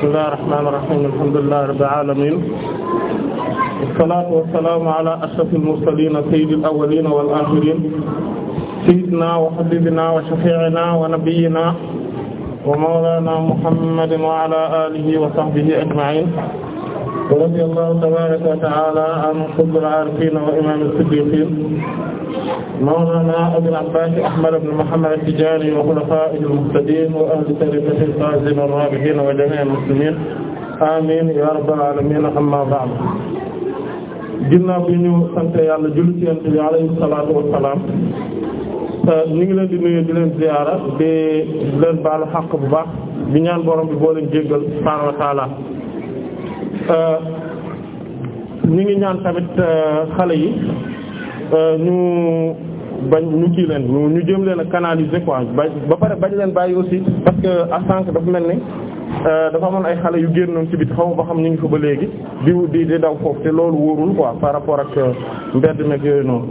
bismillahir rahmanir rahim alhamdulillahi rabbil alamin wassalatu wassalamu ala ashrafil mursalin sayyidil awwalin wal akhirin sayyidina wa habibina wa shafi'ina wa nabiyyina wa mawlana muhammadin wa ala alihi wa sahbihi ajma'in ورضي الله تبارك وتعالى عن قطب العارفين وإمام الصديقين مولانا أبي العباس أحمد بن محمد التجاني وخلفائه المهتدين وأهل طريقته الفائزين الرابحين وجميع المسلمين amiin yaa rabbal aalamiin amma ba'd ginnaaw bi ñu sant yàlla julli ci yonent bi alayhi salaatu wa salaam ñu ngi leen di nuyu di leen ziyaara di leen baalu xaq bu baax di ñaan borom bi boo leen jéggal subhaanahu wa ta'aala Euh, ñu ngi ñaan tamit euh, xale yi euh, ñu bañ ñu kii leen ñu jëm leen a canaliser quoi ba pare bañ leen bàyyi aussi parce que à sànq dafa mel ni dafa amoon ay xale yu génnoon ci biti xaw ba xam ñu ngi fa ba léegi di di di daw foofu te loolu wóorul quoi par rapport ak mbedd meeg yooyu noonu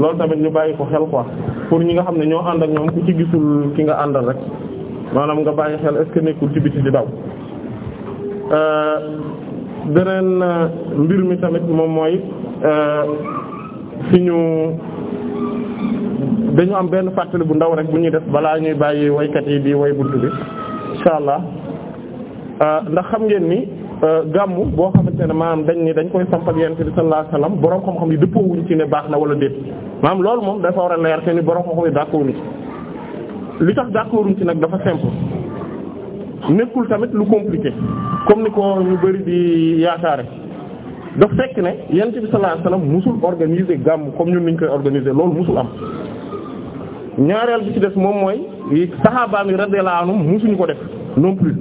loolu tamit ñu bàyyi ko xel ko pour ñi nga xam ne ñoo ànd ak ñoom ku ci gisul ki nga àndal rek maanaam nga bàyyi xel est-ce que nekkul ci biti di daw. beneen euh, mbir mi tamit moom mooy euh, fi ñu dañu am benn fàttali bu ndaw rek bu ñuy def balaa ñuy bàyyi waykat yi di way bunt bi insha allah euh, ndax xam ngeen ni gàmmu boo xamante ne maanaam dañ ni dañ koy sampal yonent bi sallallahu alayhi wasallam boroom xam-xam yi dëppoo wuñ ci ne baax na wala déet maanaam loolu moom dafa war a leer te ni boroom xam-xam yi d'accord ci li tax d'accord si nag dafa simple nekkul tamit lu compliqué comme ni ko ñu bari di yaakaare daf fekk ne yonent bi sallallahu alayhi wasallam musul organiser gàmm comme ñun niñ koy organiser loolu musul am ñaareel bi ci des moom mooy saxaabaam yi radiyallahu anhum musuñu ko def non plus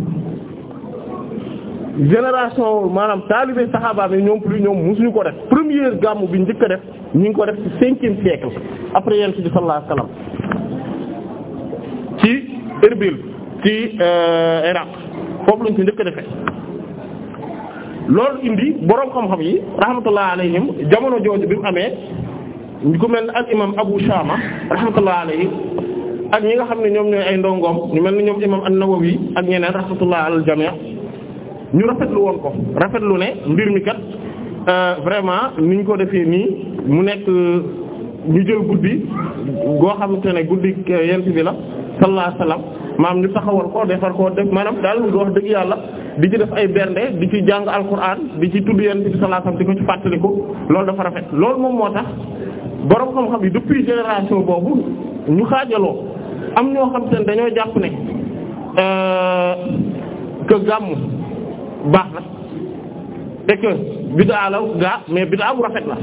génération maanaam taalibe saxaabaam yi ñoom plus ñoom musuñu ko def première gàmm bi njëkk a def ñu ngi ko def ci cinquième siècle après yonent bi sallallahu alayhi wasallam ci Erbil ci euh, Iraq foofu lañ ko dëkk a defee loolu indi boroom xam-xam yi rahmatullah alayhim jamono jooju bi mu amee ñu ko mel ne al imam Abu Shama rahmatullah alayhi ak ñi nga xam ne ñoom ñooy ay ndongoom ñu mel ni ñoom imam an-Nawawi ak ñeneen rahmatullah al jami' ñu rafetlu woon ko rafetlu ne mbir mi kat euh, vraiment niñ ko defee nii mu nekk ñu jël guddi goo xamante ne guddi euh, yent bi la sallallahu alayhi maam ñu taxawal koo defar ko def maanaam daal di wax dëgg yàlla di ci def ay bernde di ci jàng alquran di ci tudd yonent bi sallallahu alayhi wasallam di ko ci fàttaliku loolu dafa rafet loolu moom moo tax borom xam-xam yi depuis génération boobu ñu xaajaloo am ñoo xam te ne dañoo jàpp ne euh, que gàmmu baax na et que gaa mais bid'a bu rafet la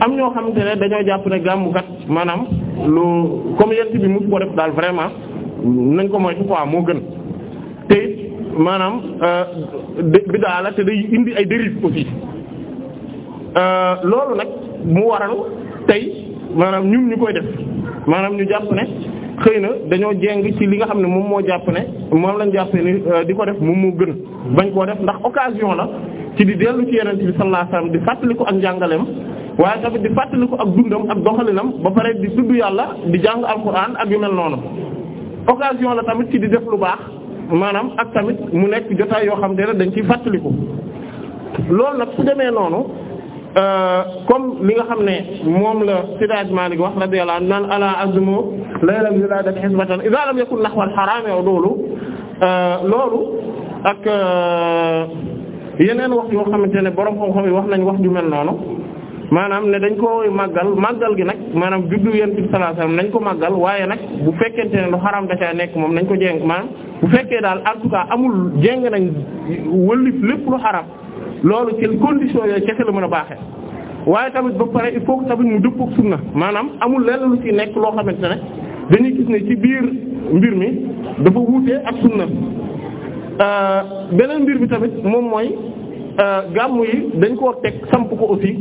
am ñoo xamante ne dañoo jàpp ne gàmmu maanaam lu comme yent bi mu ko def daal vraiment nañ ko moytu quoi moo gën te maanaam euh, bid'a la te day indi ay dérives aussi euh, loolu nag mu waral tey maanaam ñun ñu koy def maanaam ñu jàpp ne xëy na dañoo jeng ci li nga xam ne moom moo jàpp ne moom lañ jàpp ne euh, di ko def moom moo gën bañ koo def ndax occasion la ci di dellu ci yeneen bi sallallahu alayhi wasallam di fàttaliku ak njàngaleem waaye tamit di fàttaliku ak dundam ak doxalinam ba pare di tudd yàlla di jàng alquran ak yu mel noonu. occasion la tamit ci di def lu baax maanaam ak tamit mu nekk jotaay yoo xam ne dañ ciy fàttaliku loolu nag su demee noonu euh, comme li nga xam ne moom la Sidaaj Malik wax radiyallahu anhu naan ala azmu laylam yuladat hisbatan idha lam yakun nahwa al-haram yow loolu euh, loolu ak euh, yeneen wax yoo xamante ne borom xam-xam yi wax nañu wax ju mel noonu. maanaam ne dañ ko màggal màggal gi nag maanaam juddu yonent bi sallallahu alayhi nañ ko màggal waaye nag bu fekkente ne lu xaram da nekk moom nañ ko jéng maanaam bu fekkee daal en tout amul jéng nañ wëllif lépp lu xaram loolu ci condition yooyu kese la mën a baaxee waaye tamit ba pare il faut tamit mu dëppoo ak sunna maanaam amul lenn lu ci nekk loo xamante ne dañuy gis ne ci biir mbir mi dafa wuute ak sunna euh, beneen mbir bi tamit moom mooy euh, gàmmu yi dañ koo teg samp ko aussi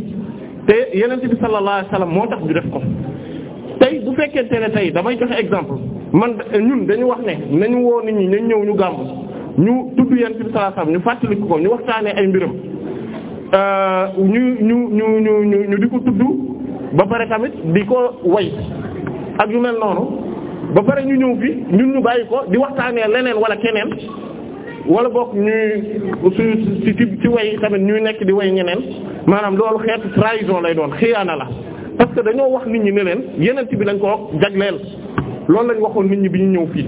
te yeneen bi sallallahu alayhi moo tax ñu def ko tey bu fekkente ne tey damay joxe exemple man ñun dañu wax ne nañu woo nit ñi nañu ñëw ñu gàmb ñu tudd yeneen bi sallallahu ñu fàttaliku ko ñu waxtaanee ay mbiram euh, ñu ñu ñu ñu ñu ñu di ko tudd ba pare tamit di ko way ak yu mel noonu ba pare ñu ñëw fi ñun ñu bàyyi ko di waxtaanee leneen wala keneen wala boog ñuy su ci ci way tamit ñuy nekk di way ñeneen maanaam loolu xeetu trahison lay doon xiyaana la parce que dañoo wax nit ñi ne leen yeneen bi lañ ko jagleel loolu lañu waxoon nit ñi bi ñu ñëw fii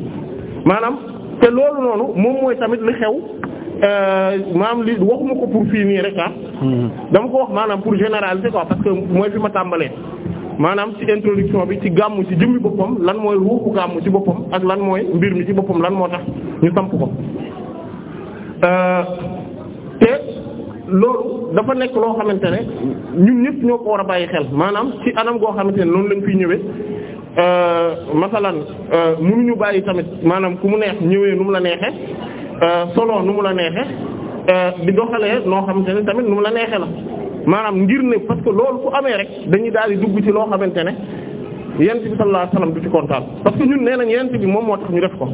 maanaam te loolu noonu moom mooy tamit li xew euh, maanaam li waxuma ko pour fii nii rek ah mm-hmm. dama ko wax maanaam pour généraliser quoi parce que mooy fi ma tàmbalee maanaam ci introduction bi ci gàmmu ci jëmmi boppam lan mooy ruuxu gàmmu ci boppam ak lan mooy mbir mi ci boppam lan moo ñu samp ko Euh, te loolu dafa nekk loo xamante ne ñun ñëpp ñoo ko war a bàyyi xel maanaam ci anam goo xamante ne noonu lañu fiy ñëwee euh, masalan euh, mënuñu bàyyi tamit maanaam ku mu neex ñëwee nu mu la neexe solo nu mu la neexe di doxalee noo xamante ne tamit nu mu la neexe la maanaam ngir ne parce que loolu ku amee rek dañuy daal di dugg ci loo xamante ne yent bi sallallahu alayhi wasallam du ci kontaan parce que ñun nee nañ yent bi moom moo tax ñu def ko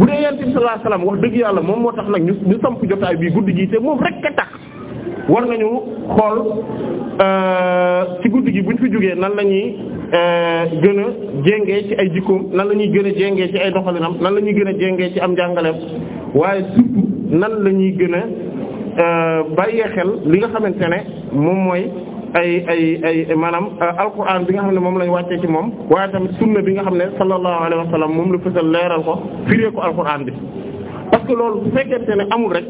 bu dee yonent bi sallallahu wax dëgg yàlla moom moo tax nag ñu ñu samp jotaay bii guddi gi te moom rek a tax war nañu xool euh, ci guddi gi buñ fi jógee nan la ñuy euh, gën a jéngee ci ay jikkoom nan la ñuy gën a jéngee ci ay doxalinam nan la ñuy gën a jéngee ci am njàngaleem waaye surtout nan la ñuy gën a euh, bàyyee xel li nga xamante ne moom mooy. ay ay ay maanaam euh, alquran bi nga xam ne moom lañu wàccee ci moom waaye tamit sunna bi nga xam ne sallallahu alayhi wa sallam moom la fësal leeral ko firee ko alquran bi parce que loolu bu fekkente ne amul rek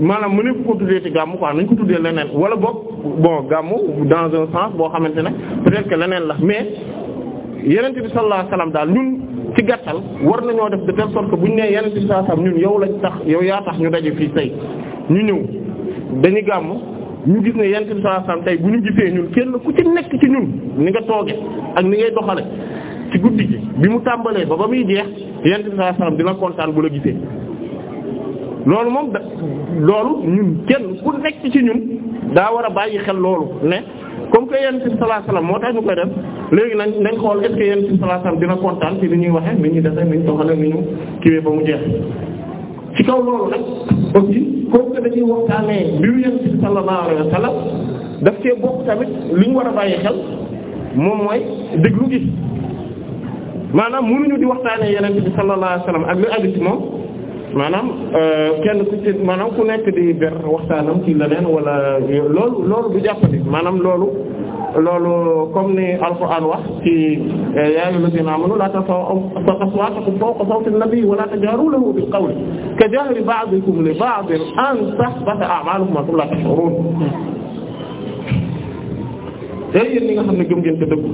maanaam mu nekk ko tuddee ci gàmmu quoi nañ ko tuddee leneen wala boog bon gàmmu dans un sens boo xamante ne peut que leneen la mais yeneen bi sallallahu alayhi wa sallam daal ñun ci gàttal war nañoo def de telle sorte que buñ nee yeneen bi sallallahu alayhi wa sallam yow lañ tax yow yaa tax ñu daje fii tey ñu ñëw dañu ñu gis ne yonent bi sallallahu alayhi wasallam bu ñu gisee ñun kenn ku ci nekk ci ñun ni nga tooge ak ni ngay doxale ci guddi gi bi mu tàmbalee ba ba muy jeex yonent bi sallallahu dina kontaan bu la gisee. loolu moom da loolu ñun kenn ku nekk ci ñun daa war a bàyyi xel loolu ne comme que yonent bi sallallahu moo tax ñu koy def léegi nañ nañ xool est-ce que yonent dina kontaan ci ni ñuy waxee ni ñuy defee ni ñu doxalee ni ñu kiwee ba mu jeex ci kaw loolu nag comme que dañuy waxtaanee mbiru yonent bi sallallahu alayhi wa sallam daf cee bokk tamit li ñu war a bàyyi xel moom mooy déglu gi maanaam mënuñu di waxtaanee yonent bi sallallahu alayhi wa sallam ak li aju moom. maanaam euh, kenn ku ci maanaam ku nekk di ber waxtaanam ci leneen wala loolu loolu du jàppandi maanaam loolu loolu comme ni alquran wax ci euh, yaa ayyuhal lazina amanu laa tarfa'u aswaatakum fawqa sawti nabi wa laa tajharu lahu bil qawli ka jahri ba'dikum li ba'din an tahbata a'maalukum wa antum laa tash'uruun tey yéen ñi nga xam ne gëm ngeen te dëggu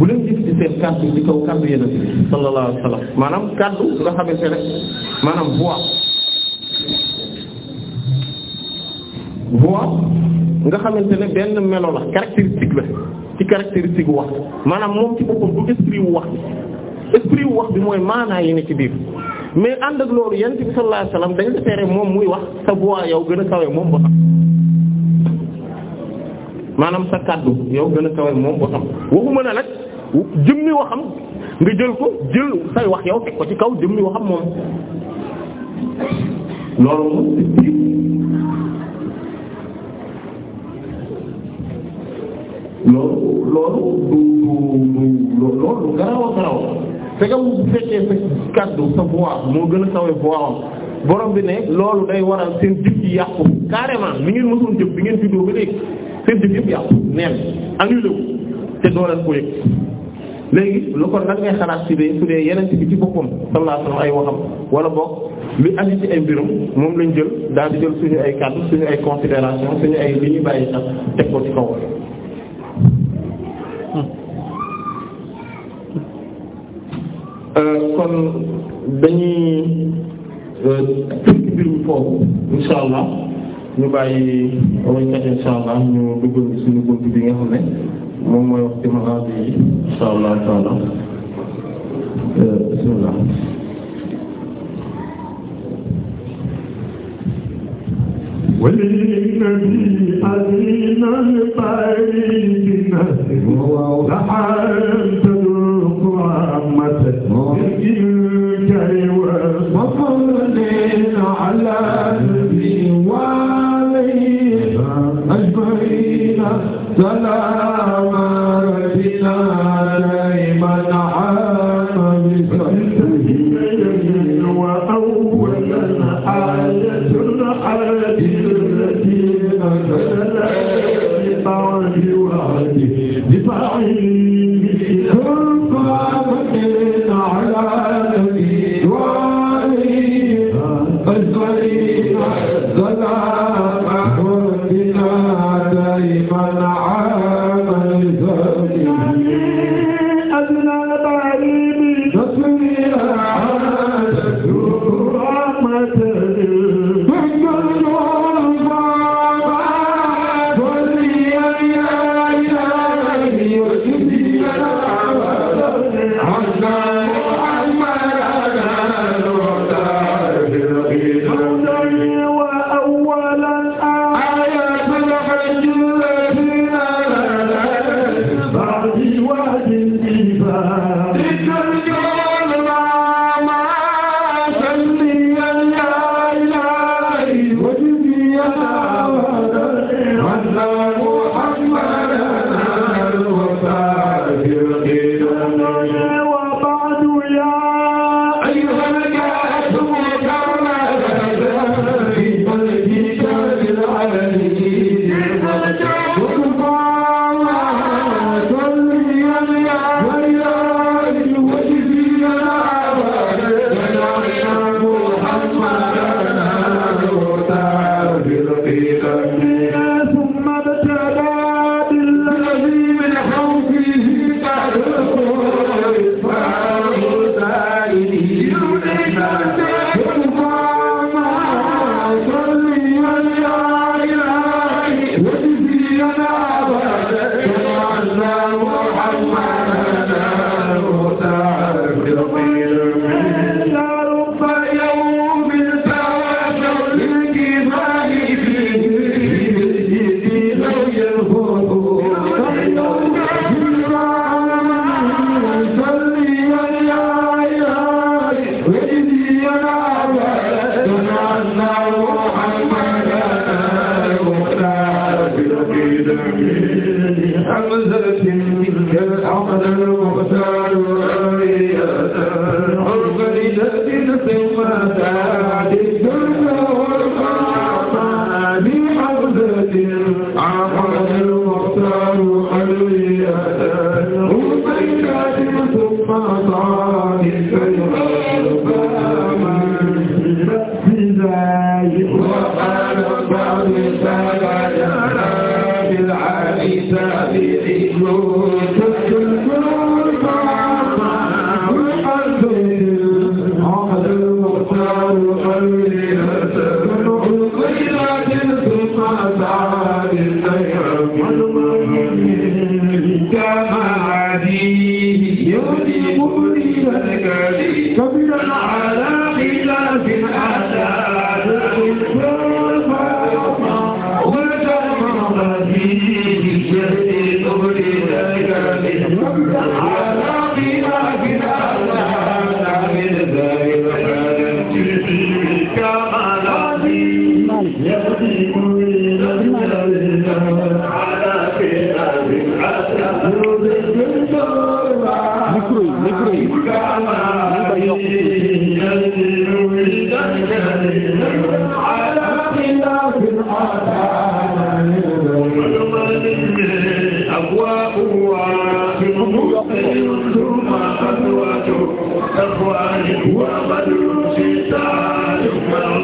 bu leen gis ci seen kàddu ci kaw kàddu yeneen bi sallallahu alayhi maanaam kàddu nga xamante ne maanaam voix voix nga xamante ne benn melo la caractéristique la ci caractéristique wax maanaam moom ci boppam du esprit wu wax bi wu wax bi mooy maanaa yi ne ci biir mais ànd ak loolu yonent bi sallallahu alayhi wa sallam dañ tere moom muy wax sa voix yow gën a kawe moom ba xam maanaam sa kàddu yow gën a kawe moom ba xam waxuma na nag jëmmi waxam nga jël ko jël say wax yow teg ko ci kaw jëmmi waxam moom loolu loolu loolu du loolu garaw a garaw fekka bu fekkee sa kàddu sa voix moo gën a sawee voixam borom bi ne loolu day waral seen jëf yi yàqu carrément li ngeen mësoon jëf bi ngeen juddoo ba léegi seen jëf yëpp yàqu neen annulé wu te doo leen ko yëg léegi lu kon lan ngay xalaat ci dee su dee yeneen bi ci boppam sallallahu ay waxam wala boog li aju ay mbirum moom lañu jël daal di jël suñu ay kàddu suñu ay considération suñu ay li ñuy bàyyi sax teg ko ci euh, euh, insha allah ñu bàyyi wañkat suñu bunt bi nga xam ne moom mooy wax ci maadi yi insha allah taala bismillah وللنبي حزين الباري لحال تذوق رحمتك بالجنكر وصل على النبي وعليه اجمعين سلام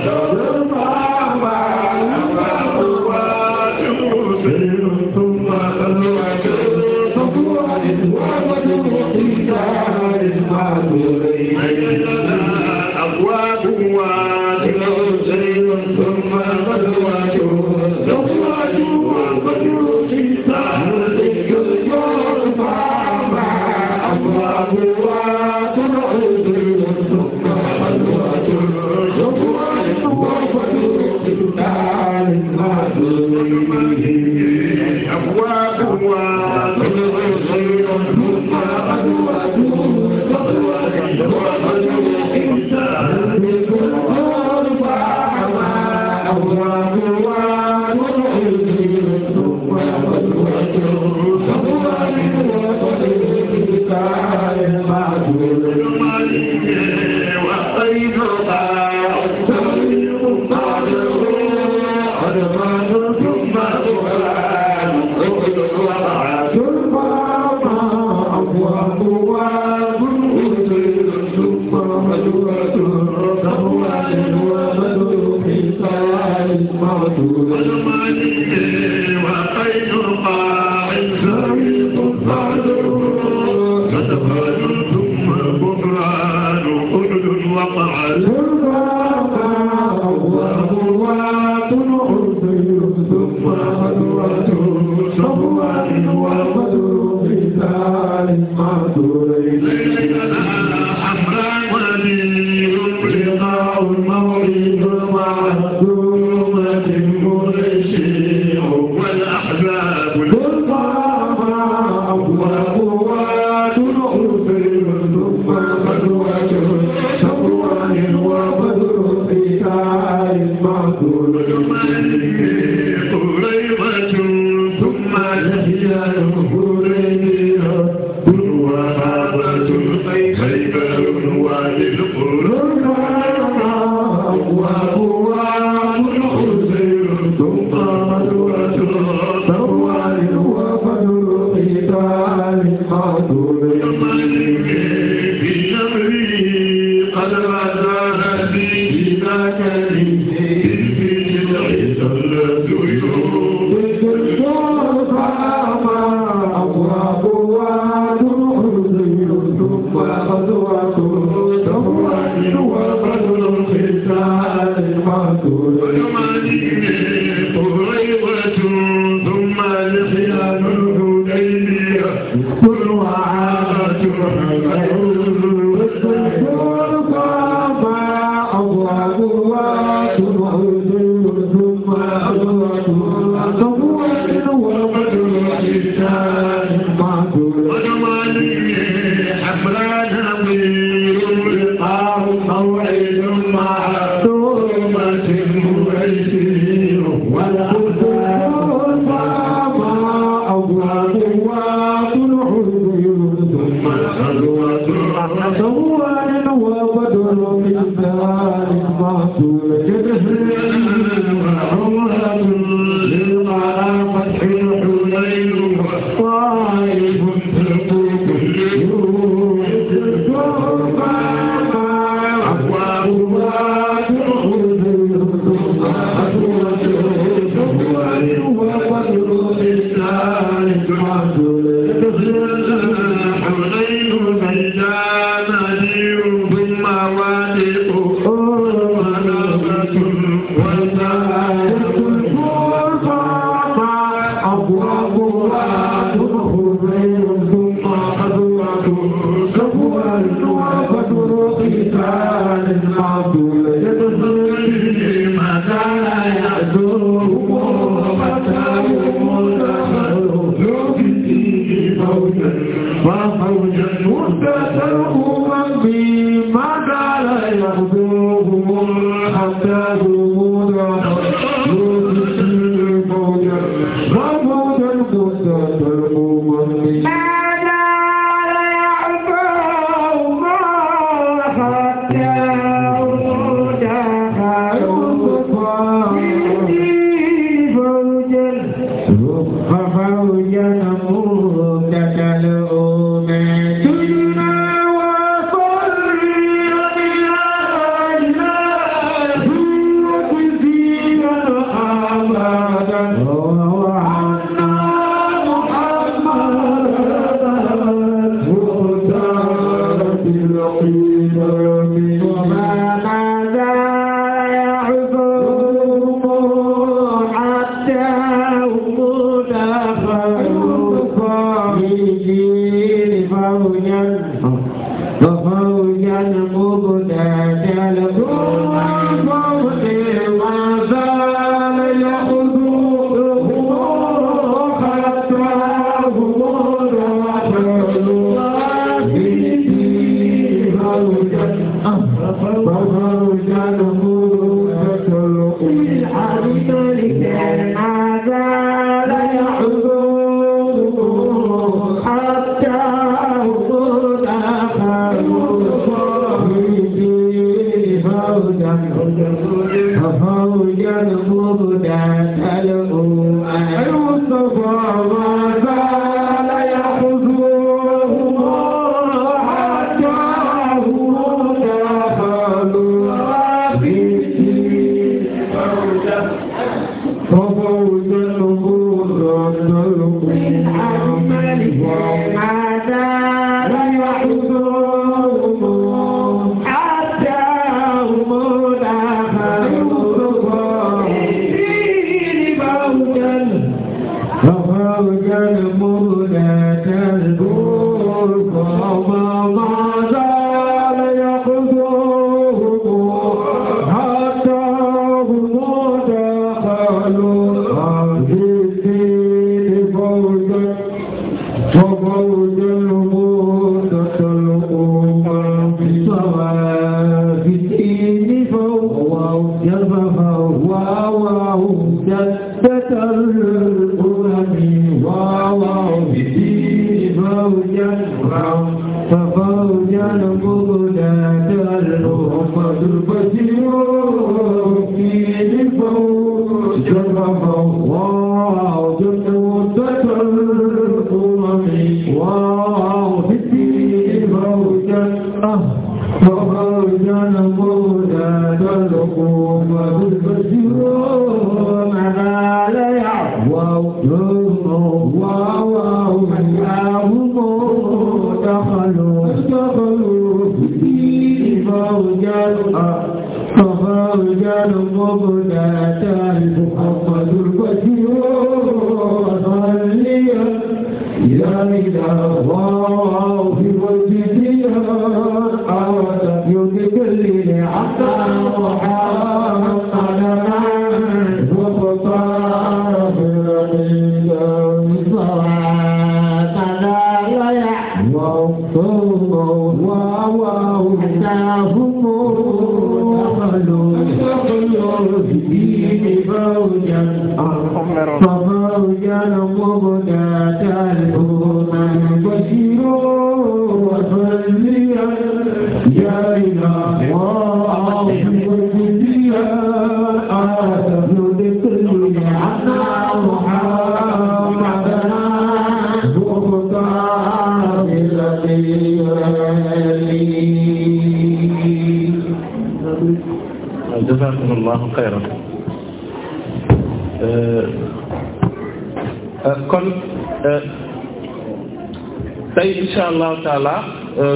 ثم بدوات ثم بدوات في ساعة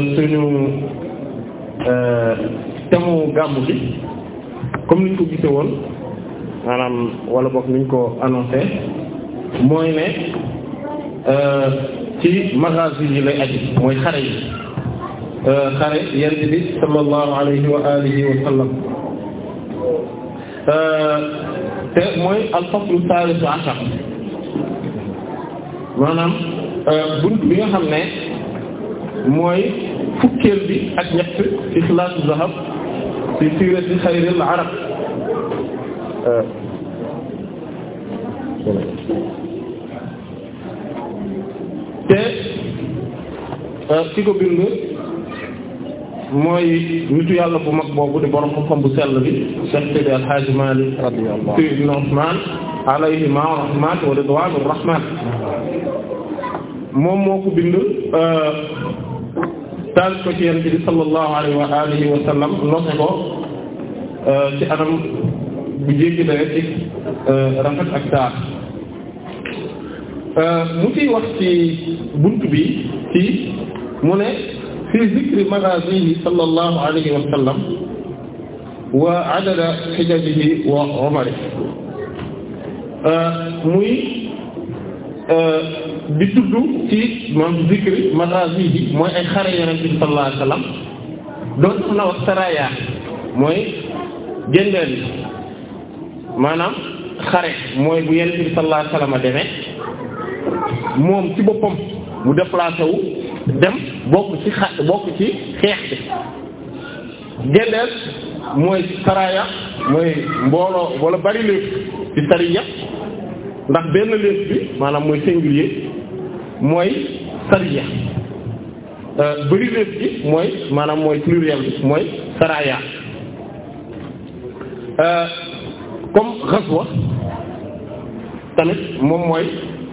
suñu euh, temu gàmmu gi comme niñ ko gise woon maanaam wala boog niñ ko annoncé mooy ne euh, ci magazi yi lay aji mooy xare yi euh, xare yent bi sallallahu alayhi wa alihi te mooy al-faslu thalith ashar maanaam bunt bi nga xam ne mooy fukkeel bi ak ñett islaasu zahab fi siirati xayril arab te euh, ki ko bind mooy nitu yàlla bu mag boobu di borom xam bu sell bi Cheikh Seydi El Hadji Malick radiyallahu moom moo ko bind euh, taalif ko ci yonent bi sallallahu alayhi wa alihi wa sallam loxe ko euh, ci anam bu jéggi dawe ci euh, rafet ak taax euh, mu ciy wax ci bunt bi ci mu ne fi zikri maghazihi sallallahu alayhi wa sallam wa adada hijajihi wa umarihi muy di tudd ci moom zikri maghaazi bi mooy ay xare yonent bi sallallahu alayhi wasallam doon sax na wax saraya mooy jëndeel maanaam xare mooy bu yonent bi sallallahu alayhi wasallam demee moom ci boppam mu déplacé wu dem bokk ci xa bokk ci xeex bi jëndeel mooy saraya mooy mbooloo wala bari lépp ci sariya ndax benn léegi bi maanaam mooy singulier mooy sariya euh, bëri léegi bi mooy maanaam mooy pluriel bi mooy saraya euh, comme xaswa tamit moom mooy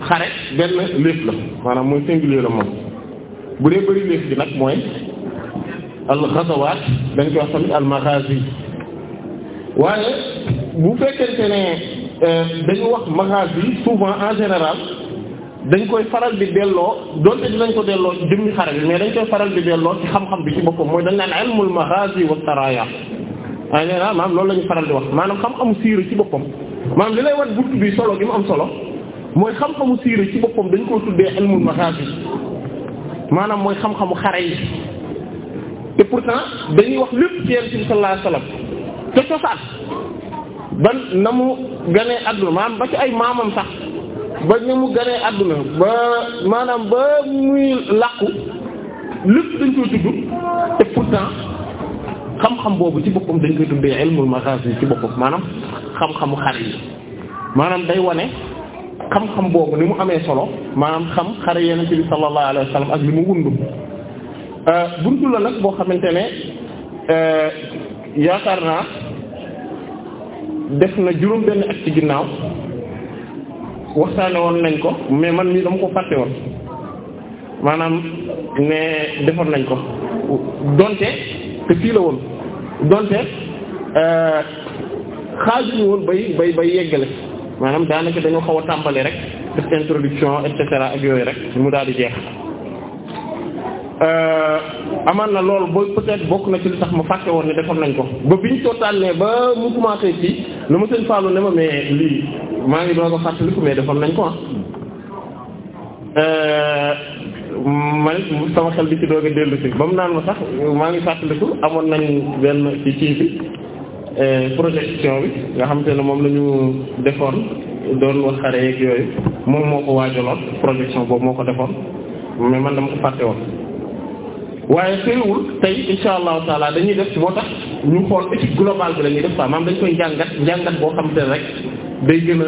xare benn léegi la maanaam mooy singulier la moom bu dee bëri léegi bi nag mooy alxasawaat dañ koy wax tamit waaye bu fekkente ne Euh, dañu wax maxaaj bi souvent en général dañ koy faral di delloo donte dinañ ko delloo ci jëmmi xare bi mais dañ koy faral di delloo ci xam-xam bi ci boppam mooy dañ naan ilmul maghazi wa saraya en général maanaam loolu la ñu faral di wax maanaam xam-xamu siira ci boppam maanaam li lay wat bunt bi solo gi mu am solo mooy xam-xamu siira ci boppam dañ koo tuddee ilmul maghazi maanaam mooy xam-xamu xare yi te pourtant dañuy wax lépp ci Yonent bi sallallahu alayhi ba na mu ganee adduna maanaam ba ci ay maamam sax ba ni mu ganee adduna ba maanaam ba muy làqu lépp dañ koy tudd te pourtant xam-xam boobu ci boppam dañ koy tuddee ilmul maghazi ci boppam maanaam xam-xamu xare yi maanaam day wane xam-xam boobu ni mu amee solo maanaam xam xare yeneen bi sallallahu alayhi wa ak li mu wundu euh, buntu la nag boo xamante ne euh, yaakaar naa def na juróom benn at ci ginnaaw waxtaane woon nañ ko mais man mii dama ko fàtte woon maanaam ne defoon nañ ko donte te fii la woon donte euh, xaajuñu woon bay bay bay yeggale maanaam daanaka dañoo xaw a tàmbali rek def introduction et cetera ak yooyu rek mu daal di jeex Euh, amaan na loolu booy peut-être bokk na ci li tax ma fàtte woon ne defoon nañ ko ba biñ totaalee ba mu commencé ci la ma sëñ Fallou ne ma mais lii maa ngi doon ko fàttaliku mais defoon nañ ko ah euh, man xel bi ci doog a dellu ba mu naan ma sax maa ngi fàttaliku amoon nañ benn ci kii bi euh, projection bi nga xam ne moom lañu ñu defoon doon wax xare yeeg yooyu moom moo ko waajaloon projection boobu moo ko defoon mais man dama ko fàtte woon waaye teewul tey insha allahu taala dañuy def moo tax ñu xool étude globale bi la ñuy def quoi maam dañ koy njàngat njàngat boo xam te rek day gën a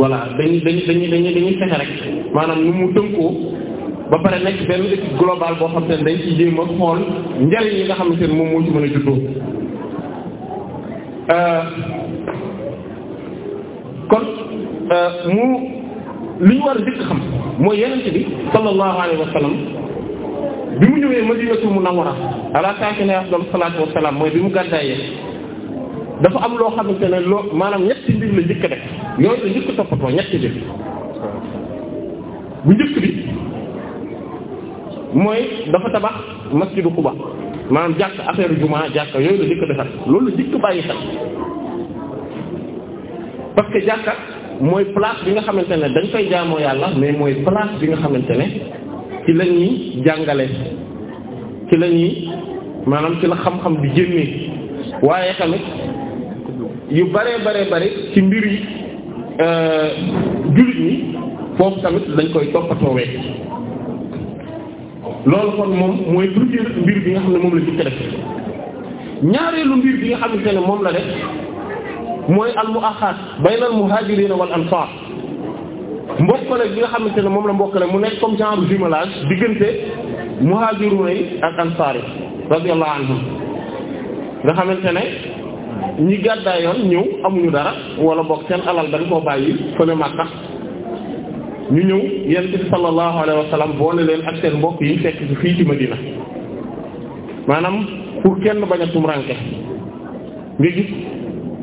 voilà dañuy dañuy dañuy dañuy dañuy fexe rek maanaam nu mu dënkoo ba pare nekk benn étude globale boo xam te ne dañ ci jéem xool njariñ yi nga xamante ne moom moo ci mën a juddoo euh, kon euh, mu li ñu war a dëkk xam mooy yenente bi sallallahu alayhi wa bi mu ñëwee Madinatul mu ala saakini afdal salaatu wassalaam mooy bi mu gàddaayee dafa am loo xamante ne loo maanaam ñetti mbir la njëkk def yooyu la njëkk toppatoo ñetti mbir bu njëkk bi mooy dafa tabax masjidu Quba maanaam jàkk affaire jumaa jàkk yooyu la njëkk defar loolu la bàyyi xel parce que jàkka mooy place bi nga xamante ne dañ koy jaamoo yàlla mais mooy place bi nga xamante ne ci la ñuy jàngale ci lañuy maanaam ci la xam-xam bi génnee waaye tamit yu bare bare bare ci mbir yi euh, jullit yi foofu tamit dañ koy toppatoowee loolu kon moom mooy premier mbir bi nga xam ne moom la jëkk def ñaareelu mbir bi nga xamante ne moom la def mooy al mu'axaat baynal muhaajiriina wal ansaar mbokkale bi nga xamante ne moom la mbokkale mu nekk comme genre jumelage diggante muhajiruna yi ak ansaar yi radiyallahu anhum nga xamante ne ñi gàddaa yoon ñëw amuñu dara wala bokk seen alal dañ koo bàyyi fële Makka ñu ñëw yent bi sallallahu alayhi wa sallam boole leen ak seen mbokk yi fekk ci fii ci Madina maanaam pour kenn bañ a tumranke nga gis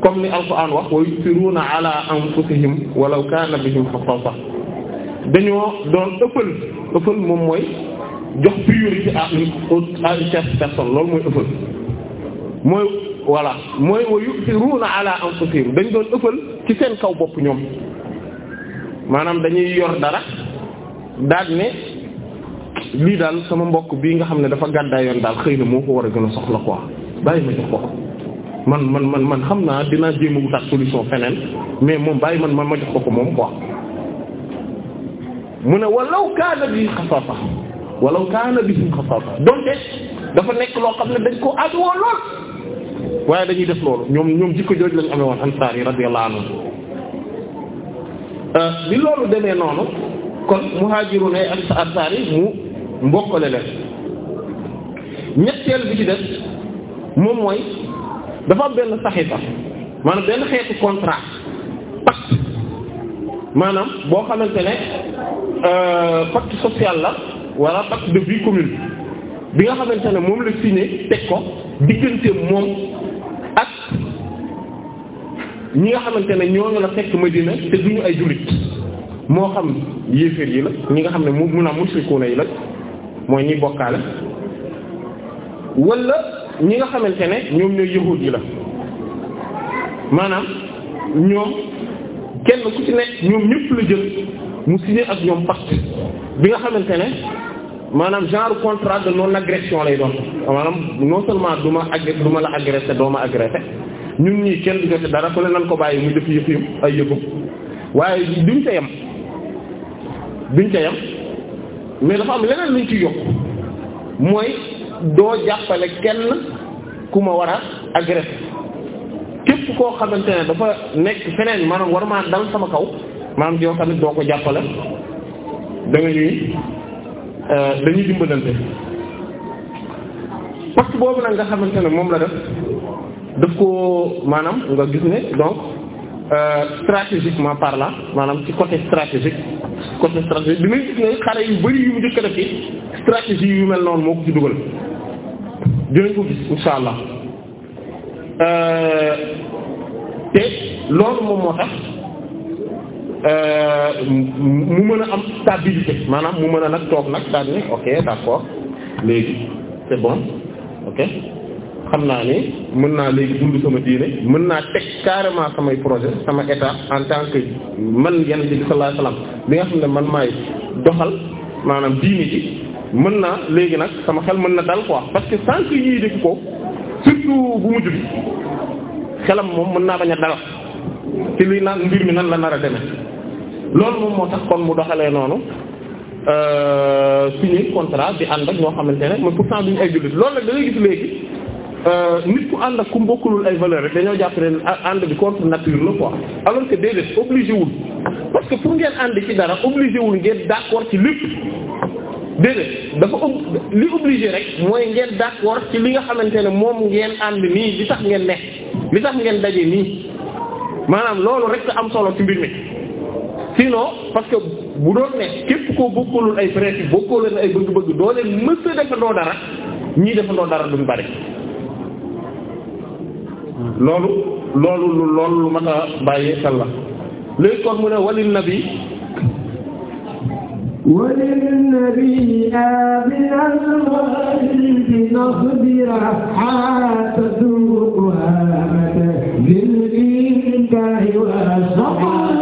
comme ni alquran wax wa yusiruna ala anfusihim walaw kana bihim xasasa dañoo doon ëppal ëppal moom mooy jox priorité à une personne loolu mooy ëppal mooy voilà mooy dañ doon ëppal ci seen kaw bopp ñoom maanaam dañuy yor dara daal ne lii daal sama mbokk bii nga xam ne dafa gàddaay yoon daal xëy na moo ko war a gën a soxla quoi bàyyi ma jox ko man man man man xam naa dinaa jéem a wutaat solution feneen mais moom bàyyi man man ma jox ko ko moom quoi mu ne walaw kaana bi xasaasa walaw kaana bi donte dafa nekk loo xam ne dañ ko aduwoo lool waaye dañuy def loolu ñoom ñoom jikko jooju lañ amee woon ansaar yi radiyallahu anhu euh, bi loolu demee noonu kon muhajirun ay ansaar yi mu mbokkale leen ñetteel bi ci def moom mooy dafa benn saxiifa maanaam benn xeetu contrat pacte maanaam boo xamante ne euh, pacte social la wala pacte de vie commune bi nga xamante ne moom la signé teg ko diggante moom ak ñi nga xamante ne ñooñu la fekk Medina te duñu ay jullit moo xam yéeféer yi la ñi nga xam ne mu mun a musrikuuna yi la mooy ñi bokkaale wala ñi nga xamante ne ñoom ñooy yahuud yi la maanaam ñoom kenn ku ci nekk ñoom ñëpp la jël mu signé ak ñoom pacte bi nga xamante ne maanaam genre contrat de non agression lay doon maanaam non seulement du ma agressé ma la agressé doo ma agressé ñun ñii kenn du jote dara ku ne nan ko bàyyi muy def yëpp yëf ay yëgum waaye duñ ca yem duñ ca yem mais dafa am leneen luñ ci yokk mooy. doo jàppale kenn ku ma war a agressé képp koo xamante ne dafa nekk feneen maanaam war maa dal sama kaw maanaam yow tamit doo ko jàppale da nga ñuy euh, dañuy dimbalante boobu nag nga xamante ne moom la def ko maanaam nga gis ne donc euh, stratégiquement parlant maanaam ci côté stratégique côté stratégique dinañ gis ne xare yu bari yu mu njëkk def ci stratégie yu mel noonu moo ko ci dugal dinañ ko gis insha allah euh, te loolu moom moo tax euh, mu mën a am stabilité maanaam mu mën a nag toog nag daal ni ok d'accord léegi c'est bon ok xam naa ni mën naa léegi dund sama diine mën naa teg carrément samay projet sama état en tant que man yenn bi sallallahu alayhi wasallam bi nga xam ne man maay doxal maanaam diine ji mën naa léegi nag sama xel mën na dal quoi parce que sànq yii dégg ko surtout bu mujj bi xelam moom mën naa bañ a dal ci lii naan mbir mi nan la nar a demee loolu moom moo tax kon mu doxalee noonu euh, ñuy contrat di ànd ak ñoo xamante ne moom mais pourtant duñu ay jullit lool nag da ngay gis léegi euh, nit ku ànd ak ku mbokkulul ay valeur rek dañoo jàpp ne ànd bi contre nature la quoi alors que déedéet obligé wul parce que pour ngeen ànd ci dara obligé wul ngeen d'accord ci lépp. déedéet dafa ob li obligé rek mooy ngeen d'accord ci li nga xamante ne moom ngeen ànd nii li tax ngeen nekk li tax ngeen daje nii maanaam loolu rek am solo ci mbir mi sinon parce que bu doon ne képp koo bokkalul ay principe bokkoo leen ay bëgg-bëgg doo leen mës a defandoo dara ñii defandoo dara duñ bari loolu loolu lu loolu lu mat a bàyyi xel la léegi mu ne walil nabi وللنبي آمن الغالب نخبر حتى تذوقها متى للإنتهاء والصبر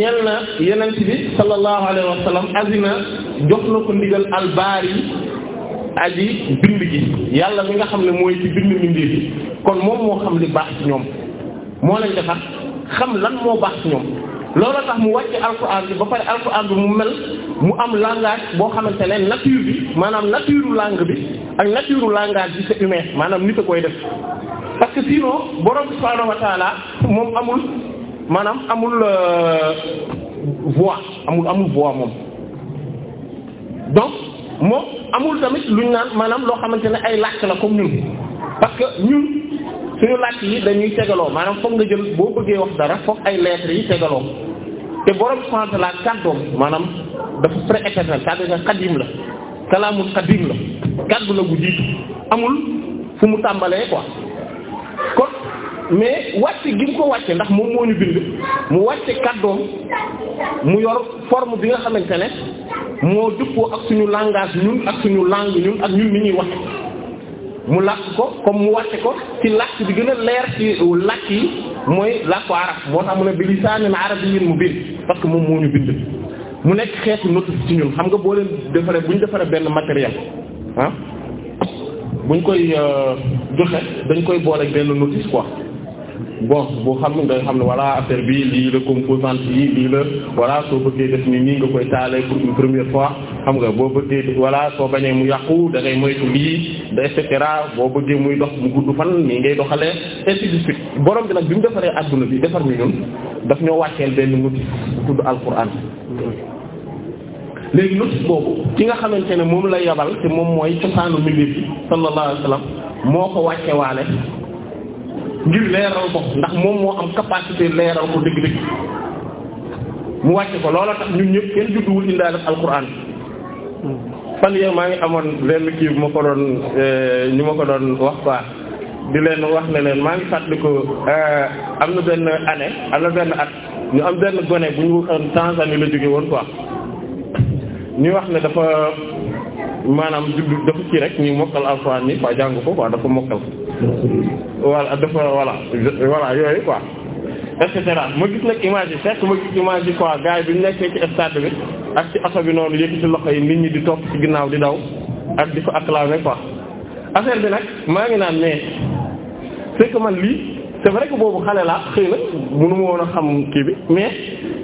ñeel na yonent bi sallallahu alayhi wa sallam azina jox na ko ndigal albaari aji bind gi yàlla mi nga xam ne mooy ci bind mi ndiir kon moom moo xam li baax ci ñoom moo lañ defar xam lan moo baax ci ñoom loolu tax mu wàcce alxuraan bi ba pare alxuraan bi mu mel mu am langage boo xamante ne nature bi maanaam nature langue bi ak nature langage bi c'est humain maanaam nit a koy def parce que sinon borom subhaanahu moom amul maanaam amul euh, voix amul amul voix moom donc moom amul tamit luñ naan maanaam loo xamante ne ay làkk la comme ñun parce que ñun suñu làkk yi dañuy tegaloo maanaam foog nga jël boo bëggee wax dara foog ay lettres yi tegaloo te borom sant la kàddoom maanaam dafa prééternel kàddu nga xadim la kalaamul xadim la kàddu la gu amul fu mu tàmbalee quoi mais wàcce gi mu ko wàcce ndax moom moo ñu bind mu wàcce kàddoom mu yor forme bi nga xamante ne moo dëppoo ak suñu langage ñun ak suñu langue ñun ak ñun ni ñuy wax mu làkk ko comme mu wàcce ko ci làkk bi gën a leer ci làkk yi mooy làkku arab moo tax mu ne bi lisaanin mu mubiin parce que moom moo ñu bind mu nekk xeetu notice ci ñun xam nga boo defaree bu ñu defaree benn matériel ah buñ koy euh, joxe dañ koy boole benn notice quoi bon boo xam ne nga xam ne voilà affaire bi lii la composante yi lii la voilà soo bëggee def ni nii nga koy taalee pour une première fois xam nga boo bëggee voilà soo bañee mu yàqu da ngay moytu lii da et cetera boo bëggee muy dox mu gudd fan nii ngay doxalee ainsi de suite borom bi nag bi mu defaree adduna bi defar ñu ñun daf ñoo wàcceel benn notice bu tudd alquran léegi notice boobu ki nga xamante ne moom la yabal te moom mooy cosaanu milieu bi sallallahu alayhi moo ko wàccewaale ngir leeral ko ndax moom moo am capacité leeral ko dëgg-dëgg mu wàcc ko loola tax ñun ñëpp kenn judduwul indaale alquran fan yéen maa ngi amoon lenn kii bu ma ko doon eh, ñu ma ko doon wax quoi di leen wax ne leen maa ngi ko eh, am na benn année am na benn at ñu am benn gone bu ñu waxoon Tanzanie la jóge woon quoi ñu wax ne dafa maanaam juddu dafa ci rek ñu mokkal alxuraan ni quoi jàng ko quoi dafa mokkal voilà dafa voilà voilà yooyu quoi et cetera ma gis nag image yi fekk ma gis image yi quoi gars bi ñu nekkee ci stade bi ak ci aso bi noonu yëkkati loxo yi nit ñi di topp ci ginnaaw di daw ak di fa acclamer quoi affaire bi nag maa ngi naan ne c'est man lii c'est vrai boobu xale laa xëy na mënu ma woon a xam kii bi mais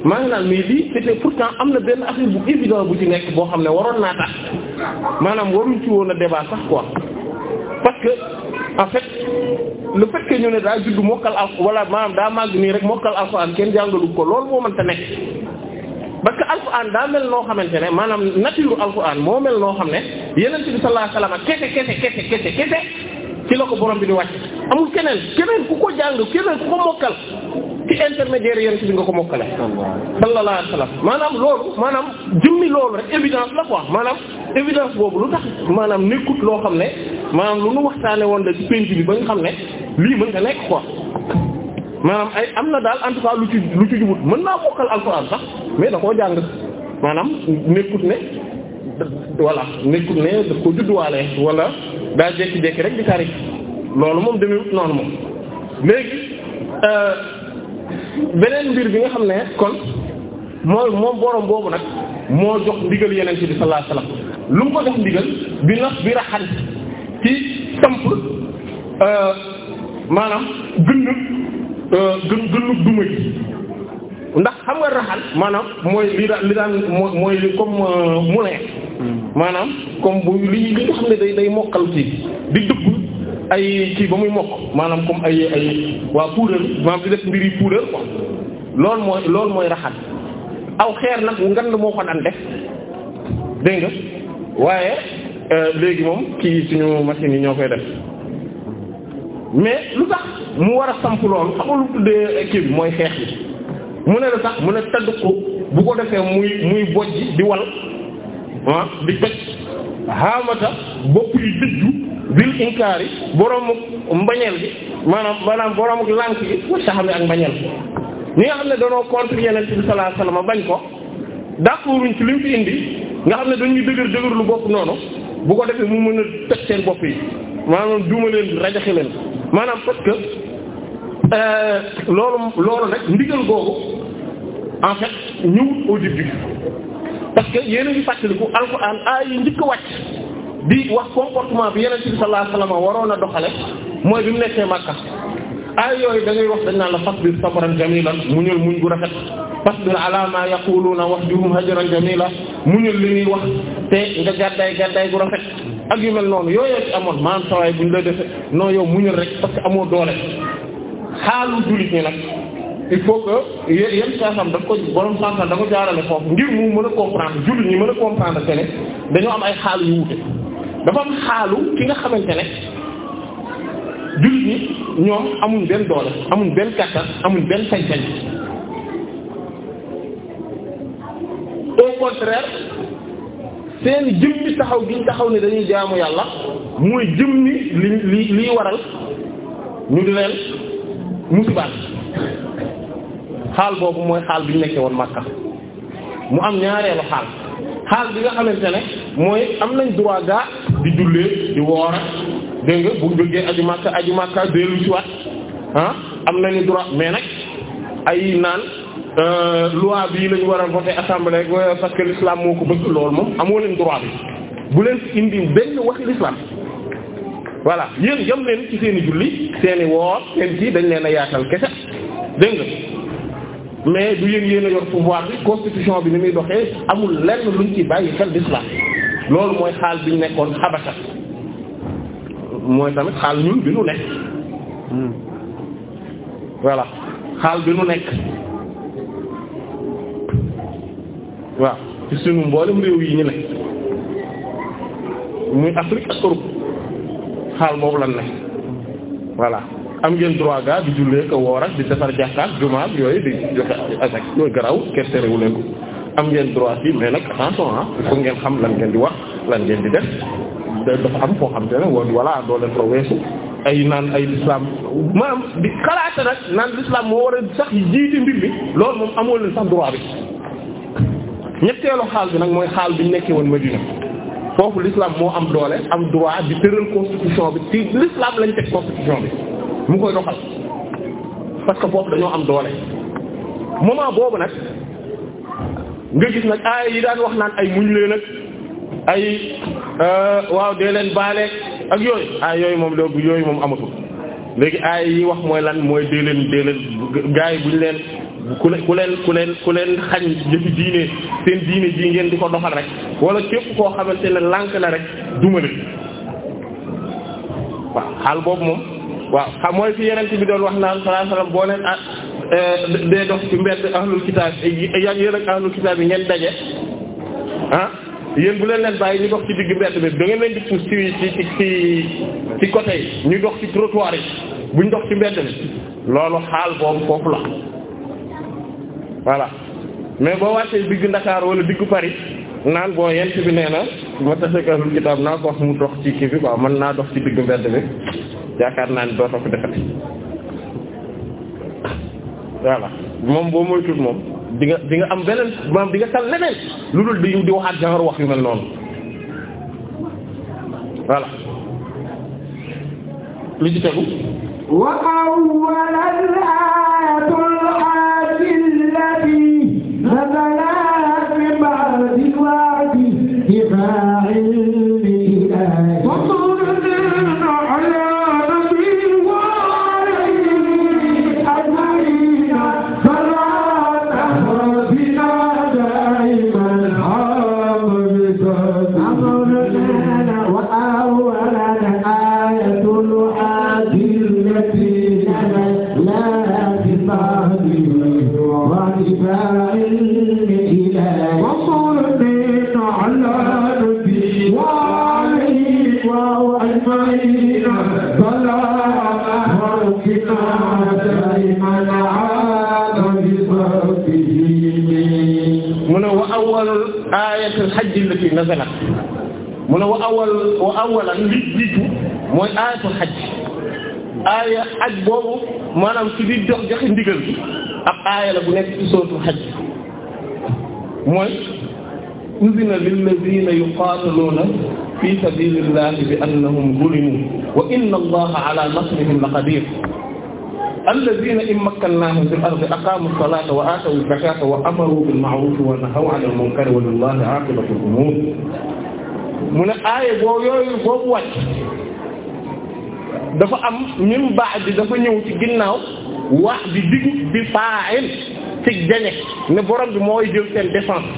maa ngi naan mais am na benn affaire bu évident bu ci nekk boo xam ne waroon naa maanaam waruñ ci woon a sax quoi que en fait le fait ñu ne daa judd mokkal al wala maanaam daa màgg nii rek mokkal alxuraan kenn jàngalu ko loolu moo mënta nekk parce que alxuraan daa mel noo xamante ne maanaam nature alxuraan moo mel xam ne yonent bi sallallahu alayhi wasallam kese kese kese kese kese ci la ko borom bi di wàcc amul keneen keneen ku ko jàng keneen ku ko mokkal ci intermédiaire yonent bi nga ko mokkale sallallahu alayhi wasallam maanaam loolu maanaam jëmmi loolu rek évidence la quoi maanaam évidence boobu lu tax maanaam nekkut loo xam ne maanaam lu nu waxtaane woon la ci penc bi ba nga xam ne lii mën nga nekk quoi maanaam ay am na daal en lu ci lu ci jubut mën naa mokkal alxuraan sax mais da koo jàng maanaam nekkut ne voilà nekkul ne daf ko judduwaale wala daa jékki-jékki rek di tarik loolu moom demewut noonu moom léegi euh, beneen mbir bi nga xam ne kon mooy moom borom boobu nag moo jox ndigal yeneen ci bi sallallahu lu mu ko jox ndigal bi nax bi raxal ci samp euh, maanaam gënd euh, gën gënnu duma gi ndax xam nga raxal maanaam mooy li daan li daan mooy li comme euh, moulin hmm. maanaam comme bu li li nga xam ne day day mokkal ci di dugg ay ci ba muy mokk maanaam comme ay ay waa puudar maanaam di def mbiri puudar quoi loolu mooy loolu mooy raxal aw xeer nag ngan moo ko daan def dégg nga waaye euh, léegi moom kii suñu machine yi ñoo koy def mais lu tax mu war a samp loolu xamul tuddee kii bi mooy xeex yi mu ne la sax mu ne tadd ko bu ko defee muy muy bojj di wal ah di toj xaamata bopp yu dijju bil inkaar yi boroomu mbañeel gi maanaam maanaam boroomu lànk gi wa saxam ak mbañeel ñi nga xam ne danoo contre yeneen bi sallallahu alayhi wasallam bañ ko d'accorduñ ci li mu nga xam ne dañuy dëgër dëgër lu bopp noonu bu ko defee mu mën a toj seen bopp yi maanaam duma leen rajaxe leen maanaam parce que euh, loolu loolu nag ndigal googu en fait ñëwut au début parce que yéen a ngi fàttaliku alxuraan aay yi njëkk wàcc di wax comportement bi yonent bi sallallahu alayhi wasallam waroon a doxale mooy bi mu nekkee Makka aay yooyu da ngay wax dañ naa la fasbir sabran jamilan muñul muñ gu rafet fasbir ala ma yaquluna wahjuhum hajran jamila muñul li ñuy wax te nga gàddaay gàddaay bu rafet ak yu mel noonu yooyu ci amoon maanaam sawaay buñ la defe non yow muñul rek parce que amoo doole xaalu jullit ñi il faut que yéen saasam da ko borom saasam da ko jaarale foofu ngir mu mën a comprendre jullit ñi mën a comprendre que dañoo am ay xaalu yu wute dafa am xaalu ki nga xamante ne jullit yi ñoom amuñ benn doole amuñ benn kattan amuñ benn sañ-sañ au contraire seen jëmmi taxaw gi taxaw ne dañuy jaamu yàlla mooy jëmmi li li liy waral ñu di leen musibaat xaal boobu mooy xaal bi ñu nekkee woon Makka mu am ñaareelu xaal xaal bi nga xamante ne mooy am nañ droit gaa di jullee di woora dégg nga bu jógee aju Makka aju Makka dellu ci waat ah am nañu droit mais nag ay naan euh, loi bii lañu war a voter assemblée parce que l'islam moo ko bëgg loolu moom amoo leen droit bi bu leen indi benn waxi l'islam voilà yéen yam leen ci seen i julli seen woor seen ci dañ leen a yaatal kese dégg mais du yéen yéen a yor pouvoir bi constitution bi ni muy doxee amul lenn luñ ci bàyyi xel l'islam loolu mooy xaal bi ñu nekkoon xabasa mooy tamit xaal ñun bi ñu nekk voilà xaal bi ñu nekk waaw ci suñu mboolem réew yi ñu nekk muy Afrique ak Europe xaal boobu lan ne voilà am ngeen droit ga di jullee ko woor di defar jàkkaat jumaa yooyu di joxe asak yooyu garaw kenn terewu leen ko am ngeen droit yi mais nag attention ah ngeen xam lan ngeen di wax lan ngeen di def dafa am foo xam te ne woon voilà doo leen ay naan ay l'islam maanaam di xalaata a sax jiiti mbir moom amoo leen sax droit bi ñetteelu xaal bi nag mooy xaal bi nekkee woon Madina foofu l'islam moo am doole am droit di tëral constitution bi ci l'islam lañ teg constitution bi mu koy doxal parce que boobu dañoo am doole moment boobu nag nga gis nag aaya yi daan wax naan ay muñ leen ak ay euh, waaw dee leen baale ak yooyu aay yooyu moom léegi yooyu moom amatul léegi aay yi wax mooy lan mooy dee leen dee leen gaa yi buñ leen ku leen ku leen ku leen ku leen xañ jëfi diine seen diine ji ngeen di ko doxal rek wala képp koo xamal ne lànk na rek dumale waaw xaal boobu moom waaw xam mooy fi yeneen bi doon wax naan sallallahu alayhi boo leen a ah, eh, dee dox ci mbedd ahlul kitaab yag yéen ak ahlul kitaab yi ngeen daje ah yéen bu leen leen bàyyi ñu dox ci digg mbedd bi da leen di pousse ci ci ci ci côté yi ñu dox ci trottoir yi buñ dox ci mbedd bi loolu xaal boobu foofu la voilà mais boo wàccee digg Dakar wala diggu Paris naan boo yent bi nee na ma tase ahlul kitaab naa ko wax mu dox ci kii bi mën naa dox ci digg mbedd bi yaakaar naa ne dootoo ko defati voilà moom boo moytuwul moom di nga am beneen maanaam di nga tal leneen lu dul di di waxaat genre wax yu mel noonu voilà li ci tegu wa awwalal aayatul aatillati matala bi ba'di waadi bi fa'il bi xajji la ci nazalat mu ne wa awal wa awalan li jiitu mooy aayatul xajj aaya aj boobu maanaam ci di jox joxe ndigal bi ab aaya la bu nekk ci sootul xajj mooy uzina lilladina yuqaataluuna fi sabilillahi bi annahum zulimu wa inna allaha ala nasrihim la qadir alladhina bii makkannahum fil makka aqamu as-salata wa atawu az-zakata wa amaru bil ma'ruf wa nahaw 'anil munkar wa lillahi mu ne aaye boobu wàcc dafa am min ba'di dafa ñëw ci ginnaaw wax di digu bi fa'il ci jañe ne borom bi mooy jël seen défense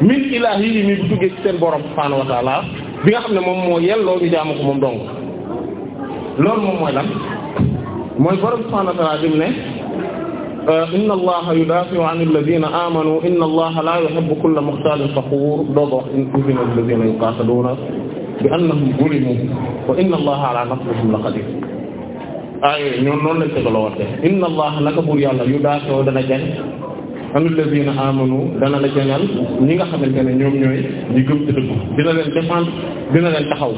min ilahi yi mi bu duggee ci seen borom subhanahu wa ta'ala bi nga xam ne moom moo yelloo ñu jaamu ko moom dong loolu moom mooy lan mooy borom subhaanahu wa ta'aala bi mu ne inna allaha yudaafi'u 'ani alladhiina aamanu inna allaha laa yuhibbu kulla muxtaalin faxuur doo ko wax in uzina alladhiina yuqaataluuna bi annahum zulimu wa inna allaha 'alaa nasrihim la qadiir aay ñoom noonu lañ tegaloote inna allaha naka buur yàlla yudaafi'u dana jañ 'ani alladhiina aamanu dana la jañal ñi nga xamante ne ñoom ñooy ñi gëm te dëgg dina leen défendre dina leen taxaw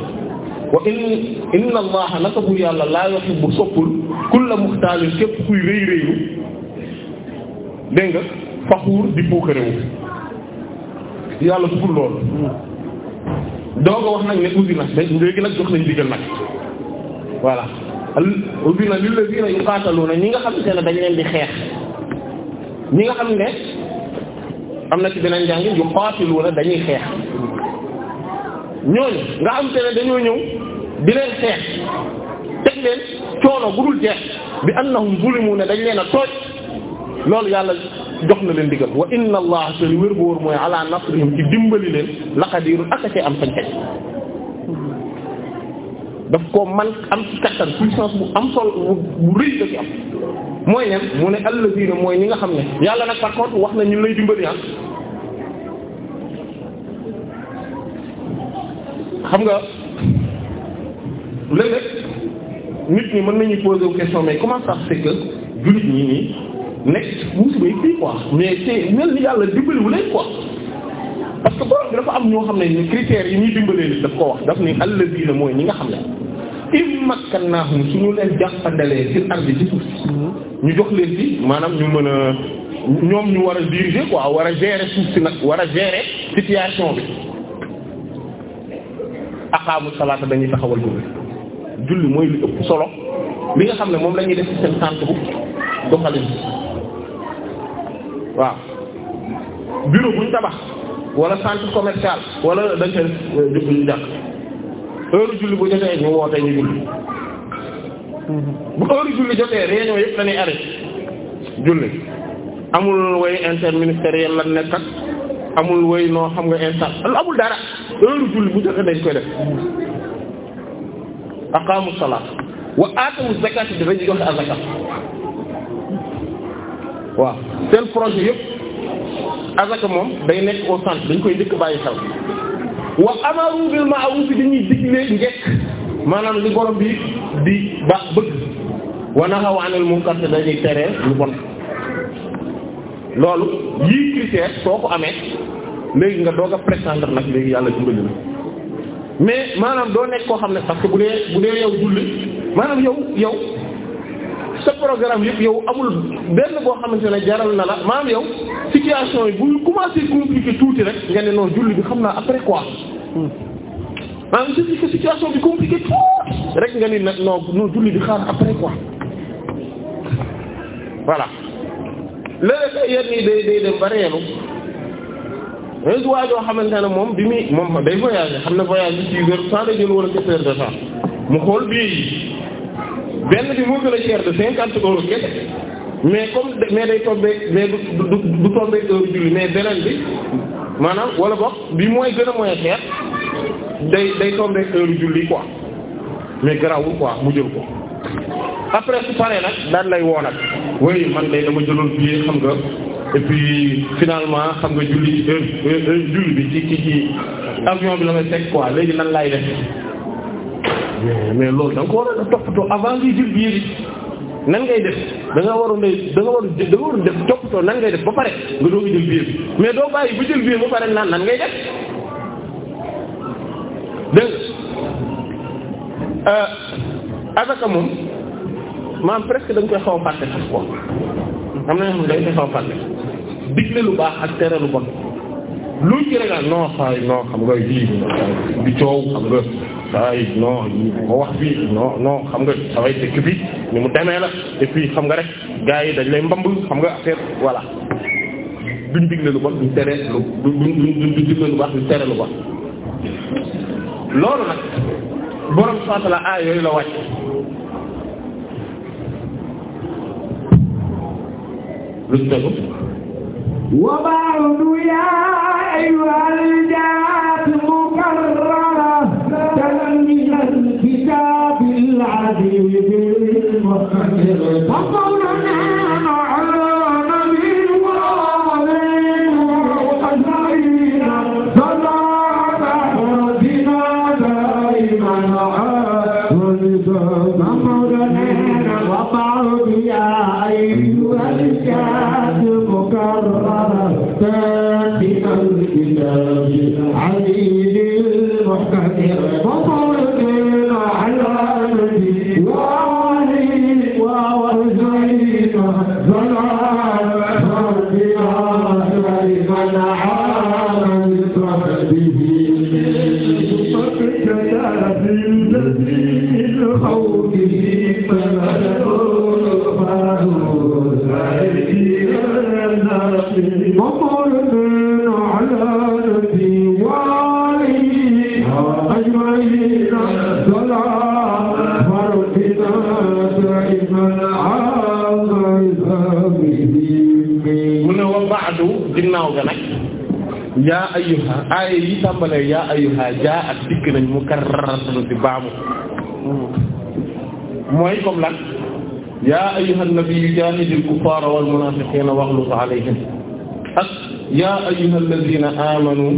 wa in inna allaha naka bu yàlla laa yuhibbu soppul kulla muxtaalin képp kuy rëy rëylu dégg nga faxuur di puukarewu yàlla bëggul loolu doog a wax nag ne udina léegi nag jox nañ digal nag voilà udina lilladina yuqaataluuna ñi nga xam ne dañ leen di xeex ñi nga xam ne am na ci beneen yu yuqaatiluuna dañuy xeex ñooñu nga am te ne dañoo ñëw di leen xeex teg leen coono bu dul jeex bi annahum zulimu ne dañ leen a tooj loolu yàlla jox na leen diggal wa inna allah te li wér war mooy ala nasrihim ci dimbali leen laqadirun ak ci am sañ daf ko man am ci kattan puissance bu am sol bu rëy da ci am mooy nen mu ne allazina mooy ñi nga xam ne yàlla nag par contre wax na ñu lay dimbali ah xam nga léeg nit ñi mën nañu poser wu question mais comment ça se jullit ñi nii nekk musiba yi fii quoi mais te mel ni yàlla dimbaliwu leen quoi parce que borom bi dafa am ñoo xam ne ni critères yi ñuy dimbalee nit daf ko wax daf ni alladina mooy ñi nga xam ne naax immakkannaahum suñu leen jàppandalee ci ardi ci suuf ñu jox leen ci maanaam ñu mën a ñoom ñu war a diriger quoi war a gérer suuf si nag war a gérer situation bi aqaamu salaata dañuy taxawal julli julli mooy li ëpp solo li nga xam ne moom la ñuy def ci seen centre bu doxalin waaw bureau buñ tabax wala centre commercial wala dañ koy def ñu jàkk heure julli bu jotee ñu woote ñu julli bu heure julli jotee réunion yëpp dañuy arrêté julli amul way interministériel lan nekk ak amul woy noo xam nga instant amul dara heure julli bu jotee dañ koy def aqaamu salaat wa aatawu zakat bi dañu joxe zakat waaw seen projet yëpp azaka moom day nekk au centre dañ koy njëkk bàyyi xel wa amaru bil ma'ruf dañuy digle njekk maanaam li borom bi di ba bëgg wa nahaw anil munkar dañuy tere lu bon loolu yii critère soo ko amee léegi nga doog a nag léegi yàlla dimbali na mais maanaam doo nekk koo xam ne parce que bu dee bu dee yow julli maanaam yow yow sa programme yëpp yow amul benn boo xamante ne jaral na la maanaam yow situation yi bu commencé tuuti rek nga ne non julli bi xam naa après quoi maanaam c'est bi compliqué tuuti rek nga ni nag non non julli bi xaar après quoi voilà léeg-léeg yenn yi day day dem ba reelu joo xamante ne moom bi muy moom day voyager xam ne voyage bi six heures sans la jël wala sept heures de temps mu xool bii yi benn bi moo gën a cher de cinquante euros kese mais comme mais day tombeeg mais du du du julli mais beneen bi maanaam walla boog bi mooy gën a moyen cher day day tombeeg heure julli quoi mais garawul quoi mu jël ko. après su paree nag daan lay woo nag oui man de dama jëloon billet xam nga et puis xam nga julli euh, euh, euh, julli bi ci ci ci avion bi la may teg léegi nan laay def mais loolu da nga toppatoo avant jël billet nan ngay def da nga waroon da nga war da nga war def ba pare nga doog a jël billet mais doo bàyyi ba jël billet ba pare naan nan ngay def dégg nga asaka moom. maam presque da nga koy xaw a fàtte xam na digle lu baax ak tere lu bon luñ ci ragal non saay non xam nga lii di coow xam nga saay non ma wax bi non non xam nga saway dëkk bi ni mu demee la et puis xam nga rek gars yi dañ lay mbamb xam nga affaire voilà duñ digle lu bon duñ tere lu bon loolu nag borom sant la yooyu la wàcc lu ci tegu wa ba'du ya ayyuhal jaat mukarrama talmizan kitaabil aziz yaa ayyuha aaya yi tàmbalee yaa ayyuha jaa ak dikk nañ mu karratlu di baamu mooy comme lan yaa ayyuha nabiyyu jaahidil kuffaara wal munaafiqiina waghluz alayhim ak yaa ayyuha allaziina aamanuu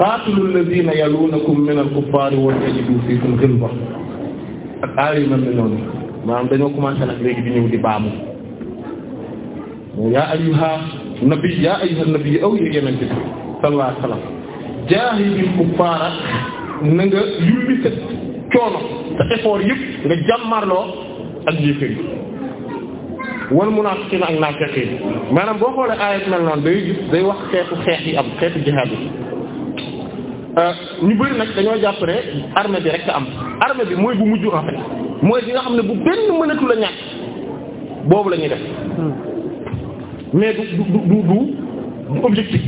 qaatilul laziina yaluunakum minal kuffaari waljiduu fiikum ghilza ak aaya yu mel ne noonu maanaam dañoo commencé nag léegi di ñëw di baamu yaa ayyuha nabi yaa ayyuhan nabi aw yéen yonent bi sallallahu alayhi wa sallam jaahidil kuffaara na nga yulli sa coono sa effort yëpp nga jàmmarloo ak yéefar yi wal munaafiqiina ak naafiq yi maanaam boo xoolee aayat mel noonu day gis day wax xeetu xeex yi am xeetu jihaad yi ñu bëri nag dañoo jàpp ne bi rek am armée bi mooy bu mujj en fait mooy bi xam ne bu benn mënatu la boobu la ñuy def. mais du du du du objectif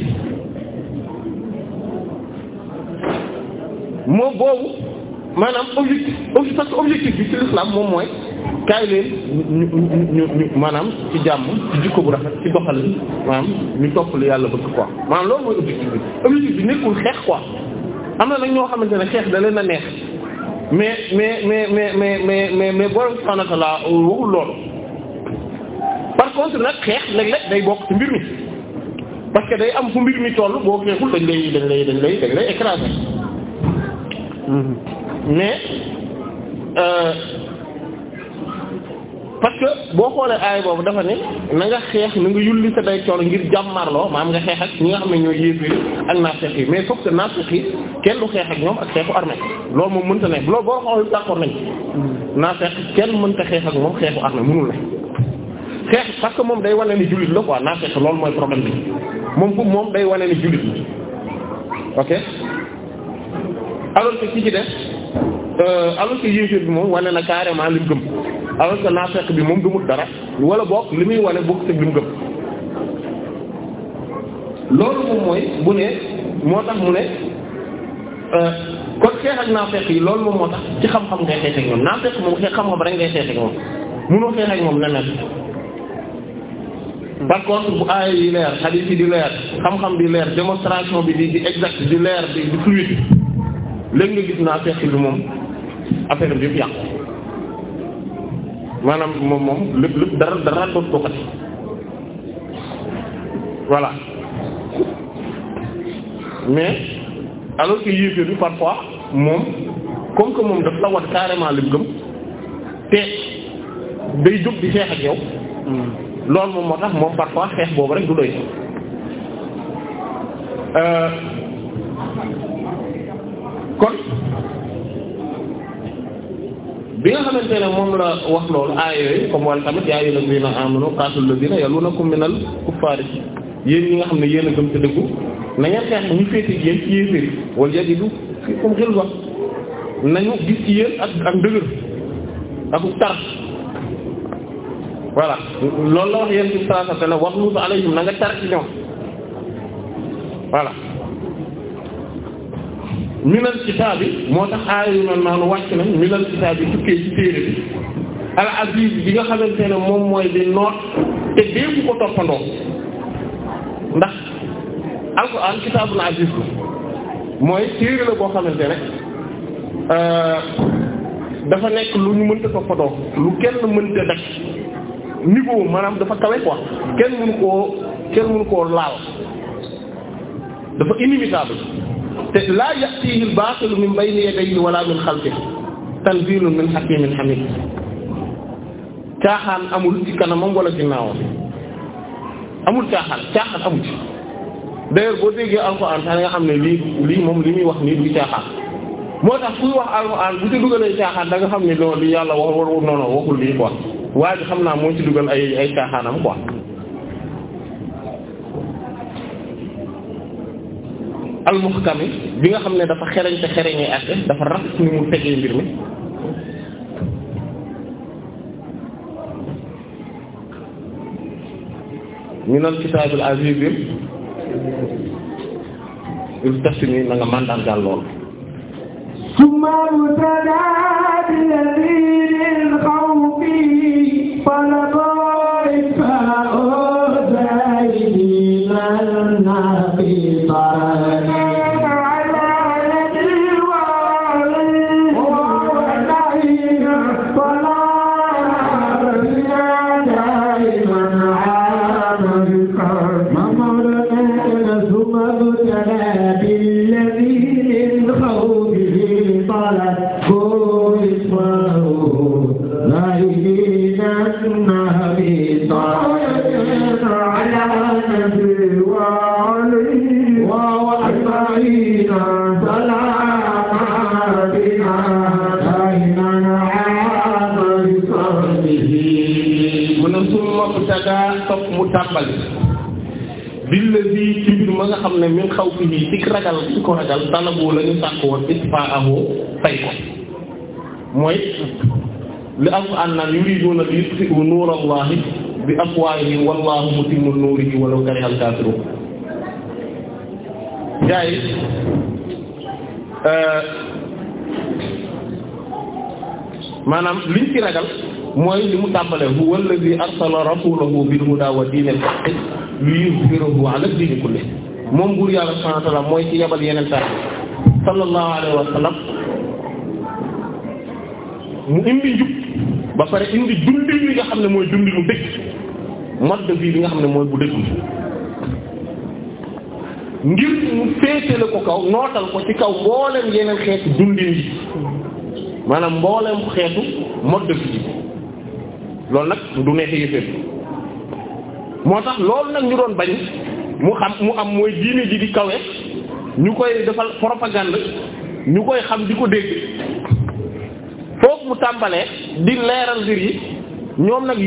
moom boobu maanaam objectif parce que objectif bi ci l'islam moom mooy kaay leen ñu ñu ñu maanaam ci jàmm ci jikko bu rafet ci doxal maanaam ñu topp lu yàlla bëgg quoi maanaam loolu mooy objectif bi objectif bi nekkul xeex quoi am na nag ñoo xamante ne xeex dalee leen a neex mais mais mais mais mais mais mais borom subhanahu wa ta'ala waxul loolu contre nag xeex léeg-léeg day bokk ci mbir mi parce que day am fu mbir mi toll boo xeexul dañ lay dañ lay dañ lay dañ lay écraser mais euh, parce que boo xoolee aay boobu dafa ne na nga xeex na nga yulli sa day tool ngir jàmmarloo maam nga xeex ak ñi nga xam ne ñoo yéeféri ak naafeq yi mais sauf que naafeq yi kenn du xeex ak ñoom ak xeexu armée loolu moom mënta ne loolu boo xool d'accord nañ hmm. naafeq kenn mënta xeex ak moom xeexu armée mënul ne xeex parce que moom day wane ni jullit la quoi naa fekk loolu mooy problème bi moom ku moom day wane ni jullit la ok alors ki ci def euh, alors que yéeféer bi moom wane na carrément li mu gëm alors que naa fekk bi moom gëmul dara wala bokk li muy wane bokk tëg li gëm loolu moom mooy bu ne moo tax mu ne euh, kon xeex ak naafeq yi loolu moom moo tax ci xam-xam ngay xeex ak ñoom naafeq moom xeex xam-xam rek ngay xeex ak moom munoo xeex ak moom leneen par contre bu aaya yi leer hadith di leer xam-xam di leer démonstration bi di di exact di leer di di fluide léegi nga gis naa fekk bi moom affaire bi yëpp yàqu maanaam moom moom lépp lépp dara dara doot ko xati voilà mais alors que yéeféer bi parfois moom comme que moom daf la wat carrément lim gëm te day jóg di xeex ak yow hmm. loolu moom moo tax moom parfois xeex boobu rek du doy euh, kon bi nga xamante ne moom la wax loolu aaya yooyu comme wala tamit yaa ayyuhal lazina amanu qaatilul lazina yaluunakum minal kuffaar yéen ñi nga xam ne yéen a gëm te dëggu na xeex ñu féete yéen ci yéeféer yi wala yajidu fiikum ghilza nañu gis ci yéen ak ak dëgër ak tar voilà loolu la wax yéen ci saa sa la wax musu alayhim na nga ci ñoom voilà minal kitaab bi moo tax aay yu mel noonu wàcc nañ minal kitaab bi tukkee ci téere bi al aziz bi nga xamante ne moom mooy di noot te déggu ko toppandoo ndax alquran kitaabul aziz la mooy téere la boo xamante ne euh, dafa nekk lu ñu mënta toppandoo lu kenn mënta dak niveau maanaam dafa kawe quoi kenn mënu koo kenn mënu koo laal dafa inimitable te laa ya'tihi al min bayni yadayhi wala min xalfihi tanziilun min hakiimin caaxaan amul ci kanamam walla ginnaaw amul caaxaan caaxaan amul ci d'ailleurs boo déggee alxuraan nga xam ne lii lii moom li muy wax nii du caaxaan. moo tax kuy wax alxuraan bu ci dugalee caaxaan da nga xam ni non yàlla wax war non non waxul lii quoi bi xam naa moo ci dugal ay ay caaxaanam quoi. almuhkam bi nga xam ne dafa xereñ te xereñee àtte dafa raf ni mu tegee mbir mi. minal kitaabil aziz il tafsir ni na nga mandargaal lool. ثم يتلى بيمين الخوف فلطائف أوزعه من النقيطان xam ne min xawfihi ci ragal ci ko ragal talabu la ñu sàkk woon isfa'ahu fay ko mooy li alquran naan yuriduna li yutfi'u nuur allahi bi afwahihim wallahu mutimmu nuurihi walaw kariha alkafirun gars yi euh, maanaam liñ ci ragal mooy li mu tàmbale huwa alladhi arsala rasulahu bil huda wa dinil haqq liyuzhirahu ala dini kulli moom buur yàlla subhanahu wa ta'ala mooy ci yabal yeneen tax sallallahu alayhi wa sallam mu indi njub ba pare indi dundin li nga xam ne mooy dundinu dëgg mode de vie bi nga xam ne mooy bu dëggu ngir mu féetale ko kaw nootal ko ci kaw mboolem yeneen xeetu dundin yi maanaam mboolem xeetu mode de vie loolu nag du neexee yëfee moo tax loolu nag ñu doon bañ mu xam mu am mooy diine ji di kawe ñu koy defal propagande ñu koy xam di ko dégg foofu mu tàmbalee di leeral mbir yi ñoom nag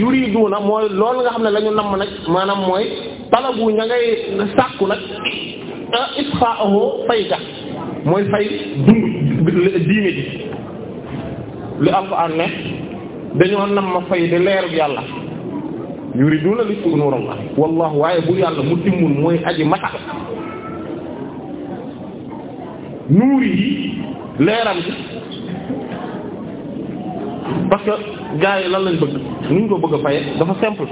na mooy lool nga xam ne lañu nam nag maanaam mooy talabu ña ngay sàkku nag ah, isfa'ahu fay ga mooy fay dund diine ji li alquran ne dañoo nam ma fay di leeru yàlla yuriduna li nuur allah wallahu waaye bu yàlla mu timmul mooy aji mata nuur yi leeram gi parce que gars yi lan lañ bëgg nu ko bëgg a faye dafa simple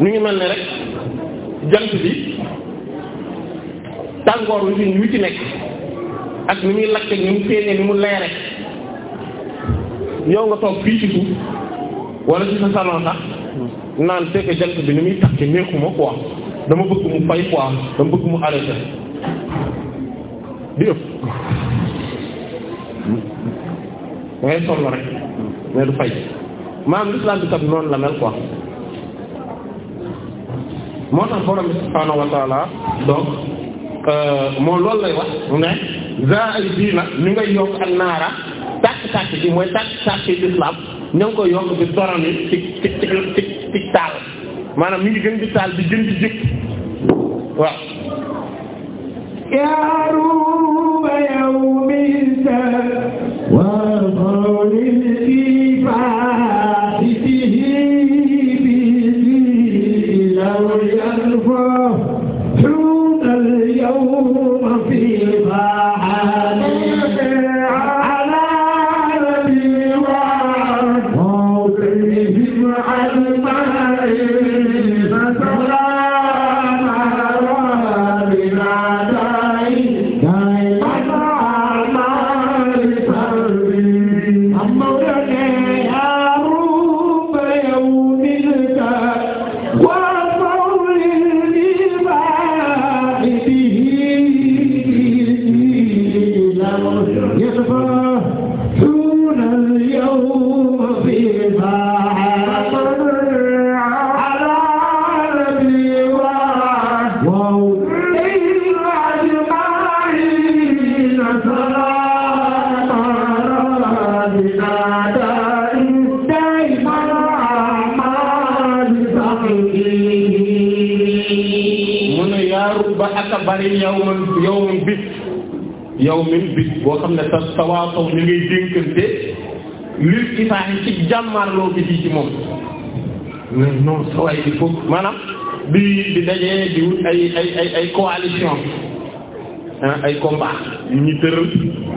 ñu ngi mel ni rek jant bi tàngoor wi ci wi ci nekk ak ni muy lakk ni mu feeñee ni mu leere yow nga toog fii ci suuf wala ci sa naan fekk jant bi ni muy tax ci neexuma quoi dama bëgg mu fay quoi dama bëgg mu arrêté di ëpp dangay sonn rek mais du fay maanaam l'islam bi kat la mel quoi moo tax borom bi subhaanahu wa taala donc euh, moo loolu lay wax ne za ay diina ñu ngay yokk ak naara tàkk-tàkk bi mooy tàkk-tàkk l'islam ña ngi koy yokk di torami ci ci ci ci taal maanaam mi ngi gën di taal di gën di jëkk waaw yaa ruuba yawmi yawmin bi boo xam ne ta tawaasaw ñu ngay dénkante lil isaahi ci jàmmaarloo bi fii ci moom mais non sawaay il faut maanaam di di dajee di wut ay ay ay coalition ay combat yu ñu tëral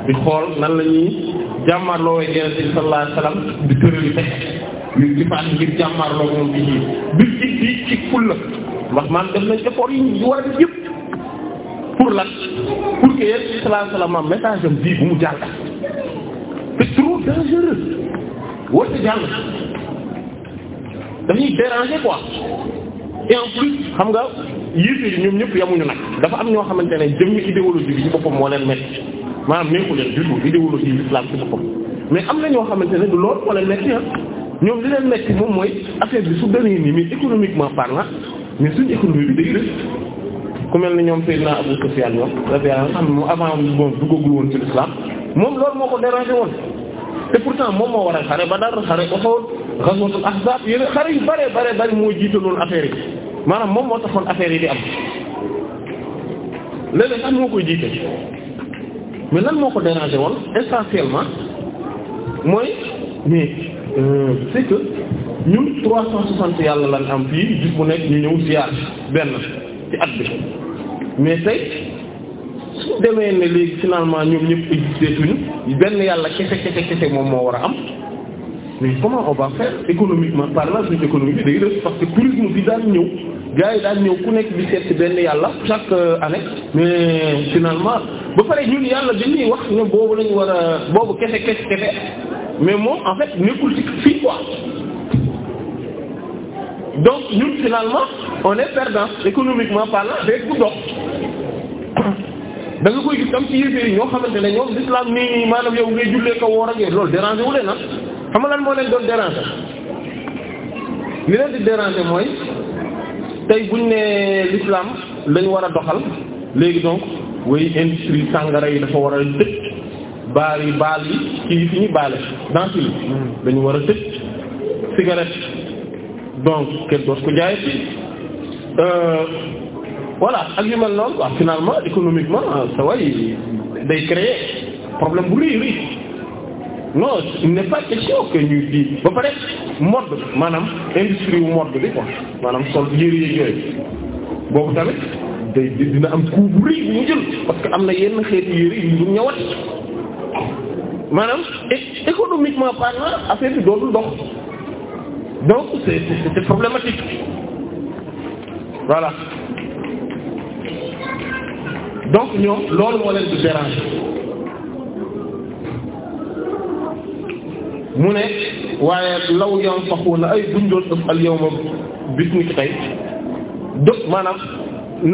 di xool nan la ñuy jàmmarloo way Yonent bi sallallahu alayhi wasallam di tëral yi teg lil isaahi ngir jàmmaarloo moom bi ci bir ci ci ci fulla wax man def nañ effort yi ñu war a yëpp pour lan pour que yéen salaam message am bii bu mu jàll. c'est trop dangereux war na jàll dañuy déranger quoi et en plus xam nga yéese yi ñoom ñëpp yamuñu nag dafa am ñoo xamante ne jëmmi idéologie bi ci boppam moo leen metti maanaam neexu leen du tout idéologie bi islam ci boppam mais am na ñoo xamante ne du lool moo leen metti ah ñoom li leen metti moom mooy affaire bi su demee nii mais économiquement parlant mais suñu économie bi day rëcc. ku mel ni ñoom Seydina Abu Sufyan yoon radiyallahu anhu mu avant moom duggagul woon ci l'islam moom loolu moo ko dérangé woon te pourtant moom moo waral xare Badar xare Uhud ghazwatul Ahzab yéen xare yu bare bare bare moo jiitaloon affaire yi maanaam moom moo taxoon affaire yi di am léeg-léeg sax moo koy jiite mais lan moo ko dérangé woon essentiellement mooy mais euh, c'est que ñun trois cent soixante yàlla lañ am fii gis bu nekk ñu ñëw ziar benn ci at bi mais tey su demee na léegi finalement ñoom ñëpp existeetuñu benn yàlla kese kese kese moom moo war a am mais comment on va faire économiquement parlant suñu économie bi day def parce que tourisme bi daan ñëw gars daan ñëw ku nekk di seet benn yàlla chaque euh, année mais finalement ba pare ñun yàlla dañuy wax ne boobu lañu war a boobu kese kese mais moom en fait nekkul ci fii quoi donc ñun finalement on est perdant économiquement parlant day bu dox da koy gis am ci yéeféer yi ñoo xamante ne ñoom l'islam nii maanaam yow ngay jullee ko ak yooyu loolu déranger wu leen ah moo leen doon déranger li leen di déranger mooy tey buñ ne l'islam lañ war a doxal léegi donc way industrie sàngara yi dafa war a tëj baal yi baal yi ci fi ñu baale dans yi mm. dañu war a tëj cigarette donc kenn doot ko jaay ci Euh, voilà ak yu mel noonu waaw finalement économiquement ah, créer problème bu rëy rëy non il n'est pas question que ñuy di ba pare mode maanaam industrie wu mode bi quoi maanaam sol yëre yeeg yooyu boobu tamit day dina am coût bu rëy bu ñu jël parce que am na yenn xeetu yëre yu ñu ñëwaat maanaam économiquement parlant affaire bi dootul dox donc c'est c'est problématique voilà donc ñoom loolu moo leen di déranger mu ne waaye law yam faxuuna ay bunjoon ëpp al yawma bis ni ki tey dëpp maanaam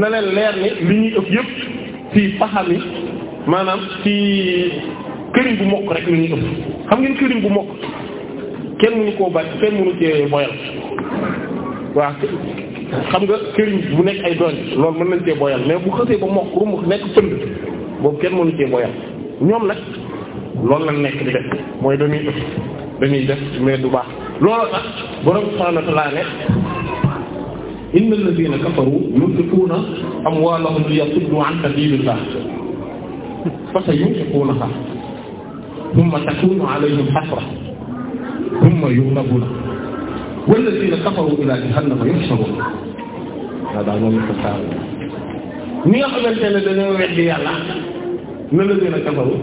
na leen leer ni li ñuy ëpp yëpp ci paxam yi maanaam ci këriñ bu mokk rek li ñuy ëpp xam ngeen këriñ bu mokk kenn mënu koo bàyyi kenn mënu cee boyal waaw xam nga këriñ bu nekk ay doon loolu mën nañ cee boyal mais bu xësee ba mokk rumu nekk pënd boobu kenn mënu cee boyal ñoom nag loolu lañ nekk di def mooy dañuy def dañuy def mais du baax loolu tax borom subhanahu wa ta'ala ne inna alladhina kafaru yunfiquna amwalahum liyasuddu an sabilillah fa sayunfiqunaha thumma walladina kafaru ila jahannama yuhsharun waaw daal moom it ko saa ni nga xamante ne dañoo weddi yàlla na la gën a kafaru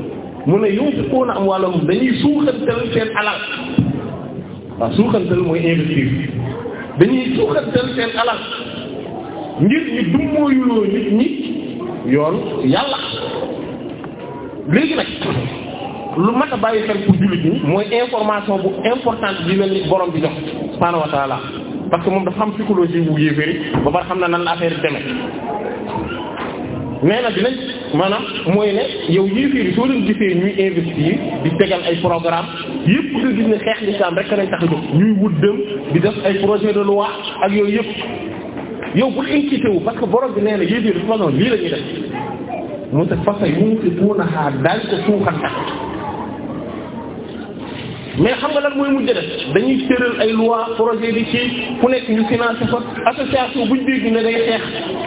mu ne yunfiquuna amwaalahum dañuy suuxantal seen alal waaw suuxantal mooy investir dañuy suuxantal seen alal ngir ñu dummóoyuloo nit ñi yoon yàlla léegi nag lu mat a bàyyi xel pour jullit ñi mooy information bu importante bi leen borom bi jox subhaanahu wa parce que moom dafa xam psychologie bu yéeféri ba pare xam na nan la affaire deme nee na dinañ maanaam mooy ne yow yéeféri soo leen gisee ñuy investir di tegal ay programme yëpp nga gis ne xeex lislaam rek lañ tax a ñuy wut dem di def ay projet de loi ak yooyu yëpp yow bul inquiété parce que borom bi nee na de façon lii la def mu te fasa yu mu fi puunaxaa daañ ko suuxanta mais xam nga lan mooy mujj def dañuy tëral ay loi projet bi ci ku nekk ñu financé fa association buñ dégg ne day xeex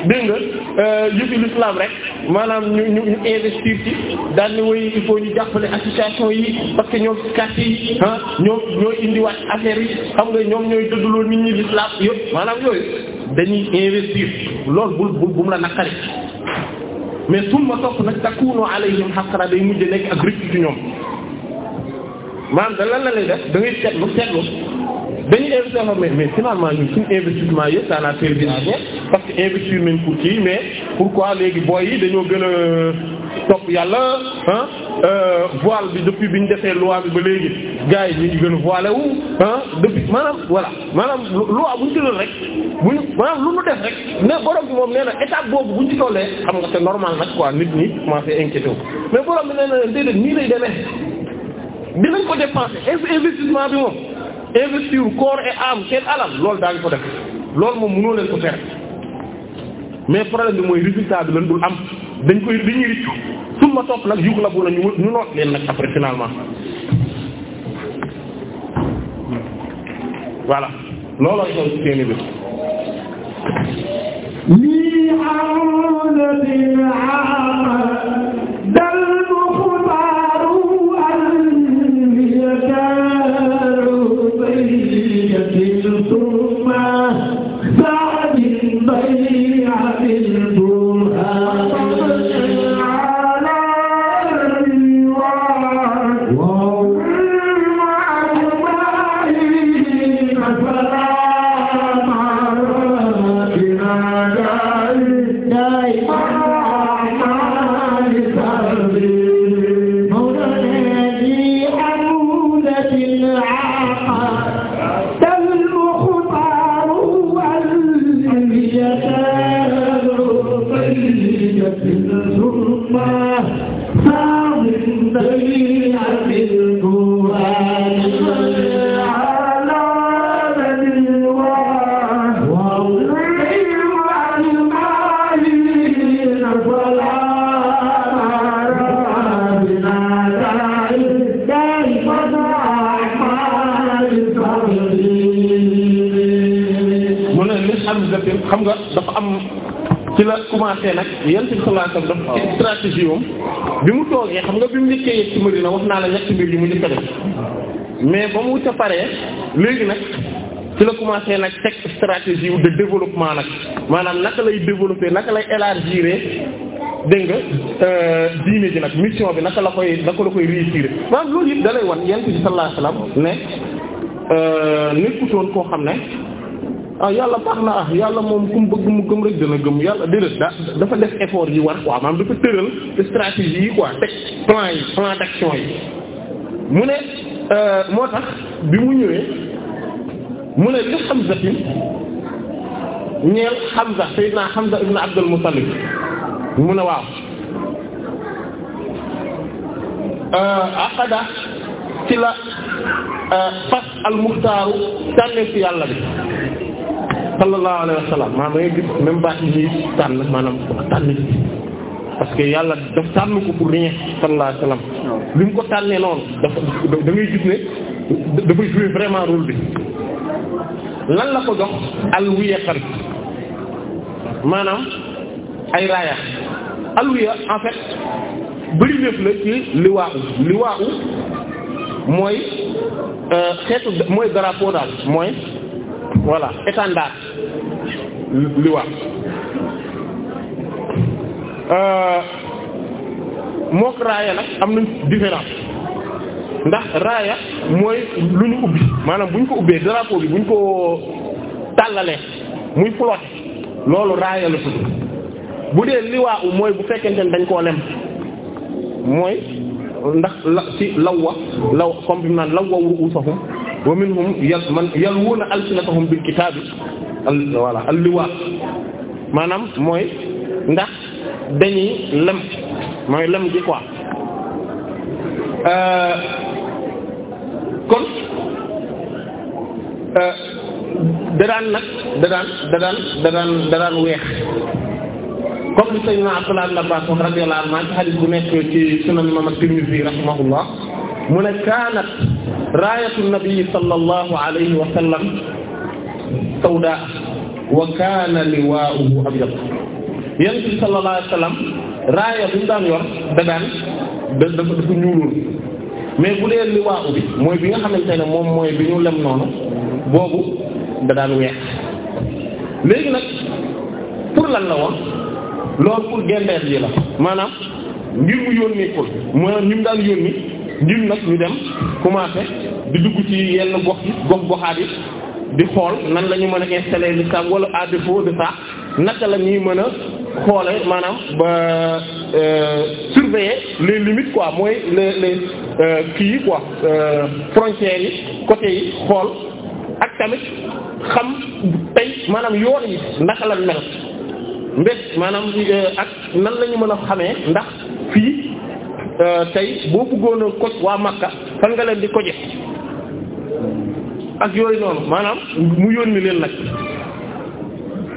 dégg nga euh, yëfi l'islam rek maanaam ñu ñu ñu investir ci daal ni woy il faut ñu jàppale association yi parce que ñoom quartier yi ah ñoom ñooy indiwaat affaire yi xam nga ñoom ñooy dëddaloo nit ñi l'islam yëpp maanaam yooyu dañuy investir loolu bul bul bu mu la naqari mais summa topp nag takunu alayhim xaqra day mujj nekk ak rëcc ci ñoom maanaam da lan la lay def da ngay seetlu seetlu dañuy investir mais mais finalement ñun suñu investissement yëpp ça n'a servi à rien parce que investir nañ pour kii mais pourquoi léegi booy yi dañoo gën a topp yàlla ah voile bi depuis bi ñu defee loi bi ba léegi gars yi ñu ngi gën a voilé wu ah depuis maanaam voilà maanaam loi bu ñu tëral rek bu ñu maanaam lu mu def rek ne borom bi moom nee na boobu bu ñu ci tollee xam nga c'est normal nag quoi nit ñi commencé inquiété nii lay demee. dinañ ko dépenser investissement bi moom investir corps et âme seen alal loolu daañu ko def loolu moom mënoo leen ko faire mais problème bi mooy résultat bi lan dul am dañ koy dañuy riccu su ma topp nag yug la bu ñu ñu noot leen nag après finalement voilà looloo xew seeni bi lii nga dafa am ci la commencé nag yent bi sallallahu alayhi wasallam ci stratégie bi mu toogee xam nga bi mu njëkkee yegg ci Madina wax naa la ñetti mbir yi mu njëkk a mais ba mu ca paree léegi nag ci la commencé nag teg stratégie de développement nag maanaam naka lay développer naka lay élargir dégg nga euh, diine ji nag mission bi naka la koy naka la koy réussir maanaam loolu it da lay wan yent bi sallallahu ne euh, nekkutoon koo xam ne ah yàlla baax na ah yàlla moom ku mu bëgg mu gëm rek dana gëm yàlla déedéet da dafa def effort yi war quoi maanaam dafa tëral stratégie yi quoi teg plan yi plan d'action yi mu ne euh, moo tax bi mu ñëwee mu ne li Hamza tin ñeel Hamza sayyidina Hamza ibn Abdul Muttalib mu ne waaw euh, aqada ci la euh, fas al muxtaaru ci yàlla bi sallallahu alayhi wa sallam maanaam da ngay gis même baat yi ñuy tànn maanaam tànn parce que yàlla daf tànn ko pour rien sallallahu alayhi wa sallam li mu ko tànnee noonu dafa da gis ne dafay jouer vraiment rôle bi lan la ko jox alwiyatan maanaam ay raaya alwiya en fait bëri lépp la ci liwaa u mooy euh, xeetu mooy drapeau daal mooy voilà étendard li war euh, mook raaya nag am na différence ndax raaya mooy lu ñu ubbi maanaam bu ñu ko ubbee drapeau bi bu ñu ko tàllalee muy flotter loolu raaya la tudd bu dee liwaa u mooy bu fekkente ne dañ koo lem mooy ndax la ci law wa law comme bi mu law wa ruusahum wa minhum yal man yalwuuna alsinatahum bil kitaabi al voilà al liwaat maanaam mooy ndax dañuy lem mooy lem gi quoi euh, kon euh, dadaan nag dadaan dadaan dadaan dadaan weex comme li Sayyidina Abdullah ibn Abbas radiyallahu anhu ci hadith bu nekk ci sunan imam at-Tirmidhi rahimahullah mu ne kaanat raayatu nabii sallallahu alayhi wa sallam sawda wa kaana liwaa'uhu abyad yonent bi sallallahu alayhi wa sallam raaya bi mu daan yor da daan da dafa dafa ñuuloon mais bu dee liwaa'u bi mooy bi nga xamante ne moom mooy bi ñu lem noonu boobu da daan weex léegi nag pour lan la woon loolu pour gendeer yi la maanaam ngir mu yónnee ko maanaam ñi mu daan yónni ngir nag ñu dem commencé di dugg ci yenn gox yi gox goxaat yi di xool nan la ñu mën a installer l'islam wala à défaut de ça naka la ñuy mën a xoole maanaam ba euh, surveiller les limites quoi mooy les les euh, kii yi quoi euh, frontières yi côté yi xool ak tamit xam tey maanaam yoon yi naka la mel mbét maanaam ak nan lañu mën a xamee ndax fii Euh, tey boo bëggoon a koj waa Makka fan nga leen di koje ak yooyu noonu maanaam mu yónni leen nag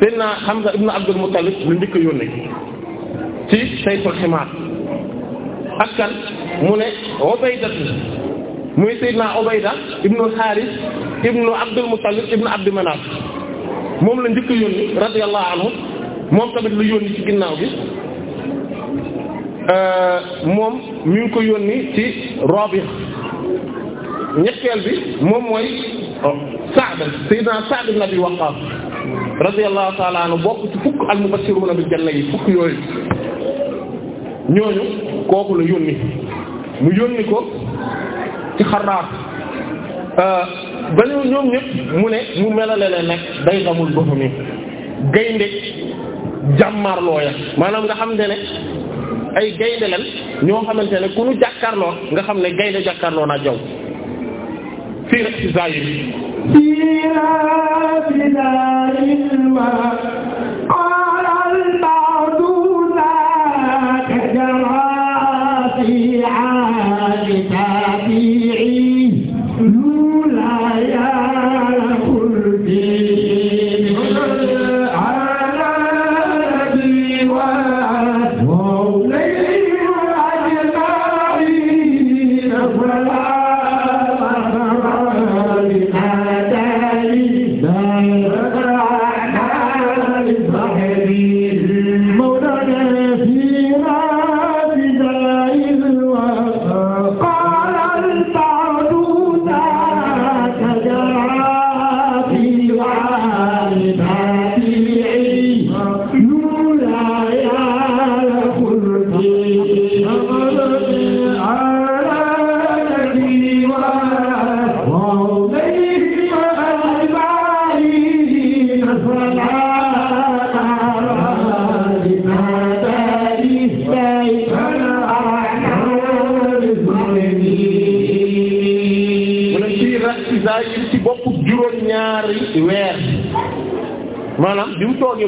Seydina Hamza ibn Abdul Muttalib lu njëkk a yónni ci saytul ximaar ak kan mu ne Ubayda muy Seydina Ubayda ibnu Xaaris ibnu Abdul Muttalib ibnu Abdi Manaf moom la njëkk a yónni radiyallahu anhu moom tamit lu yónni ci ginnaaw bi euh, moom mi ko yónni ci Rabih ñetteel bi moom mooy Sa'd sayyidina Sa'd ibn Abi Waqqas radiyallahu ta'ala anhu bokk ci fukk al-mubashiruna bil yi fukk yooyu ñooñu kooku la yónni mu yónni ko ci xarraaf euh, ba ñoom ñëpp mu ne mu melale leen nag day damul boxu mi gaynde jàmmarlooya maanaam nga xam ne ne ay gaynde lan ñoo xamante ne ku ñu jàkkaarloo nga xam ne gaynde jàkkaarloo naa jaw fii rek ci zahir bi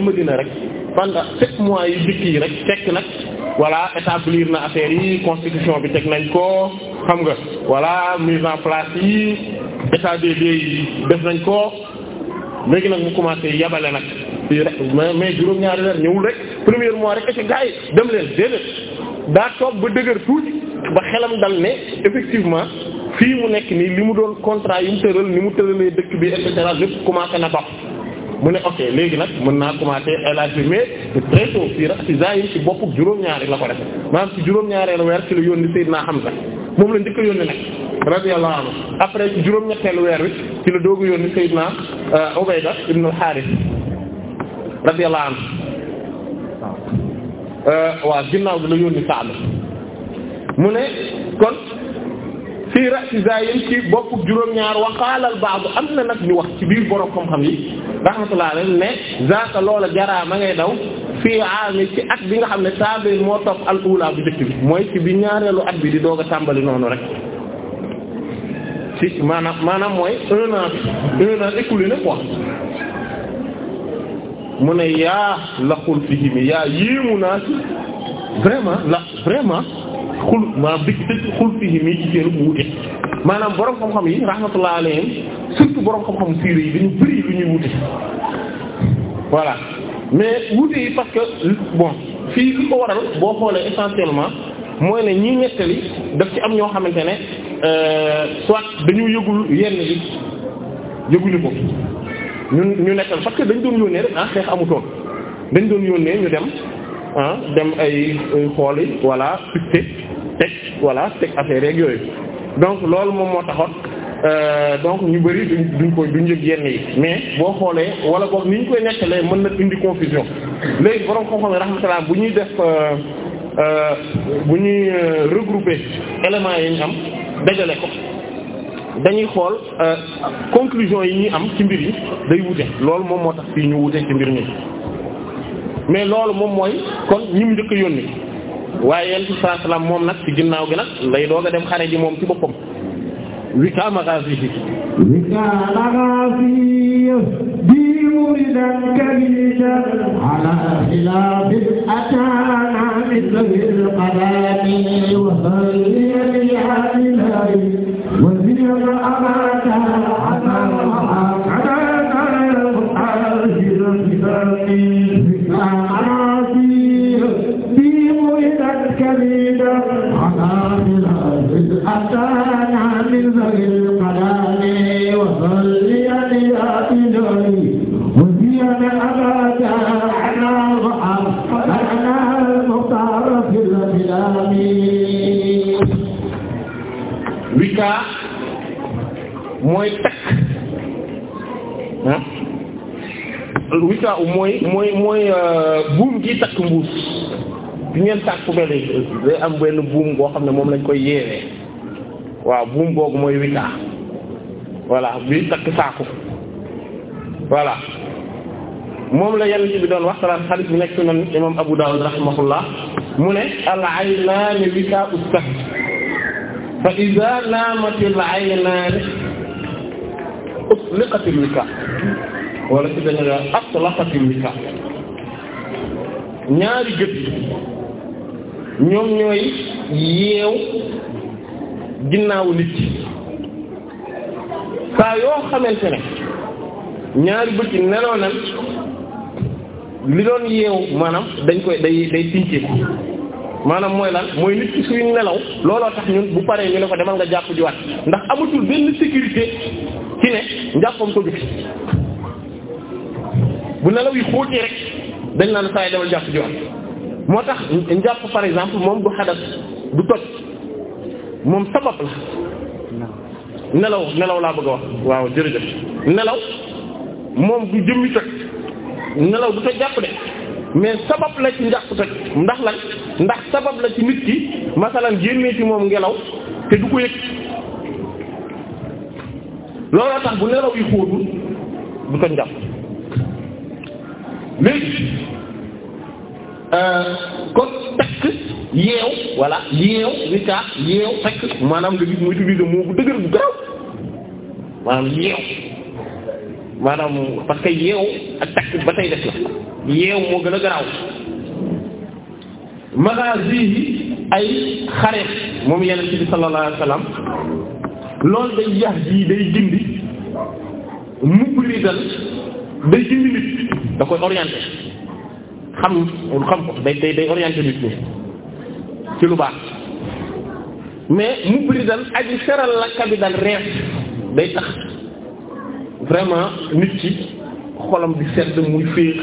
Medina rek pendant sept mois yu jëkk yi rek fekk nag voilà établir na affaire yi constitution bi teg nañ ko xam nga voilà mise en place yi état yi def nañ ko léegi nag mu commencé yabale nag fii rek mais mais juróom-ñaari weer ñëwul rek premier mois rek ete gars yi dem leen déedéet daa toog ba dëgër tuuti ba xelam dal ne effectivement fii mu nekk nii li mu doon contrat yi mu tëral ni mu tëralee dëkk bi et cetera lépp commencé na bap mu ne ok léegi nag mën naa commencer élage bi mais très tôt fii ra si zahir juróom-ñaari la ko def maanaam ci juróom-ñaareelu weer ci la yónni Seydina Hamza moom la njëkk a yónni nag radiyallahu anhu après ci juróom-ñetteelu weer wi ci la doogu yónni Seydina euh, Ubayda ibn al-Harith radiyallahu anhu waaw euh, ginnaaw bi la yónni Sa'd mu ne kon fii rasi zayin ci boppu juróom-ñaar wa qaala al ba'd am na nag ñu wax ci biir borom xam-xam yi rahmatullah alayhi ne zaaka loola jaraa ma ngay daw fii aami ci at bi nga xam ne taabir moo topp al ula bu jëkk bi mooy ci bi ñaareelu at bi di doog a tàmbali noonu rek ci maanaam maanaam mooy un an bi un an mu ne yaa laqul fihimi yaa yéemu naa ci vraiment la vraiment xul maanaam dëgg dëgg xul fii mii ci seenu bu wute maanaam borom xam-xam yi rahmatullah alayhim surtout borom xam-xam siire yi dañu bëri lu ñuy wute voilà mais wute yi parce que bon fii li ko waral boo xoolee essentiellement mooy ne ñi nettali daf ci am ñoo xamante ne euh, soit dañu yëgul yenn yi yëguñu ko ñun ñu nettal parce que dañ doon yónnee rek ah xeex amutoon dañ doon yónnee ñu dem ah dem ay xool yi picté teg voilà teg affaire yeeg yooyu donc loolu moom moo taxoon euh, donc ñu bëri duñ duñ ko duñ yëg yenn yi mais boo xoolee wala boog ni ñu koy nettalee mën na indi confusion léegi borom xam-xam yi rahmatullah bu ñuy def euh, euh, bu ñuy regrouper éléments yi ñu am dajale ko dañuy xool conclusion yi ñuy am ci mbir yi day wute loolu moom moo tax fii ñu wute ci mbir mi mais loolu moom mooy kon ñi mu njëkk a waaye yonent bi moom nag ci ginnaaw gi nag lay doog a dem xare ji moom ci boppam wika magazi yi wika magazi bi muridan kabidan ala khilafin atana min lawil qadami wa haliya bi ahlihi wa zira amata ala أتانا من ذوي القلام وصلي لآتدوني وزينا أبدا على ظهر أنا المختار في الأفلام wikaa mooy takk ah wikaa mooy mooy mooy euh, buum gi takk mbuus bi ngeen tàkk ku mel day am benn buum boo xam ne moom lañ koy yeewee waaw buum googu mooy wicca voilà bii takk saaku voilà moom la yenn ci bi doon waxtaan xarit bi nekk sunan imam Abu Dawud rahimahullah mu ne al aynaani wikaa'u sahm fa idaa naamatil aynaani utliqatil wikaa wala ci dañu la atlaqatil wikaa ñaari gët ñoom ñooy yeew ginnaawu nit ki saa yoo xamante ne ñaari bët yi nelaw nan li doon yeewu maanaam dañ koy day day tinkeeku maanaam mooy la mooy nit ki suy nelaw looloo tax ñun bu paree ñu ne ko demal nga jàpp jiwaat ndax amatul benn sécurité ci ne njàppam ko jufi bu nelaw yi xóotee rek dañ naan saa yi demal jàpp jiwaat moo tax njàpp par exemple moom du xadas du toj moom sabab la nelaw nelaw laa bëgg a wax waaw jërëjëf nelaw moom du jëmmi toj nelaw du ko jàpp de mais sabab la ci njàpp toj ndax lan ndax sabab la ci nit ki masalan génnee ci moom ngelaw te du ko yëg looloo tax bu nelaw yi xóotul du ko njàpp léegi Euh, kon takk yeew voilà yeew wiccaat yeew takk maanaam nga gis mu utiliser moo bu dëgër bu garaw maanaam yeew maanaam parce que yeew ak takk ba tey def la yeew moo gën a garaaw magazi ay xareet moom yeneen bi sallallahu alayhi wasallam loolu day yax ji day jindi mukk lii day jindi nit da koy orienté xam xam ko day day day orienté nit ñi ci lu baax mais mu bëri dal aji feral la kabidal reef day tax vraiment nit ci xolam di sedd muy féex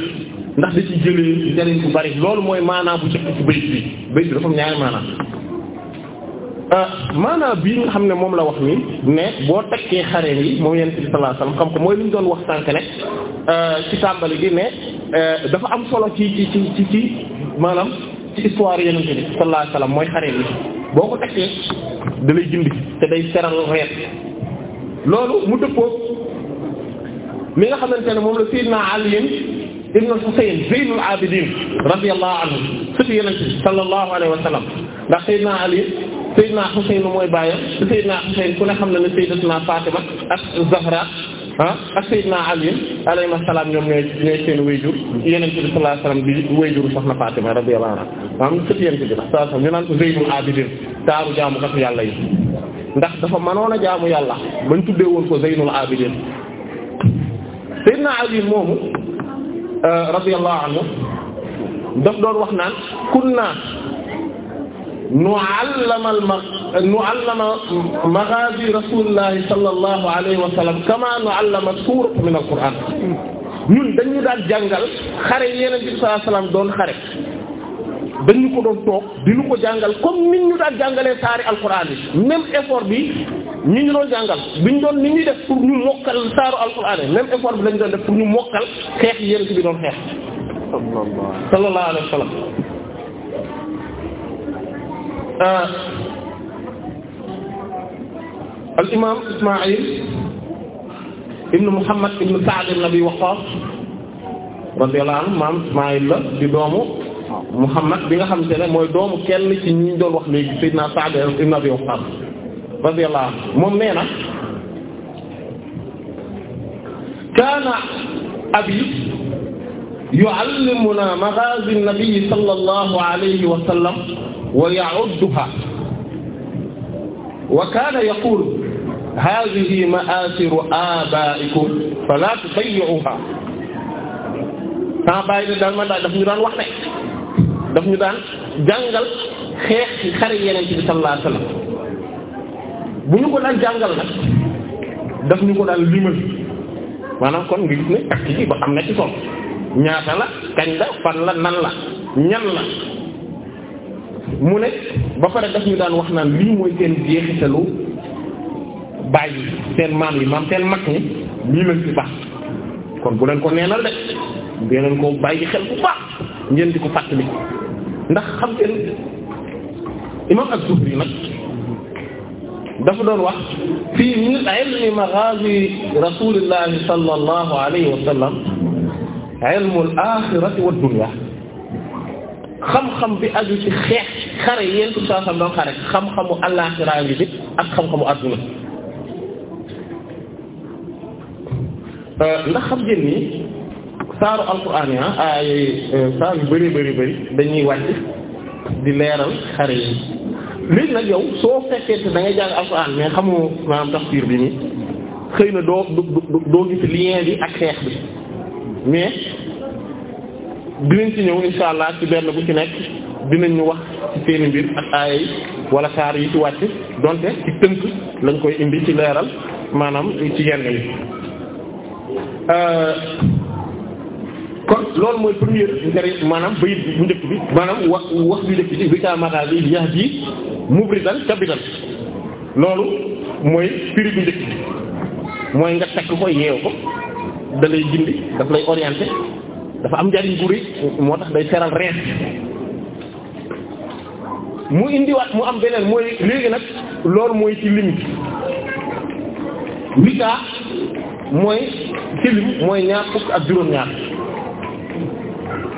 ndax da ci jëlee njëriñ bu bari loolu mooy maanaam bu jëkk ci bayit bi bayit bi dafa am ñaari maanaam Euh, maanaam bii nga xam ne moom la wax nii ne boo tekkee xare yi moom yonent bi sallallahu xam ko mooy li ñu doon wax sànq ne euh, ci tàmbali gi ne euh, dafa am solo ci ci ci ci maanaam ci histoire yonent bi sallallahu alayhi mooy xare yi boo ko tekkee dalay lay jindi te day seral reet loolu mu dëppoo mi nga xamante ne moom la Sayyidina Ali ibn al-Husayn Zaynul Abidin radiyallahu anhu sëtu yonent bi sallallahu alayhi wasallam ndax Sayyidina Ali Seydina Husayn mooy baayam te Seydina Husayn ku ne xam na ne Seydatuna Fatima ak Zahra ah ak Seydina Ali alayhi salaam ñoom ñooy ñooy seen wayjur Yonent bi sallallahu alayhi wasallam bi wayjuru soxna Fatima radiyallahu anha maanaam sët Yonent bi sallallahu alayhi wasallam ñu naan ko Zaynul Abidin taaru jaamukatu yàlla yi ndax dafa mënoon a jaamu yàlla bañ tuddee woon ko Zaynul Abidin Seydina Ali moomu euh, radiyallahu anhu daf doon wax naan kunna nu allama nu allama maghazi rasulillahi sallallahu alayhi wa sallam kama nu allama suura min alquran ñun dañu daan jàngal xare yeneen bi sallallahu doon xare dañu ko doon toog diñu ko jàngal comme nit ñu daan jàngalee saari alquran yi même effort bi ñi ñu doon jàngal ñu doon ni ñuy def pour ñu mokkal saaru alquran yi même effort bi lañ doon def pour ñu mokkal xeex yeneen bi doon xeex sallallahu alayhi wa Euh, al imaam Ismaïl ibnu Muhammad ibnu Sa'd ibn Abi Waqqas radiyallahu anhu maam Ismaïl la di doomu Muhammad bi nga xam te ne mooy doomu kenn ci ñi doon wax léegi Seydina Sa'd ibn Abi Waqqas radiyallahu anhu moom nee na kaana abi yu'allimuna maghaazi an-nabi sallallahu alayhi wa sallam ويعدها وكان يقول هذه مآثر آبائكم فلا تضيعوها sans bàyyi daal man daal daf ñu daan wax ne daf ñu daan jàngal xeex ci xare yeneen bi sallallahu bu ñu ko daan jàngal nag daf ñu ko daan limal maanaam kon nga gis ne ak ci ba am na ci solo ñaata la kañ la fan la nan la ñan la mu ne ba pare daf ñu daan wax naan lii mooy seen jeexitalu bàyyi seen maam yi maam seen mag ni lii lañ ci baax kon bu leen ko neenal de ngeen ko bàyyi xel bu baax ngeen di ko fàttali ndax xam ngeen imam Az-Zuhri nag dafa doon wax fii min ilmi maghazi rasulillahi sallallahu alayhi wa sallam ilmul akhirati wad dunya xam-xam bi aju ci xeex xare yéen tout ça doon xare xam-xamu àllaaxira bi ak xam-xamu adduna euh, ndax xam ngeen ni saaru alquraan yi ay euh, saar yu bari bari bari dañuy wàcc di leeral xare yi léegi nag yow soo fekkee te da ngay jàng alquraan mais xamoo maanaam tafsir bi nii xëy na doo doo doo gis lien bi ak xeex bi mais dinañ ci ñëw insha allah ci benn bu ci nekk dinañ ñu wax ci seeni mbir ak aaya yi wala saar yi ci wàcc donte ci tënk lañ koy indi ci leeral maanaam ci yenn yi euh, kon loolu mooy première njëriñ maanaam bayit bi bu njëkk maanaam wax wax bi njëkk bi bi ca magal yi yax ji mubridan kabidan loolu mooy firi bu njëkk bi mooy nga takk ko yeew ko da lay gindi daf lay orienté dafa am njariñ gu rëy moo tax day teral rees mu indiwaat mu am beneen mooy léegi nag loolu mooy ci limite wita mooy ci lim mooy ñaar fukk ak juróom-ñaar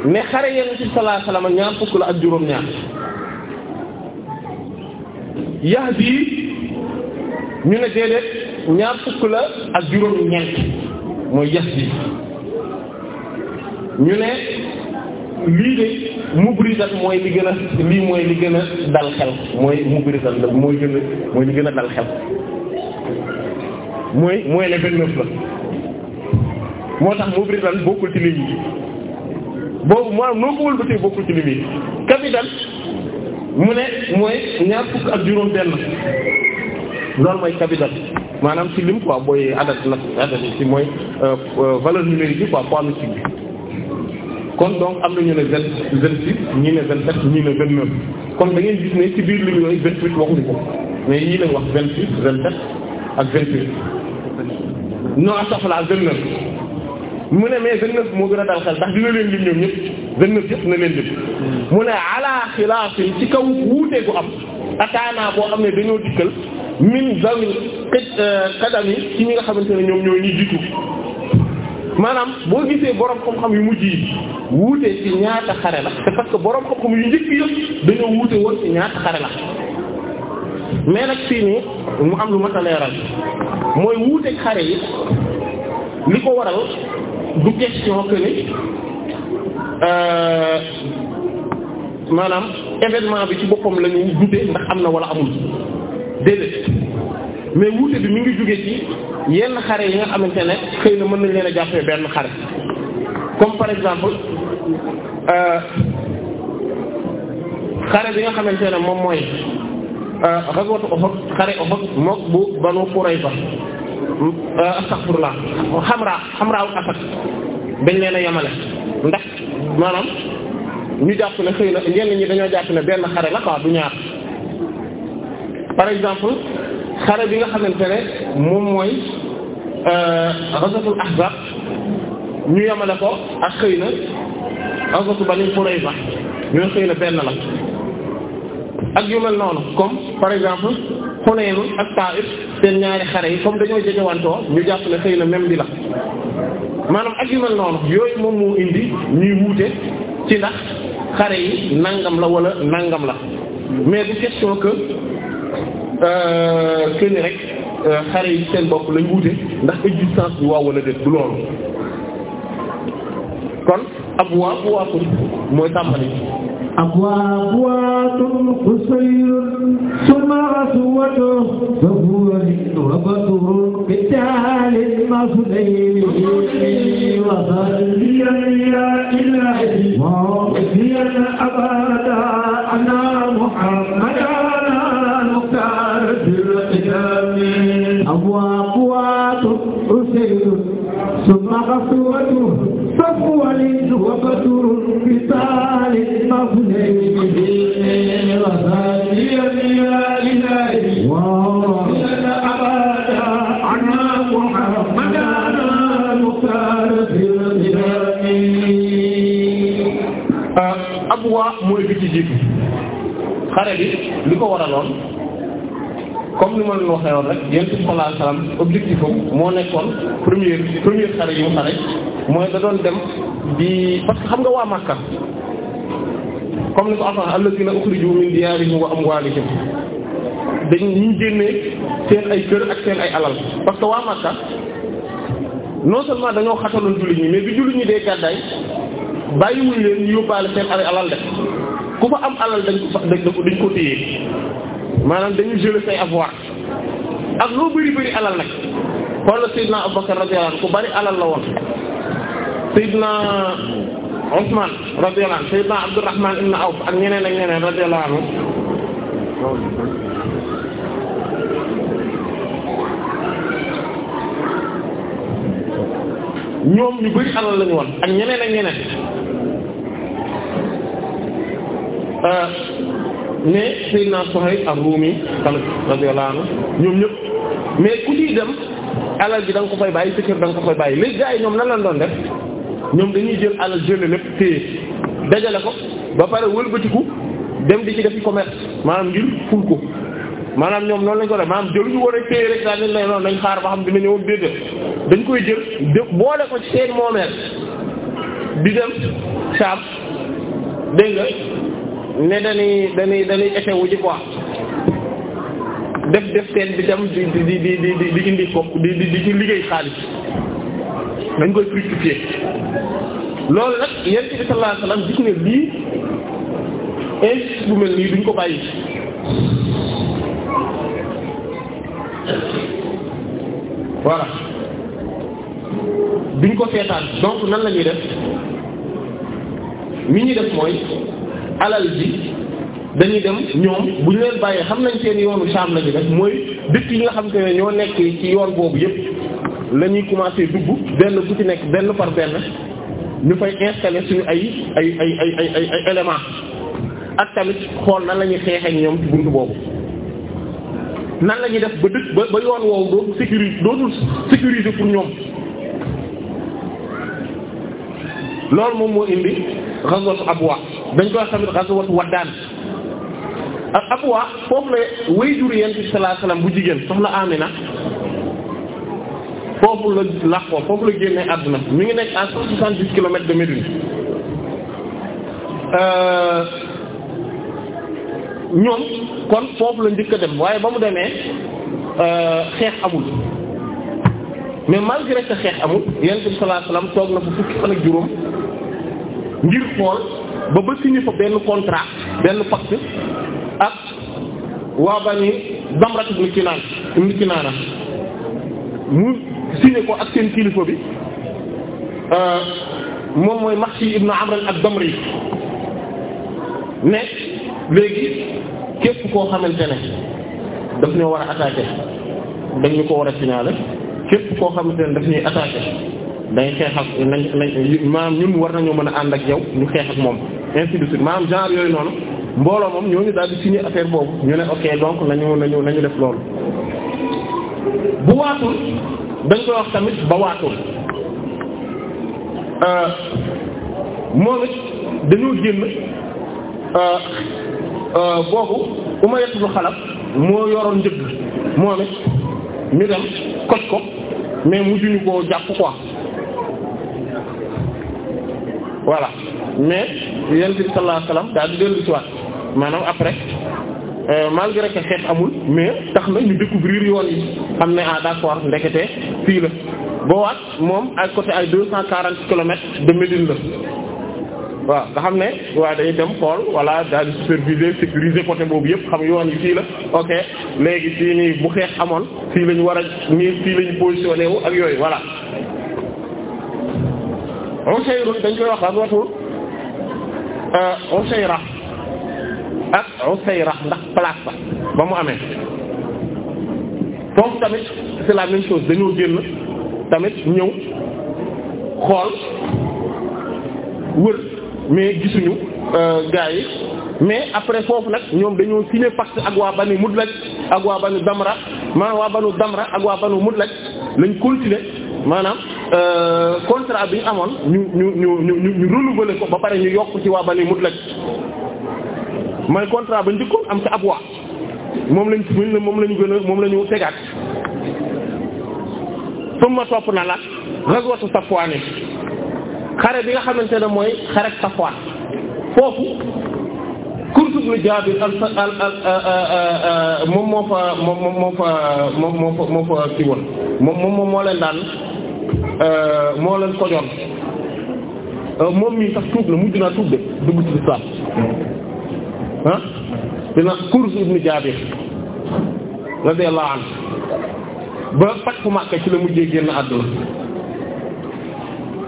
mais xare yenn ci sallallahu alayhi ñaar fukk la ak juróom-ñaar yahdi ñu ne déedéet ñaar fukk la ak juróom-ñeent mooy yahdi ñu ne lii de mubrizat mooy li gën a lii mooy li gën a dal xel mooy mubrizat la mooy gën a mooy gën a dal xel mooy mooy le vingt-neuf moo tax mubrizat bokkul ci lim yi boobu maanaam noo ko wëlbatee bokkul ci lim mu ne mooy ñaar fukk ak juróom benn loolu mooy capital maanaam ci lim quoi booy adat la adat ci mooy euh, euh, valeur numérique bi quoi poids mystique bi kon donc am na ñu ne vingt vingt six ñii ne vingt sept ñii ne vingt neuf kon da ngeen gis ne ci biir lim yooyu vingt huit waxuñu ko mais yii lañ wax vingt six vingt sept ak vingt huit non astafurlah vingt neuf mu ne mais vingt neuf moo gën a dal xel ndax dina leen lim ñoom ñëpp vingt neuf yëpp na leen lim mu ne ala ci kaw wuute gu am ataanaa boo xam ne dañoo dikkal min zawil kadami euh, ci ñi nga xamante ne ñoom ñoo ñuy jiitu maanaam boo gisee borom xam-xam yu mu yi wuute ci ñaata xare la c'est parce que borom xam-xam yu njëkk yëpp dañoo wuute woon ci ñaata xare la mais nag fii nii mu am lu ma a leeral mooy wuuteeg xare yi li ko waral du question que ni euh, maanaam événement bi ci boppam la ñu ndax am na wala amul déedéet mais wuute bi mi ngi jóge ci. yenn xare yi nga xamante ne xëy na mën nañ leen a jàppee benn xare comme par exemple euh, xare bi nga xamante ne moom mooy xagwatu euh, Uhud xare Uhud mook bu Banu Qurayza euh, astaghfirullah Hamra Hamra ak dañ leen a yemale ndax maanaam ñu jàpp ne xëy na ñenn jàpp ne benn xare la quoi du ñaar par exemple bi nga xamante ne mooy Euh, ghazatul ahzab ñu yemale ko ak xëy na ghazatu bani qurayza ñooy xëy na benn la ak yu mel noonu comme par exemple Hunayn ak Taif seen ñaari xare yi comme dañoo jegewantoo ñu jàpp ne xëy na même bi la maanaam ak yu noonu yooyu moom moo indi ñuy wuute ci ndax xare yi nangam la wala nàngam la mais du question que euh, que rek Euh, xare yi seen bopp lañ wute ndax existence bi waaw wala déet du loolu kon abwaabuwaatum mooy tàmbali abwaabuwaatum qusayrun wa batrun bitaalin maslayni wa salliyan ya ilaahi wa abwa mooy bi ci jiitu xare bi li ko waraloon comme ni ma leen waxee woon rek yonent bi sallallahu alayhi objectif moo nekkoon première première xare yi mu xare mooy da doon dem bi parce que xam nga waa Makka comme ni la ko Allah allazina ukhriju min diyarihim wa amwalihim dañ ñu génnee seen ay kër ak seen ay alal parce que waa Makka non seulement dañoo xataloon jullit ñi mais bi jullit ñi dee gàddaay bàyyiwuñ leen yóbbaale seen alal de ku fa am alal dañ ko fa dañ ko téye maanaam dañu jël say avoir ak loo bari bari alal nag xoolal Seydina Abubakar radiyallahu anhu ku bari alal la woon Seydina Usman radiyallahu anhu Seydina Abdurrahman ibn Awf ak ñeneen ak ñeneen radiyallahu anhu ñoom ñu bari alal lañu woon ak ñeneen ak ñeneen ne euh, Seydina Suhayb ar-Rumi tamit radiyallahu anhu ñoom ñëpp mais ku ciy dem alal ji da ko fay bàyyi sa kër da nga ko fay bàyyi léegi gars yi ñoom nan lañ doon def ñoom dañuy jël alal jële lépp téye dajale ko ba pare wëlbatiku dem di ci def commerce maanaam ngir ful ko maanaam ñoom noonu lañ ko def maanaam jëluñu war a téye rek daal dañ lay noonu dañ xaar ba xam dina ñëw dégg dañ koy jël boole ko ci seen moomeel di dem saab dégg nga ne dañuy dañuy dañuy effet wu ci quoi def def seen di dem di di di di di indi ko di di di liggéey xaalis dañ koy fructifier loolu nag yonent bi di alayhi wasallam gis ne lii injustice bu mel nii duñ ko bàyyi. voilà duñ ko seetaan donc nan la ñuy def mi ñuy def mooy. alal ji dañuy dem ñoom bu ñu leen bàyyee xam nañ seen yoonu saam la ñu def mooy dëkk yi nga xam te ñoo nekk ci yoon boobu yëpp la ñuy commencer dugg benn bu ci nekk benn par benn ñu fay installer suñu ay ay ay ay ay ay ay éléments ak tamit xool nan lañuy ñuy xeexee ñoom ci buntu boobu. nan lañuy def ba dëkk ba ba yoon woowu dootul sécurité dootul sécurité pour ñoom loolu moom moo indi ghazwat dañ koy tamit ghazwat Waddaan ak Abwa bu jigéen soxna Amina foofu la làqoo foofu la génnee àdduna mi ngi nekk à cent de Médine euh, ñoom kon foofu la njëkk a dem waaye ba mu demee euh, xeex amul mais malgré que toog na fa fukki fan juróom ngir xool ba ba signé fa benn contrat benn pacte ak waa bani ci ibn Kinaan ibn Kinaana mu signé ko ak seen kilifa bi euh, moom mooy Mahshi ibn Amr ak damri ne léegi képp koo xamante ne daf noo war a attaquer dañ ñu ko war a signaler képp koo xamante ne daf ñuy attaquer day xeex ak nañ nañ maanaam ñun war nañoo mën a ànd ak yow ñu xeex ak moom ainsi de suite maanaam genre yooyu noonu mbooloo moom ñooñu daal di signé affaire boobu ñu ne ok donc nañu nañu nañu def loolu. bu waatul dañ koy wax tamit ba waatul euh, moom it dañoo génn euh, euh, boobu Umayyatu lu Xalaf moo yoroon njëgg moom it ñu dem koj ko mais mujjuñu koo jàpp quoi. voilà mais yonent bi sallallahu alayhi wasallam daal di dellu ci waat maanaam après euh, malgré que xeet amul mais tax na ñu découvrir yoon yi xam ne ah d'accord ndekete fii la boowaat moom ay côté ay deux cent quarante kilomètres de Médine la waaw nga xam ne waaw dañuy dem xool voilà daal di superviser sécuriser côté boobu yëpp xam yoon yi fii la ok léegi fii nii bu xeex amoon fii la ñu war a nii fii la ñu positionné ak yooyu walla Usayrun dañ koy wax ghazwatu euh, Usayra ak Usayra ndax place ba ba mu amee foofu tamit c'est la même chose dañoo génn tamit ñëw xool wër mais gisuñu euh, gaa yi mais après foofu nag ñoom dañoo signé pacte ak waa banu Mudlaj ak waa banu Damra maanaam waa banu Damra ak waa banu Mudlaj lañ continuer maanaam Euh, contrat bi ñu amoon ñu ñu ñu ñu ñu renouveler ko ba pare ñu yokk ci waa Bani Mutlaq mooy contrat ba njëkkoon am ci Abwa moom lañ moom lañu gën a moom lañu tegaat summa topp na la ghazwatu Safwan xare bi nga xamante ne mooy xare Safwan foofu kursu ibn Jaabir moom moo fa moom moo fa moom moo fa moo fa kii woon moom moom moo leen daan Euh, moo leen kojoon euh, moom mii sax tuub la mujj naa tuub de dugg ci lislaam ah dina Kurz ibn Jaabir radiyallahu anhu ba faj ku Makka ci la mujjee génn àdduna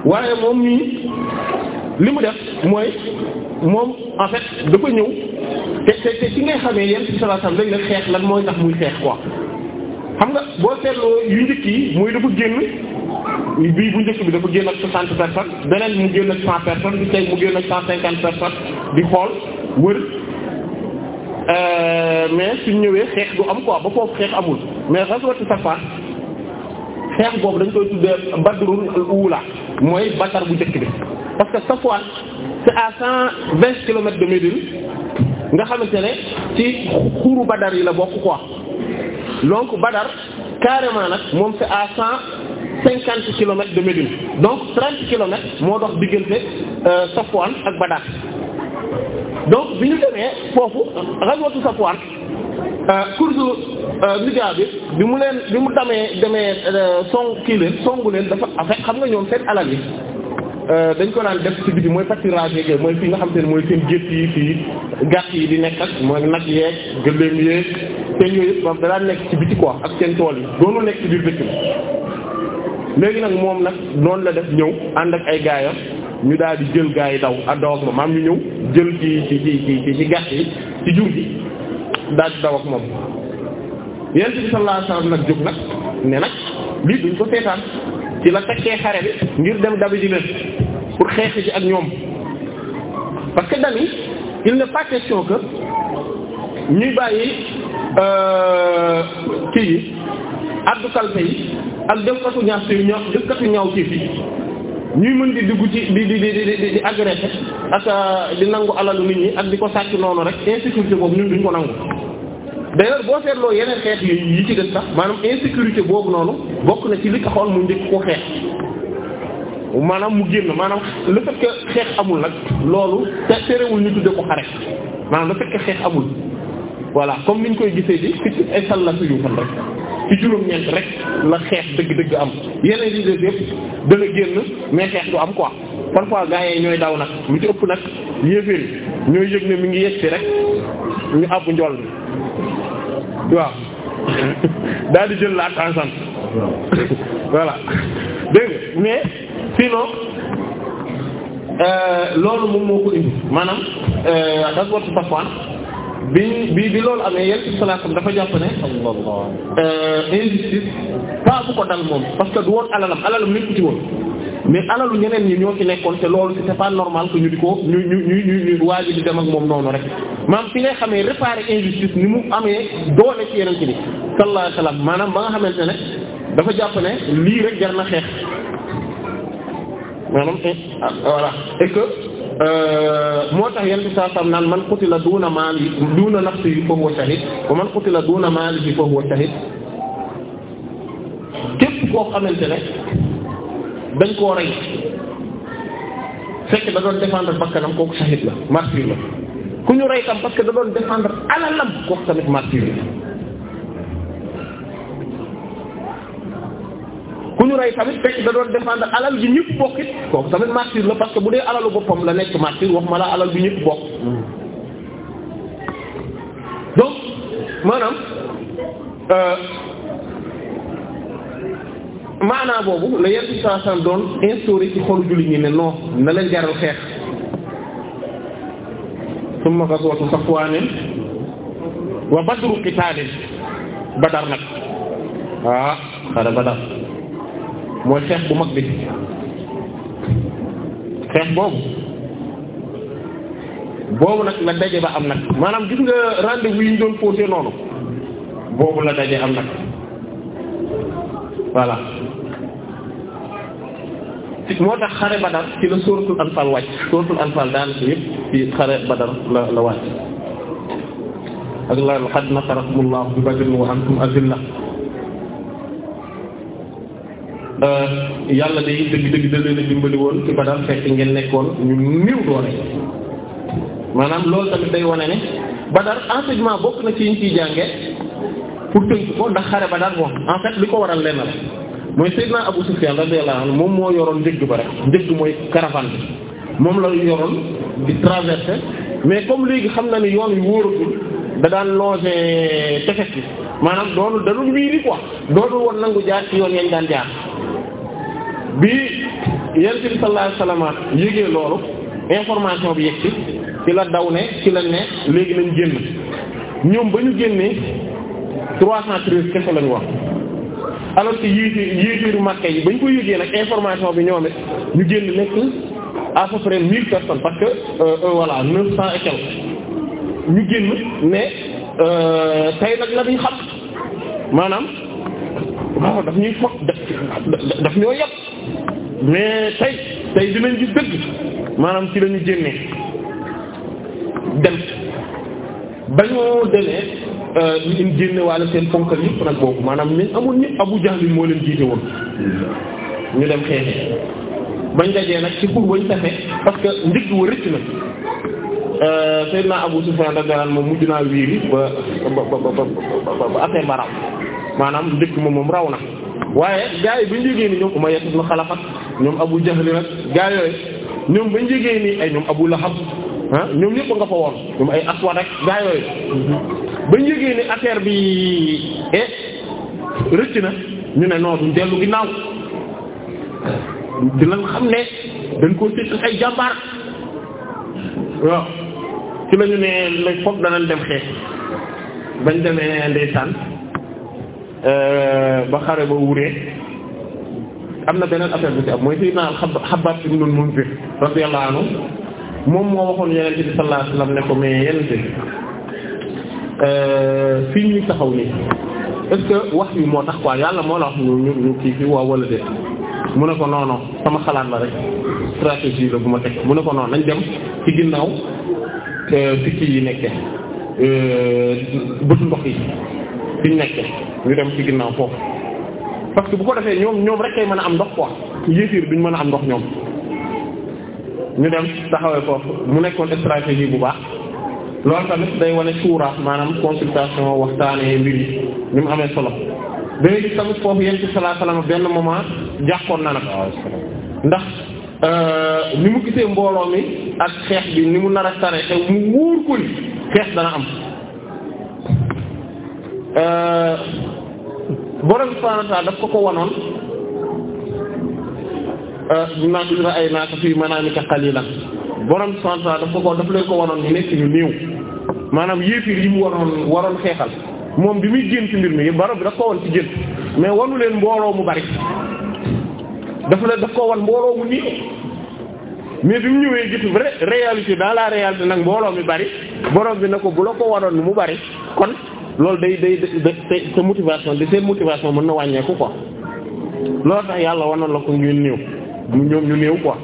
waaye moom mii li mu def mooy moom en fait dafa ñëw te te te ci ngay xamee yéen ci sallallahu alayhi wasallam dañ la xeex lan mooy tax muy xeex ko xam nga boo seetloo yu njëkk yi muy dafa génn bii bu njëkk bi dafa génn ak soixante personnes beneen bi mu génn ak cent personnes bi mu génn ak cent cinquante personnes di xool wër euh, mais suñ ñëwee xeex du am quoi ba foofu xeex amul mais xaswatu safa xeex boobu dañ koy tuddee badrul uula mooy batar bu njëkk bi parce que Safwan c'est à cent vingt kilomètres de Médine nga xamante ne ci xuru badar yi la bokk quoi donc Badar carrément nag moom c'est à cent cinquante kilomètres de Médine donc trente kilomètres moo dox diggante euh, Safwan ak Badar donc bi ñu demee foofu ghazwatu Safwan euh, course niga euh, bi bi mu leen bi mu damee demee song kii leen songu leen dafa en xam nga ñoom seen alal yi Euh, dañ ko naan def ci biti mooy pâturage yeeg mooy fi nga xam te ne mooy seen gétt yi fii gàtt yi di nekk ak mooy nag yeeg gëléem yeeg seen nekk ci biti quoi ak seen tool yi doonul nekk ci moom nag noonu la def ñëw ànd ak ay gaayam ñu daal di jël gaay yi daw ak daw ak moom maam ñu ñëw jël ci ci ci ci gàtt yi ci jur gi daal daw ak moom yent bi sallallahu alayhi nag jóg nag ne nag lii duñ ko seetaan ci la tekkee xare bi ngir dem dabi ji leen pour xeex ji ak ñoom parce que dami il n'est pas question que ñuy bàyyi euh, kii yi addu kalpe yi ak defkatu ñaar si ña defkatu ñaaw ci fi ñuy mën di dugg ci di di di di di agresser ak euh, di nangu alalu nit ñi ak di ko sàcc noonu rek insécurité boobu ñun duñ ko nangu d'ailleurs boo seetloo yeneen xeet yi yi ci des sax maanaam insécurité boobu noonu bokk na ci li taxoon mu njëkk ko xeex maanaam mu génn maanaam la fait xeex amul nag loolu te terewul ñu tudde ko xare maanaam le fait xeex amul voilà comme niñ koy gisee di ci ay sal la suñu fan rek ci juróom-ñeent rek la xeex dëgg-dëgg am yeneen yi des yëpp dana génn mais xeex du am quoi parfois gars yi ñooy daw nag lu ci ëpp nag yéeféer yi yëg ne mi ngi yegg si rek ñu àbbu njool waaw daal di jël la ak en sant voilà dégg nga mais sinon euh, loolu moom moo ko indi maanaam gas euh, watu Safwaan bi bi bi loolu amee yéen ci salaatam dafa jàpp ne euh, injustice pas bu ko dal moom parce que du woon alalam alalam nekku ci woon mais alalu ñeneen ñi ñoo ci nekkoon te loolu c'est pas normal que ñu di ko ñu ñu ñu ñu ñu waaj di dem ak moom noonu rek maanaam fi ngay xamee réparer injustice ni mu amee doole ci yeneen ki bi sallallahu alayhi wasallam maanaam ba nga xamante ne dafa jàpp ne lii rek jar na xeex maanaam eh, ah, voilà et que euh, moo tax yenn saa sam naan man qutila duuna maali duuna nafsi fa huwa shahid wa man qutila duuna maali fa huwa shahid képp koo xamante ne dañ koo rey fekk da doon défendre bakkanam kooku shahid la martyr la ku ñu rey tam parce que da doon défendre alalam kooku tamit martyr ku ñu rey tamit fekk da doon défendre alal ji ñëpp bokk it tamit martyr la parce que bu dee alalu boppam la nekk martyr wax ma la alal bi ñëpp bokk donc maanaam euh, maanaa boobu la yenn ci saa doon instauré ci xolu jullit ñi ne non na leen jaral xeex summa ghazwatu Safwan wa badru qitaalin Badar nag ah xare Badar mooy xeex bu mag bi xeex boobu boobu nag la daje ba am nag maanaam gis nga rendez-vous yi doon posé noonu boobu la daje am nag voilà moo tax xare Badar ci la suratul Anfal wàcc suratul Anfal daanaka yëpp xare Badar la la wàcc ak la qad nasarakumullahu bi Badrin wa antum azillah Euh, yàlla day dëgg dëgg da leen a dimbali woon ci Badar fekk ngeen nekkoon ñu néew doole maanaam loolu tamit day wane ne Badar enseignement bokk na ci ñu ciy jànge pour tënk ko ndax xare Badar moom en fait li ko waral lenn la mooy Seydina Abu Sufyan radiyallahu anhu moom moo yoroon njëgg ba rek njëgg mooy caravane bi moom la yoroon di traverser mais comme léegi xam na ne yoon yu wóoratul da daan loger tefes bi maanaam doonul dalul wiiri quoi doonul woon nangu jaar ci yoon yañ daan jaar bi yonent bi sallallahu alayhi wasallam yëgee loolu information bi yegg ci ci la daw ne ci la ne léegi lañ génn ñoom ba ñu génnee trois cent treize kese lañ wax alors que yéeféer yéeféeru Makka yi ba ñu ko yëgee nag information bi ñoom it ñu génn nekk à peu près parce que euh, euh, voilà neuf cent et ñu génn ne euh, tey nag la duñ xam maanaam waaw daf ñuy fot daf daf ñoo yàpp mais tey tey dinañ gis dëgg maanaam ci lañu génnee dem bañoo demee euh, ñu in génne walla seen ponkal yëpp nag boobu maanaam mais amul ñëpp Abu moo leen jiite woon ñu dem xeexi bañ dajee nag ci pour bañ tafe parce que ndigg wa rëcc na euh, Seydina Abu Sufyan radiyallahu anhu moom mujj naa wiiri ba ba ba ba affaire ba raw maanaam ndigg moom raw na waaye gaa yi ba ñu jógee ni ñoom Umayya ibn Xalaf ñoom Abu Jahl nag gaa yooyu ñoom bañ jegee nii ay ñoom Abu Lahab ñoom ñëpp nga fa woon ñoom ay Aswad ak gaa yooyu bañ jegee ni affaire bi eh rëcc na ñu ne noonu duñ dellu ginnaaw dina xam ne dañ koo séq ay jàmbaar waaw ci la ne lañ foog danañ dem xeex bañ demee ndeysaan euh, ba xare ba wuree am na beneen affaire bu ci am mooy sayyidina Xabbaab ibn al mu radiyallahu anhu moom moo waxoon Yonent bi sallallahu alayhi wasallam ne ko mais Yonent bi euh, fii taxaw nii wax yu moo tax quoi yàlla moo la kii fii waaw wala déet mu ne ko non non sama xalaat la rek stratégie la bu ma teg mu ne ko non nañ dem ci ginnaaw picc yi nekke euh, bët ndox yi fi nekke ñu dem ci ginnaaw foofu. parce que bu ko defee ñoom ñoom rek kay mën a am ndox quoi yéefir duñ mën a am ndox ñoom ñu dem taxawee foofu mu nekkoon stratégie bu baax loolu tamit day wane suura maanaam consultation waxtaanee mbir yi ni mu amee solo da gis tamit foofu yéen ci sallallahu alayhi wasallam benn moment jàppoon na nag ndax euh, ni mu gisee mbooloo mi ak xeex bi ni mu nar a tare te mu wóor ko xeex dana am. Euh, borom subhaanahu daf ko ko wonoon naa ko ay naa ko fii manaamika qaliilan borom subhaanahu wa ta'aala daf ko ko daf leen ko wonoon nekk ñu néew maanaam yéefir yi mu waroon waroon xeexal moom bi muy génn ci mbir mi borom bi daf ko won ci génn mais wanu leen mbooloo mu bari dafa la daf ko wan mbooloo mu nii mais bi mu ñëwee gis vrai réalité dans la réalité nag mbooloo mi bari borom bi ne ko bu la ko wanoon mu bari kon. loolu day day day sa motivation di seen motivation mën na wàññeeku quoi loolu tax yàlla war na la ko ñuy néew ñoom ñu néew quoi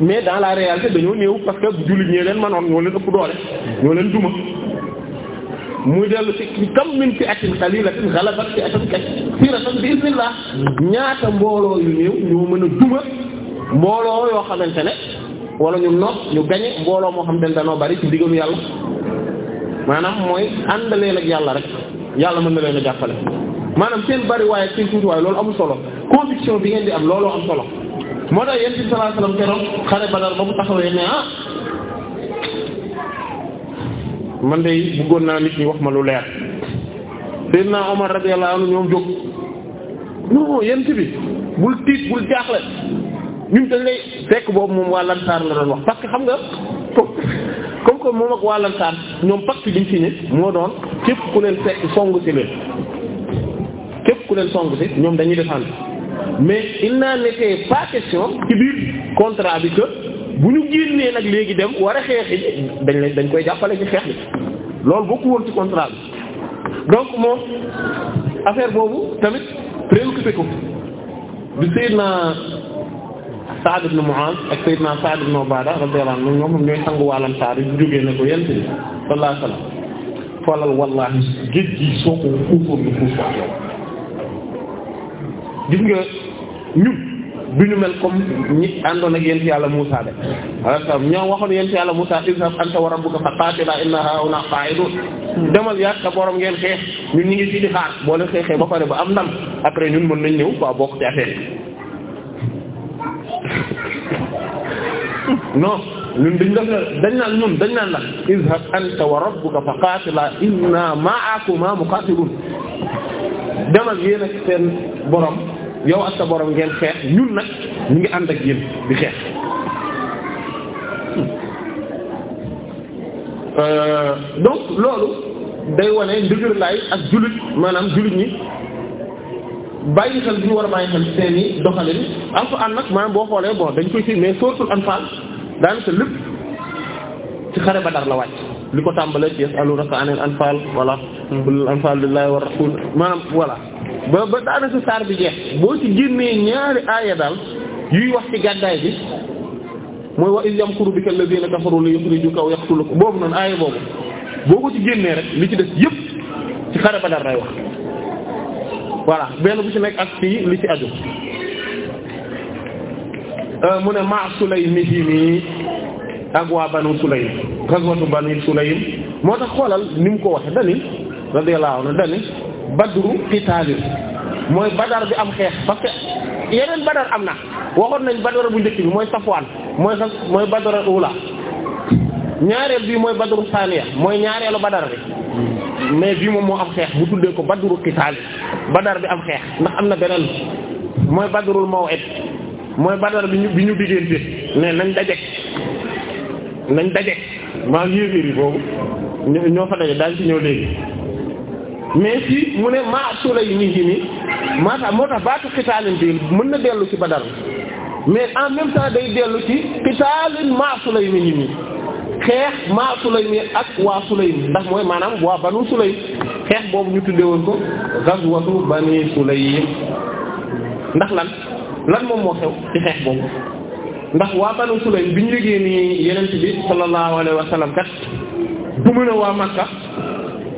mais dans la réalité dañoo néew parce que jullit ñee leen manoon ñoo leen ëpp doole ñoo leen duma muy dellu ci kam min fi atin qalilatin ghalabat fi atin kathiratan bi iznillah ñaata mbooloo yu néew ñoo mën a duma mbooloo yoo xamante ne walla ñu noot ñu gañe mbooloo moo xam ne danoo bari ci diggalu yàlla maanaam mooy ànd leen ak yàlla rek yàlla mën na leen a jàppale maanaam seen bari waaye si tuutiwaay loolu amul solo conviction bi ngeen di am looloo am solo moo tax yéen ci sallallahu alayhi wasallam keroog xare Badar ba mu taxawee ne ah, man de bëggoon naa nit ñi wax ma lu leer Seydina Omar radiyallahu anhu ñoom jóg non yéen ci bi bul tiit bul jaaxle ñun dañ lay fekk boobu moom waa Ansaar la doon wax parce xam nga. comme que moom ak wàllantaan ñoom pacte biñ signé moo doon képp ku leen fekk song si leen képp ku leen song si ñoom dañuy défendre mais il n'en était pas question ci biir contrat bi que bu ñu génnee nag léegi dem war a xeex dañ leen dañ koy jàppale ci xeex bi loolu bokku woon ci contrat bi donc moom affaire boobu tamit préoccupé ko bi Seydina Sa'd ibn Mu'az ak Seydina Sa'd ibn Ubaada radiyallahu anhu ñoom ñooy sangu waalam saar jógee ne ko yent bi sallallahu alayhi wasallam xoolal géej gi soo ko xuusoon lu xuus wax yow gis yàlla Muusaa yàlla Muusaa izhab anta wa rabbuka faqaatilaa innaa haahunaa qaa'iduun demal ba pare ba am ndam après ñun mën nañ ñëw quoi bokk ci no ñun dañ def dañ naan ñun dañ naan la izhab fa qatila inna ma'akuma muqatilun demal yéen ak borom yow ak sa borom ngeen xeex ñun nag ñu ngi ànd ak yéen xeex euh, donc loolu day wane ndëgër laay ak jullit maanaam jullit ñi bàyyi xel bi ñu war a bàyyi xel seen i doxalin alxuraan nag maanaam boo xoolee bon dañ koy fi mais suratul anfal daanaka lépp ci xare Badar la wàcc li ko tàmbalee ci wala qul anfal lillahi war rasul maanaam voilà ba ba daanaka saar bi jeex boo ci génnee ñaari aaya daal yuy wax ci gàddaay bi mooy wa iz la bika alladhina kafaru li yukhrijuka aw ko boobu noonu aaya boobu boo ko ci génnee rek li ci des yépp ci xare dar lay wax voilà benn bu ci nekk ak fii li ci aju euh, mu ne ma Sulaym mi ak waa Banu Sulaym ghazwatu Banu moo tax xoolal ni mu ko waxee dani radiyallahu anhu dani badru qitaalin mooy badar bi am xeex parce que yeneen badar am na waxoon nañ badar bu njëkk bi mooy Safwaan mooy sa mooy badar ula ñaareel bii mooy badru saaniya mooy ñaareelu badar bi mais bii moom moo am xeex bu tuddee ko badru qitaalin badar bi am xeex ndax am na beneen mooy badrul maw'id mooy badar bi ñu bi ñu diggante ne nañ daje nañ daje maa ngi yéegéer yi boobu ñoo fa daje daal ci ñëw léegi mais si mu ne maa sula yi nii nii maa tax moo tax baatu xitaalin bi mën na dellu ci badar mais en même temps day dellu ci xitaalin maa sula yi nii nii xeex maa Sulaym ak waa Sulaym ndax mooy maanaam waa banu Sulaym xeex boobu ñu tuddee woon ko gazwatu bani Sulaym ndax lan lan moom moo xew ci xeex boobu ndax waa banu Sulaym bi ñu yëgee nii yonent bi sallallahu alayhi wa sallam kat bu mu ne waa Makka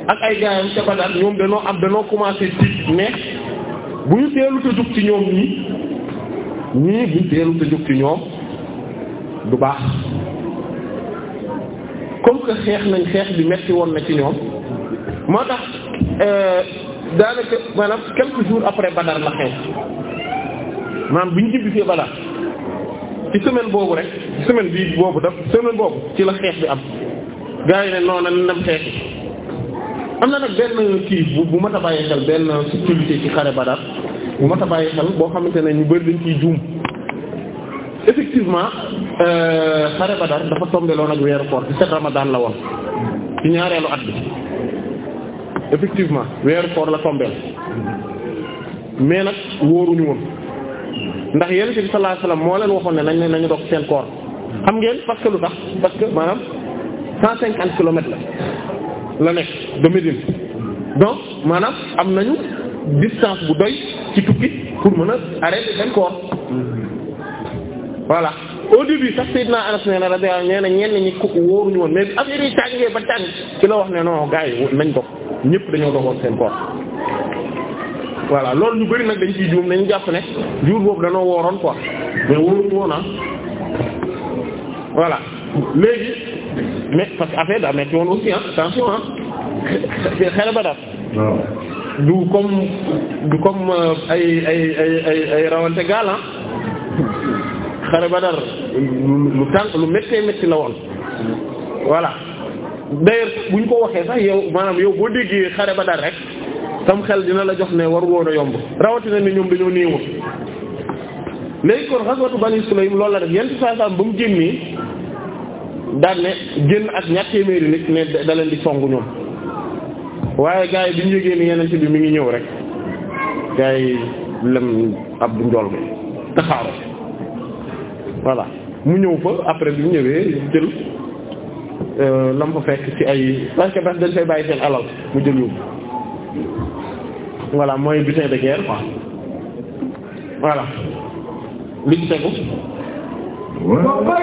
ak ay gaayam ca ñoom danoo am danoo commencé tiit ne bu ñu teelu te jug ci ñoom ñii ñii bu ñu teelu te jug ci ñoom du baax comme que xeex nañ xeex bi metti woon na ci ñoom moo tax euh, daanaka maanaam quelques jours après Badar la xew maanaam bu ñu jibbisee Badar ci semaine boobu rek semaine bi boobu daf semaine boobu ci la xeex bi am gars yi ne noonu nañ dem xeexi am na nag benn kii bu bu mat a bàyyi xel benn subtilité ci xare Badar bu mat a bàyyi xel boo xamante ne ñu bëri dañ ciy juum effectivement euh, xare Badar dafa tombeloon ak weeru koor ci sept Ramadan la woon ci ñaareelu at bi effectivement weeru koor la tombeel mais nag wóoruñu woon ndax Yonent bi sallallahu alayhi moo leen waxoon ne nañ ne nañu dog seen koor xam ngeen parce que lu tax parce que maanaam cent cinquante kilomètres la la nekk de donc maanaam am nañu distance bu doy ci tukki pour mën a arrêter seen koor voilà au début sax Seydina Anas nee na radiyallahu nee na ñenn ñi ko wóoruñu woon mais affaire yi tàngee ba tàng ci la wax ne non gars yi nañ dox ñëpp dañoo doxoon seen koor loolu ñu bari nag dañ ciy juum dañu jàpp ne jour boobu dañoo wooroon quoi mais wóoruñu woon ah voilà léegi mais parce que affaire daa metti woon aussi ah attention ah xel ba daal. du comme du comme euh, ay ay ay ay rawante gaal ah. xare Badar lu tàng lu méttee métti la woon voilà d'ailleurs bu ñu ko waxee sax yow maanaam yow boo déggee xare Badar rek tam xel dina la jox ne war woon a yomb rawatina ne ñoom dañoo néewul léegi kon xaswatu Bani Sulaym loolu la def yenn saa saa ba mu génnee daan ne génn ak ñaar téeméeri nit ne da leen di song ñoom waaye gars yi bi ñu yëgee ni yeneen ci bi mi ngi ñëw rek gars yi lem ab njool bi taxaaro voilà mu ñëw fa après bi mu ñëwee jël euh, lam fa fekk ci ay parce que dañ fay bàyyi seen alal mu jël yóbbu voilà mooy butin de guerre quoi voilà li ci tegu wa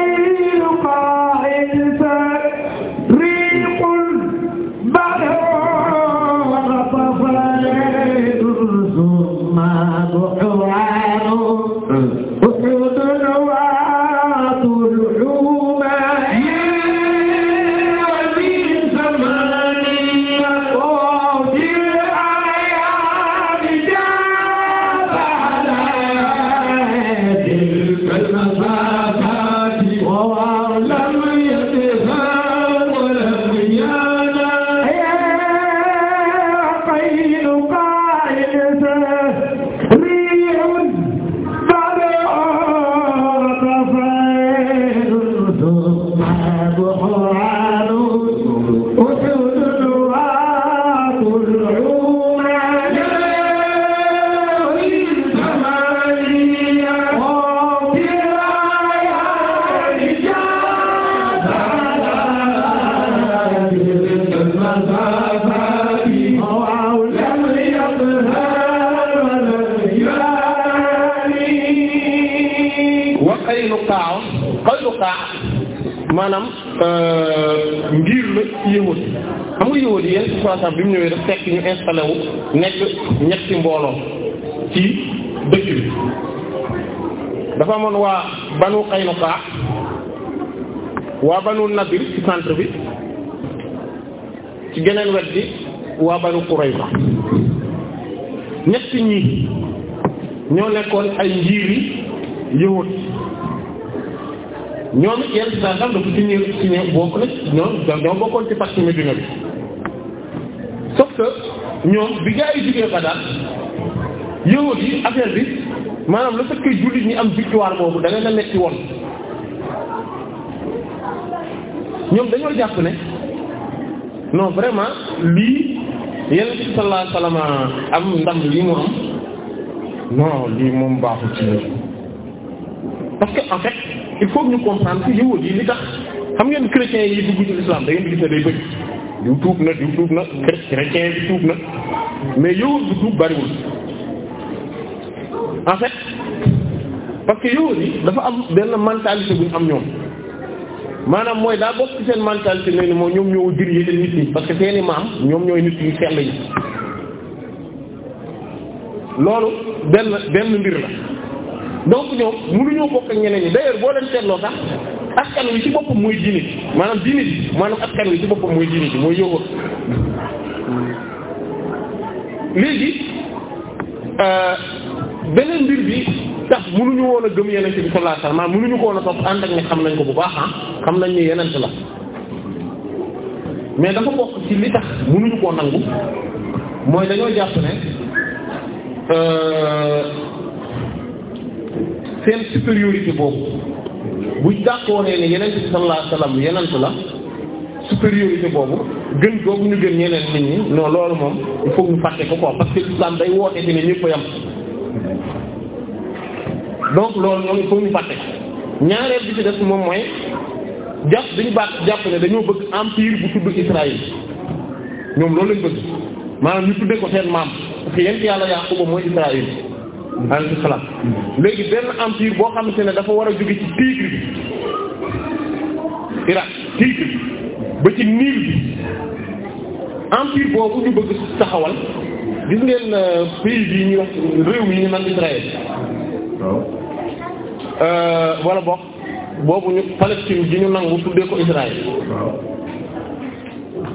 Euh, ngir la ci yahut yi xam nga yahut yi yenn situation bi mu ñëwee daf fekk ñu installé wu nekk ñetti mbooloo ci dëkk dafa amoon waa Banu Qaynuqa waa Banu Nadir ci centre bi ci geneen wet bi waa Banu Qurayza ñetti ñi ñoo nekkoon ay njiiri yahut ñoom it yenn saa daal dafa signé signé bokk na ñoom ñoo bokkoon ci pàcc Medina bi sauf que ñoom bi gaa yi jugee Badar yëngu yi affaire bi maanaam la fekk jullit ñi am victoire boobu da nga la metti woon ñoom dañoo jàpp ne non vraiment lii yenn ci sallallahu am ndam lii mu am lii moom baaxul ci parce que en il faut ñu comprendre que yahuud yi li tax xam ngeen chrétiens yi dugg ci l'islam da ngeen gis ne day bëri diw tuub na diw tuub na chrétien bi tuub na mais yahuud bu tuub bëriwul en fait parce que yahuud yi dafa am benn mentalité bu am ñoom maanaam mooy daa bokk ci seen mentalité nee ni moom ñoom ñoo jër yéen nit ñi parce que seeni maam ñoom ñooy nit ñi sell yi loolu benn benn mbir la donc ñoom mënuñoo bokk ak ñeneen ñi d'ailleurs boo leen seetloo sax askan wi ci boppam mooy diine maanaam diine ji maanaam askan wi ci boppam mooy diine ji mooy yow léegi euh, beneen mbir bi tax mënuñu woon a gëm yeneen bi sallallahu alayhi wasallam mënuñu ko woon a topp ànd ak ne xam nañ ko bu baax ah xam nañ ne yeneen la mais dafa bokk ci li tax mënuñu koo nangu mooy dañoo jàpp ne. Euh, seen supériorité boobu buñ dàqoonee ne yeneen bi sallallahu alayhi wasallam yenent la supériorité boobu gën googu ñu gën ñeneen nit ñi non loolu moom il faut ñu fàtte ko quoi parce que l'islam day woote ci ne ñëpp yam donc loolu ñoom il faut ñu fàtte ñaareel bi ci des moom mooy jàpp dañu baax jàpp ne dañoo bëgg empire bu tudd Israël ñoom loolu lañ bëgg maanaam ñu tuddee ko seen maam parce que yent yàlla Yaquba mooy Israël alayhi salaam léegi benn empire boo xamante ne dafa war a jóge ci Tigre bi Irak ba ci Nil bi empire boobu ñu bëgg taxawal gis ngeen euh, pays yi ñuy wax réew yi ñu naan Israël euh, wala bokk boobu ñu gi nangu tuddee ko Israël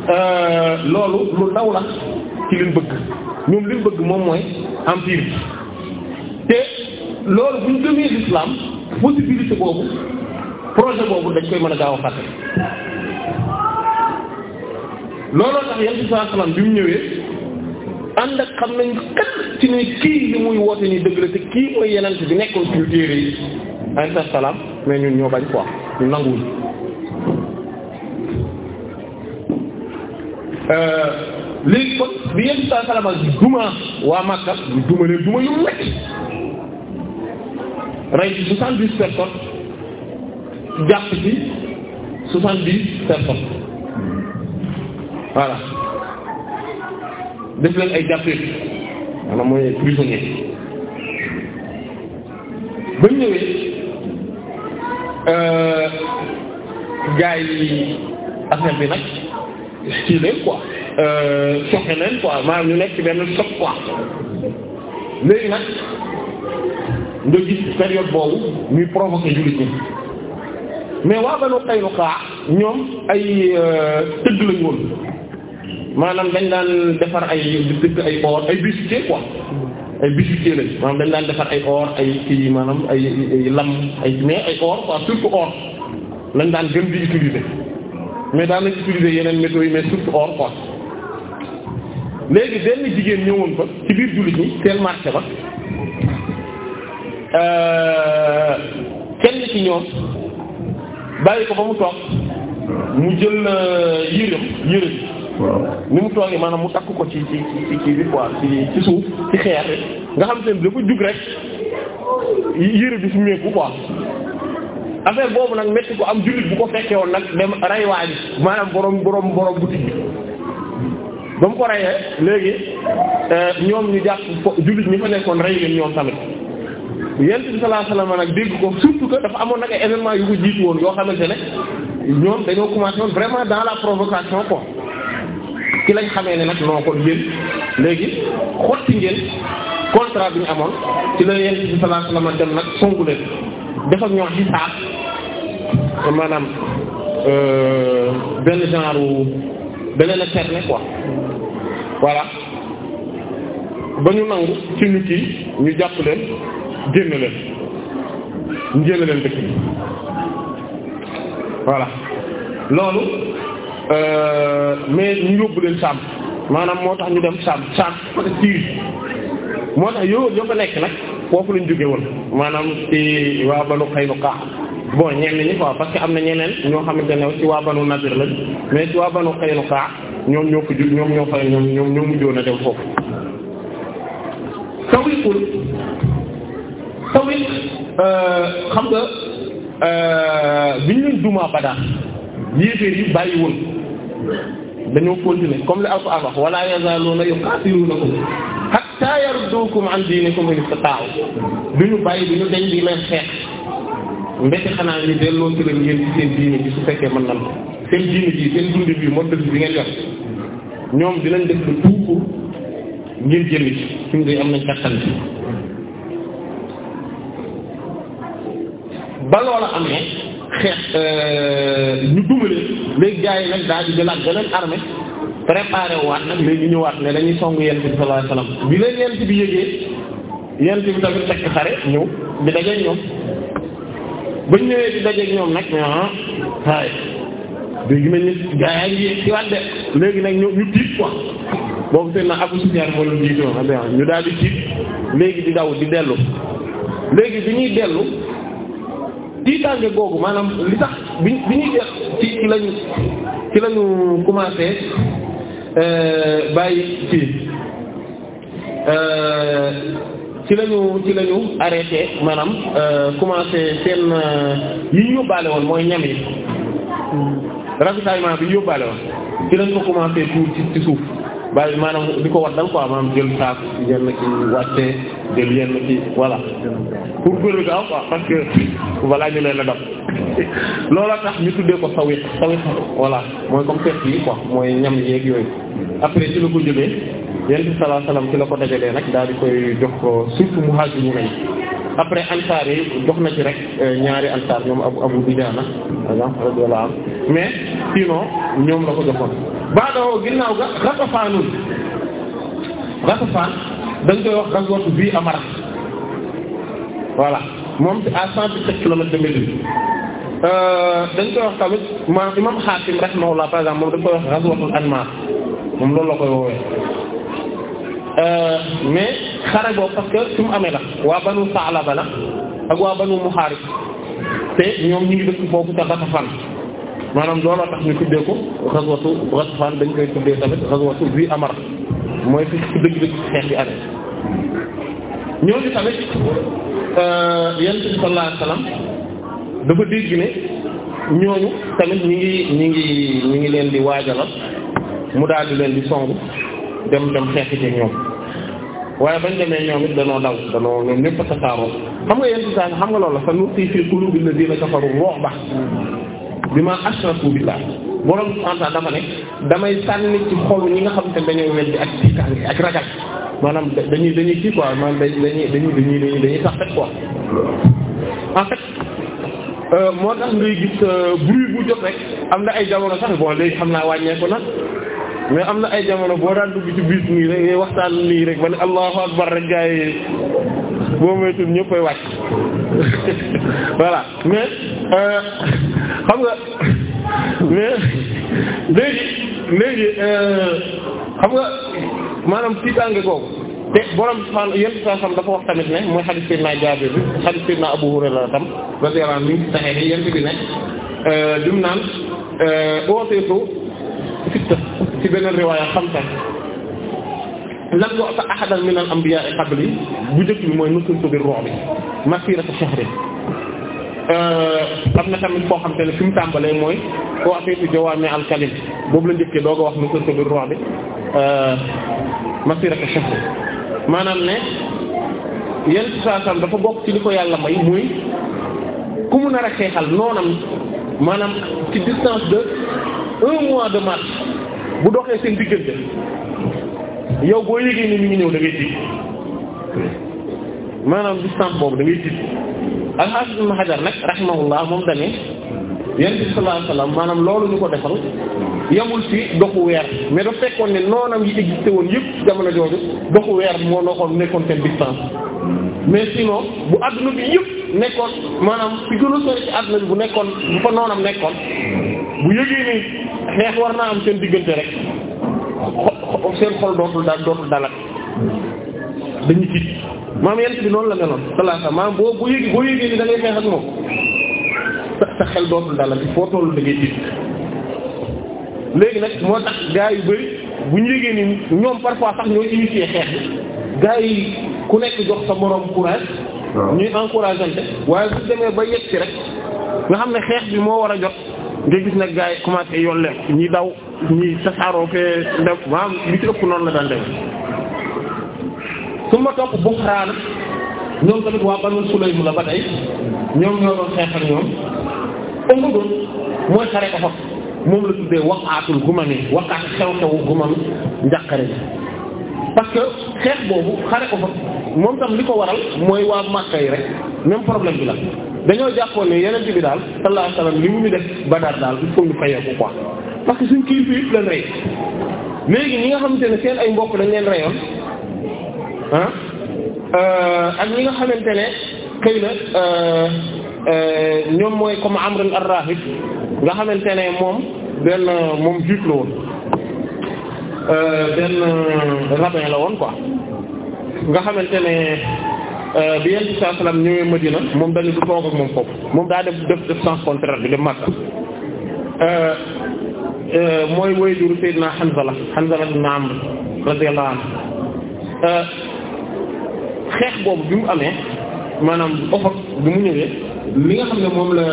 euh, loolu lu law la ci liñ bëgg ñoom liñ bëgg moom mooy empire te loolu bu ñu gëmee l'islam possibilité boobu projet boobu dañ koy mën a gaaw a fàtte looloo tax yal ci saa salaam bi mu ñëwee ànd ak xam nañ kat ci ne kii li muy woote ni dëgg la te kii mooy yenante bi nekkoon ci téere yi alayhi salaam mais ñun ñoo bañ quoi nanguwuñ euh, léegi kon bi yéen si salama di duma waa Makka duma leen duma yu metti rey ci soixante-dix personnes jàpp ci soixante-dix personnes voilà def leen ay jàppee maanaam mooy prisonnier ba ñëwee euh, gars yi bi Euh, soxe leen quoi maanaam ñu nekk ci benn choc quoi léegi nag nga gis période boobu ñuy provoquer jullit ñi mais waa Banu Qaynuqa ñoom ay euh, tëgg lañ woon maanaam dañ daan defar ay tëgg ay or ay bijoutier quoi ay bijoutier lañ maanaam dañ daan defar ay or ay kii maanaam ay lam ay mais ay or quoi surtout or lañ daan gën bi utiliser mais daan nañ utiliser yeneen métaux yi mais surtout or quoi léegi benn jigéen ñëwoon fa ci biir jullit ñi seen marché ba euh, kenn ci ñoom bàyyi ko ba mu toog mu jël euh, yërëm bi ni mu toogee maanaam mu takk ko ci ci ci ci ci ci suuf ci xeer nga xam te ne dafa jug rek yërëm bi su meeku quoi affaire boobu nag métti ko am jullit bu ko fekkee woon nag dem rayuwaay bi maanaam borom borom borom boutique ba mu ko reyee léegi euh, ñoom ñu jàpp jullit ñi fa nekkoon rey leen ñoom tamit yonent bi sallallahu alayhi wasallam nag dégg ko surtout ko dafa amoon nag ay événements yu ko jiitu woon yoo xamante ne ñoom dañoo commencé woon vraiment dans la provocation quoi ki lañ xamee ne nag non kon yéen léegi xotti ngeen contrat bi ñu amoon ci la yonent bi sallallahu alayhi wasallam dem nag songu leen def ak ñoom xisaab maanaam euh, benn genre. da leen a cerner quoi voilà ba ñu nangu ci ñu kii ñu jàpp leen génn leen ñu leen dëkk bi voilà loolu euh, mais ñu yóbbu leen Saam maanaam moo tax ñu dem Saam Saam moo tax yow yoo nekk nag. foofu lañ jóge woon maanaam ci waa Banu Qaynuqa bon ñenn ñi quoi parce que am na ñeneen ñoo xamante ne ci waa Banu Nadir lañ mais ci waa Banu Qaynuqa ñoom ñoo ko ju ñoom ñoo fa ñoom ñoom ñoo mujjoon a dem foofu tawiqul tawiq euh, xam nga euh, bi ñu leen dumaa Badar yéeféer yi bàyyi woon dañoo continuer comme li alquran wax wala yazaluna yuqatilunakum hatta yardukum an dinikum in istata'u duñu bàyyi duñu dañ di leen xeex mbete xanaa ñu delloo ci leen ci seen diine bi su fekkee mën nan seen diine bi seen dund bi moo bi ngeen yor ñoom dinañ def lu tuuku ngir jëli ci suñ day am nañ kattan ba loola amee xeex euh, ñu dugalee léegi gars yi nag daal di jëlaat beneen armée préparé waat nag léegi ñëwaat ne dañuy song yent bi sallallahu alayhi wasallam bi leen yent bi yëgee yent bi tamit fekk ñëw di dajeeg ñoom bañ ñëwee di dajeeg ñoom nag ah léegi nag ñu ñu tiit quoi boobu seen ah, ah, ñu daal di tiit léegi di daw di dellu léegi bi ñuy dellu. tiitaange googu maanaam li tax bi bi ñuy def ci ci lañu ci lañu commencé euh, bàyyi fii euh, ci lañu ci lañu arrêté maanaam euh, commencé seen yi ñu yóbbaale woon mooy ñam yi hmm. ravitaillement bi ñu yóbbaale woon ci lañ ko commencé ci suuf bàyyi maanaam di ko waddal quoi maanaam jël saak yenn ci wàcce jël yenn ci voilà pour gën a gaaw quoi parce que voilà ñu leen la a loola tax ñu tuddee ko sawit sawit voilà mooy comme perte yi quoi mooy ñam yeeg yooyu après ci la ko jëlee yent bi sallallahu ci la ko dajalee nag daal di koy jox ko surtout muhaajiru nañ après ansaar yi jox na ci rek euh, ñaari ansaar ñoom abu abu dijaana par exemple mais sinon ñoom la ko joxoon baadoo ginnaaw ga Gatafaanun Gatafaan dañ koy wax gazotu bi Amara voilà moom ci à cent dix-sept euh, dañ koy wax tamit ma imam Hakim rahimahullah par exemple moom dañ koy wax gazotul Anmar moom loolu la koy woowee euh, mais xare boobu parce que su mu amee la waa banu Sa'laba la ak waa banu Muharib te ñoom ñu ngi dëkk foofu ca Gatafaan maanaam looloo tax ñu tuddee ko xaswatu Ghatfan dañ koy tuddee tamit xaswatu bii amar mooy fi fu dëgg-dëgg xeex bi amee ñooñu tamit euh, yonent bi sallallahu alayhi dafa dégg ne ñooñu tamit ñi ngi ñi ngi ngi leen di waajalal mu daal di leen di song dem dem xeexi ci ñoom waaye bañ demee ñoom it danoo daw danoo ñëpp a tasaaroo xam nga yonent bi xam nga loolu la sa nuuti fii qulubi alladhina kafaru ru'ba bi ma ashraku billah borom subhanahu dafa ne damay sànni ci xolu ñi nga xam te dañuy weddi ak tiitaange ak ragal maanaam dañuy dañuy kii quoi maanaam dañuy dañuy dañuy dañuy sax rek quoi en fait euh, moo tax euh, bu jot rek am na ay jamono sax bon léegi xam naa wàññeeku na mais am na ay jamono boo daan dugg ci biir nii rek waxtaan nii rek ba ne allahu akbar rek gaa yi boo moytuwul ñëpp koy wàcc voilà mais euh, xam nga mais léegi léegi euh, xam nga maanaam tiitaange googu te borom maanaam yenn saa sam dafa wax tamit ne mooy hadith naa Jaabir bi hadith Seydina Abu Hurayra la tam radiyallahu anhu ci saxee ni yenn bi ne euh, lim naan ooteetu sitta ci beneen riwaaya xam sax lam yu'ta ahadan min al anbiya'i qabli bu njëkk bi mooy nusuntu bi ru'bi masirata shahrin euh, am na tamit koo xam te ne fi mu tàmbalee mooy wa atiitu jawaami al boobu la njëkkee doo ko wax nusuntu bi ru'bi euh, masirata shahrin maanaam ne yenn situation dafa bokk ci li ko yàlla may muy ku mu nar a xeexal noonam maanaam ci distance de bu doxee seen diggante. yow boo yëgee ni mi ñëw da ngay tiit maanaam distance boobu da ngay tiit al-Hafiz Ibn Hajar nag rahimahullah moom dane yonent bi sallallahu alayhi maanaam loolu ñu ko defal yamul ci doxu weer mais da fekkoon ne noonam yi existé woon yëpp jamono jooju doxu weer moo doxoon nekkoon seen distance mais sinon bu àdduna bi yëpp nekkoon maanaam fi gën a sori ci adduna bi bu nekkoon bu fa noonam nekkoon bu yëgee ni xeex war naa am seen diggante rek seen xol dootul daal dootul dalal dañu tiit maam yent bi noonu la meloon salaasa maam boo boo yëg boo yëgee ni da ngay xeex ak moom sa sa xel dootul dalal foo tollu da tiit léegi nag moo tax gaa yu bari bu ñu yëgee ni ñoom parfois sax ñoo initié xeex bi gaa yi ku nekk jox sa moroom courage ñuy encourageante waaye su demee ba yegg ci rek nga xam ne xeex bi moo war a jot nga gis nag gaa yi commencé yolleen ñi daw ñuy tasaaroo fee def maam li ci ëpp noonu la daan def su ma topp Buxraan ñoom tamit waa Banu Sulaym la ba tey ñoom ñoo doon xeex ak ñoom ëmbadoon mooy xare ko xot moom la tuddee waqaatul gumami waqaat xew-xewu gumam njàqare bi parce que xeex boobu xare ko fa moom tam li ko waral mooy waa Makka yi rek même problème bi la dañoo jàppoon ne yeneen bi daal sallallahu alayhi wasallam li mu ñu def Badar daal il faut ñu fayee ko parce que suñ kilifa yëpp lañ rey léegi ñi nga xamante ne seen ay mbokk dañ leen reyoon ah euh, ak ñi nga xamante ne xëy na euh, euh, ñoom mooy comme Amr al-Rahib nga xamante ne moom benn moom juif la woon benn rabbin la woon quoi nga xamante ne bi yenn saa salaam ñëwee Madina moom dañu du toog ak moom foofu moom daa def def def sens contraire bi dem Makka Euh, mooy woy juru Seydina Hanzala Hanzala ibn Amr radiyallahu anhu euh, xeex boobu bi mu amee maanaam Uhud bi mu ñëwee li nga xam ne moom la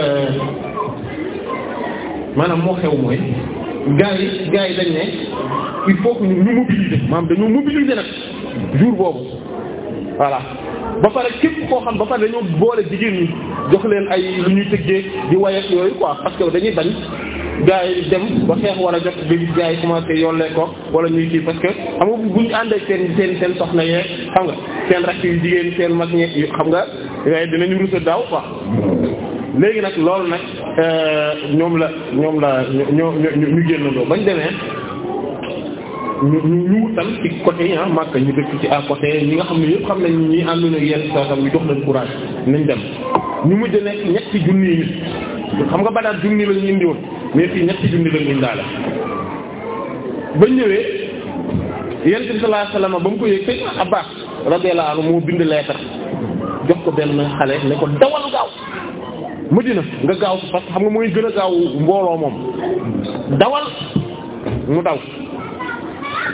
maanaam moo xew mooy gars yi gars yi dañ ne il faut que ñu mobiliser maanaam dañoo mobiliser nag jour boobu voilà ba pare képp koo xam ba pare dañoo boole jigéen ñi jox leen ay lu ñuy tëggee di wayeek yooyu quoi parce que dañuy bañ gars yi dem ba xeex war a jot ba gars yi commencé yollee ko wala ñuy kii parce que xam nga bu ñu àndee seen seen seen soxna yee xam nga seen rakk yu jigéen seen mag ñi xam nga waaye ñu rusa daaw quoi léegi nag loolu nag euh, ñoom la ñoom la ñoo ñu génn doo bañ demee ñu ñu ñu wutal ci côté ah Makka ñu dëkk ci à côté ñi nga xam ne yëpp xam nañ ñi ànd na yenn saa tam ñu jox leen courage nañ dem ñu mujj nekk ñetti junni nit xam nga Badar junni lañu indi woon mais fii ñetti junni lañu indaale ba ñëwee yonent bi sallallahu alayhi wasallam ba mu ko yëg fekk Abbas radiyallahu moo bind leetar jox ko benn xale ne ko dawal gaaw Madina nga gaaw parce xam nga mooy gën a gaaw mbooloo moom dawal mu daw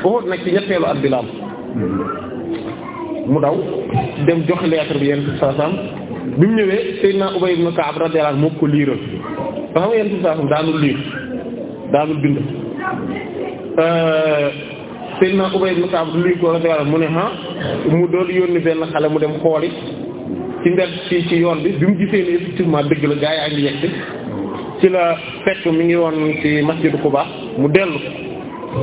Uhud nag ci ñetteelu at bi mu daw dem jox lettre bi yenn saa saam bi mu ñëwee Seydina Ubay ibn Ka'b radiyallahu anhu moo ko liiral ba xam yenn euh, ko radiyallahu mu ne ha mu doon yónni benn xale mu dem xooli ci mbedd ci ci yoon bi bi mu gisee ni effectivement dëgg la gaa yi a ngi yegg ci la fekk mi ngi woon ci masjidu Quba mu dellu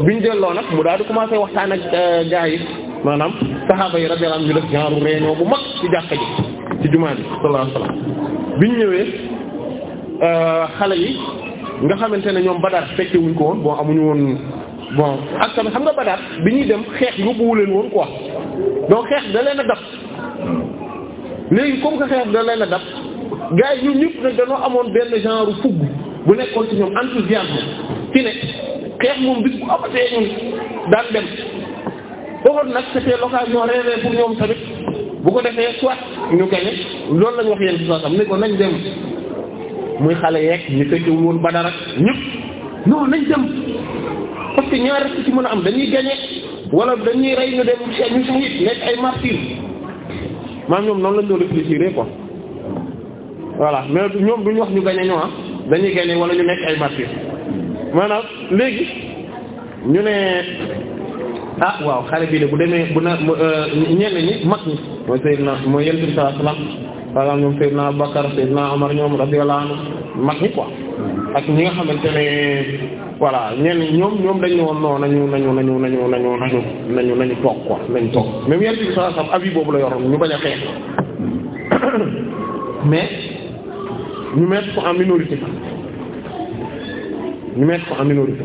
bi ñu delloo nag mu daal di commencé waxtaan ak euh, gaa yi maanaam saxaaba yi radiyallahu anhum ñu def genre réunion bu mag ci jàkka ji ci jumaa bi sallallahu alayhi wasallam biñ ñëwee euh, xale yi nga xamante ne ñoom badaat fekke ko woon boo amuñu woon bon ak tamit xam nga Badar bi ñuy dem xeex yóbbuwu leen woon quoi donc xeex da leen a dab léegi comme que xeex da leen a dab gars yi ñun ñëpp nag dañoo amoon benn genre fugg bu nekkoon ci ñoom enthousiasme ci ne. xeex moom bis bu amatee ñun daan dem Uhud nag c'était l'occasion rêvée pour ñoom tamit bu ko defee soit ñu gañe loolu lañ wax yéen si xam ne ko nañ dem muy xale yeeg ñu fekkee woon ba dara ñëpp non nañ dem parce que ñaar rek ci mën a am dañuy gañe wala dañuy rey ñu dem ñu suñu nekk ay martyrs maam ñoom noonu lañ doon réfléchir quoi voilà mais ñoom duñu wax ñu gañe ñoo ah dañuy gañe wala ñu nekk ay martyrs maanaam léegi ñu ne ah waaw xale bi de bu demee bu na euh, ñenn ñi mag ñi mooy na mooy yent bi sallallahu alayhi wasallam par exemple ñoom Seydina Abubakar Seydina Omar ñoom radiyallahu anhu mag ñi quoi ak ñi nga xamante ne voilà ñenn ñoom ñoom dañ ne woon non na nañu nañu nañu nañu nañu nañu nañu toog quoi nañu toog même yent bi sallallahu alayhi wasallam boobu la yoroon ñu bañ a xeex mais ñu mettre ko en minorité ñu mettre ko en minorité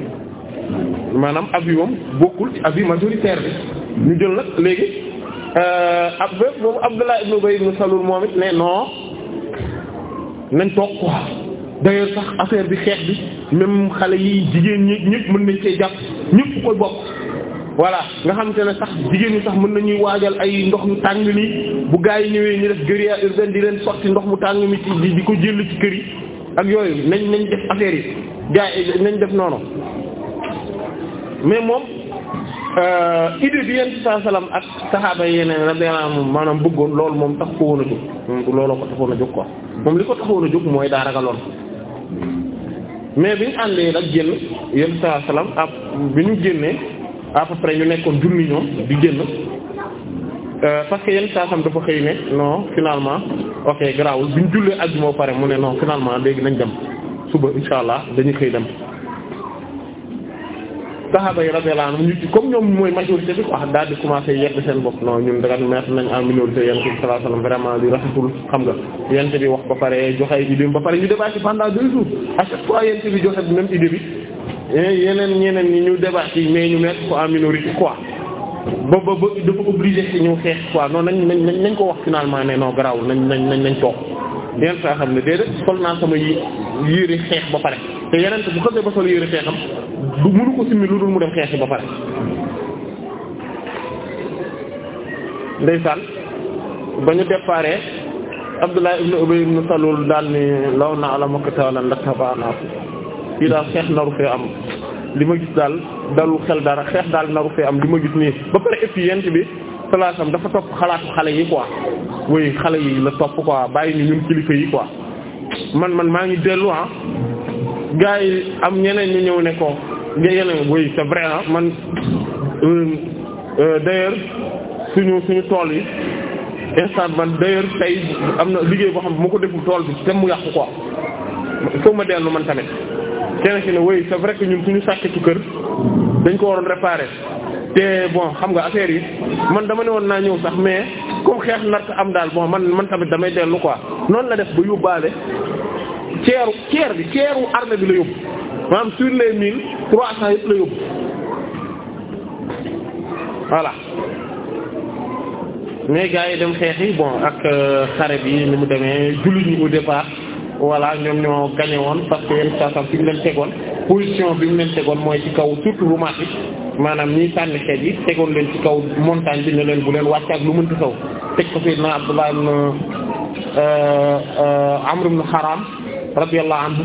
maanaam avis bokkul ci avis majoritaire bi ñu jël nag léegi euh, ab bépp boobu Abdullah ibn Ubay ibn Salul moom it ne non nañ toog quoi d'ailleurs sax affaire bi xeex bi même xale yi jigéen ñi ñëpp mën nañ cee jàpp ñëpp koy bokk voilà nga xam te ne sax jigéen ñi sax mën nañuy waajal ay ndox mu tàng nii bu gaa yi ñëwee ñu def guérilla urbaine di leen sotti ndox mu tàng mi ci di ko jël ci kër yi ak yooyu nañ nañ def affaire yi gars yi nañ def noonu mais moom euh, idée bi yonent saa salaam ak saxaaba yi ne radiyallahu maanaam bëggoon loolu moom tax ko woon a jóg moom du looloo ko taxoon a jóg ko moom li ko taxoon a jóg mooy daa mais bi ñu àndee nag génn yonent saa salaam bi ñu génnee à peu ñu nekkoon junni ñoom di génn. Euh, parce que yenn saa sam dafa xëy ne non finalement ok garaawul bi ñu jullee ak moo pare mu ne no finalement léegi nañ dem suba insha allah dañuy xëy dem. saxaaba yi radiyallahu comme ñoom mooy majorité bi wax daal di commencé yedd seen bopp non ñun daga mettre nañ en minorité yonent bi sallallahu alayhi wasallam vraiment di rafetul xam nga yonent bi wax ba pare joxe idée ba pare ñu débattre pendant deux jours à chaque fois yonent bi joxe même idée bi eh, yeneen ñeneen ñi ñu débattre mais ba ba ba dafa obligé ci ñu xeex quoi non nañ nañ nañ ko wax finalement ne non garaawul nañ nañ nañ toog yeneen saa xam ne déedéet sol naa sama yi yére xeex ba pare te yeneen bu xasee ba sol yére xeexam du mënu ko simmi lu dul mu dem xeexi ba pare. ndeysaan ba ñu déparé Abdullah ibn Ubay ibn Salul daal ni law na ala makka tawlan la tabaana fii daal xeex naru fee am. li ma gis daal dalul xel dara xeex daal naru fee am li ma gis nii ba pare ëpp yent bi salaasam dafa topp xalaatu xale yi quoi woy xale yi la topp quoi bàyyi ni ñun kilifa yi quoi man man maa ngi dellu ah gars yi am ñeneen ñu ñëw ne ko yeneen woy c'est vrai ah man euh, euh, d'ailleurs suñu suñu tool yi instant man d'ailleurs tey am na liggéey boo xam ne mu ko deful tool bi te mu yàqu quoi foo ma dellu man tamit kenn ki ne oui c'est vrai que ñun suñu sàkketu kër dañ ko waroon réparer te bon xam nga affaire yi man dama ne woon naa ñëw sax mais comme xeex nart am daal bon man man tamit damay dellu quoi noonu la def ba yóbbaale ceeru ceer bi ceeru armée bi la yóbbu maanaam sur les mille trois cents yëpp la yóbbu voilà mais gars yi dem xeex yi bon ak euh, xare bi ni mu demee jullit ñi au départ voilà ñoom ñoo gagné woon parce que yenn saa fi mu leen tegoon position bi mu leen tegoon mooy ci kaw surtout rumaat yi maanaam ñiy sànni xeet yi tegoon leen ci kaw montagne bi ne leen bu leen wàcc ak lu mënti taw teg ko Seydina Abdullah ibn euh, euh, Amr ibn Haram radiyallahu anhu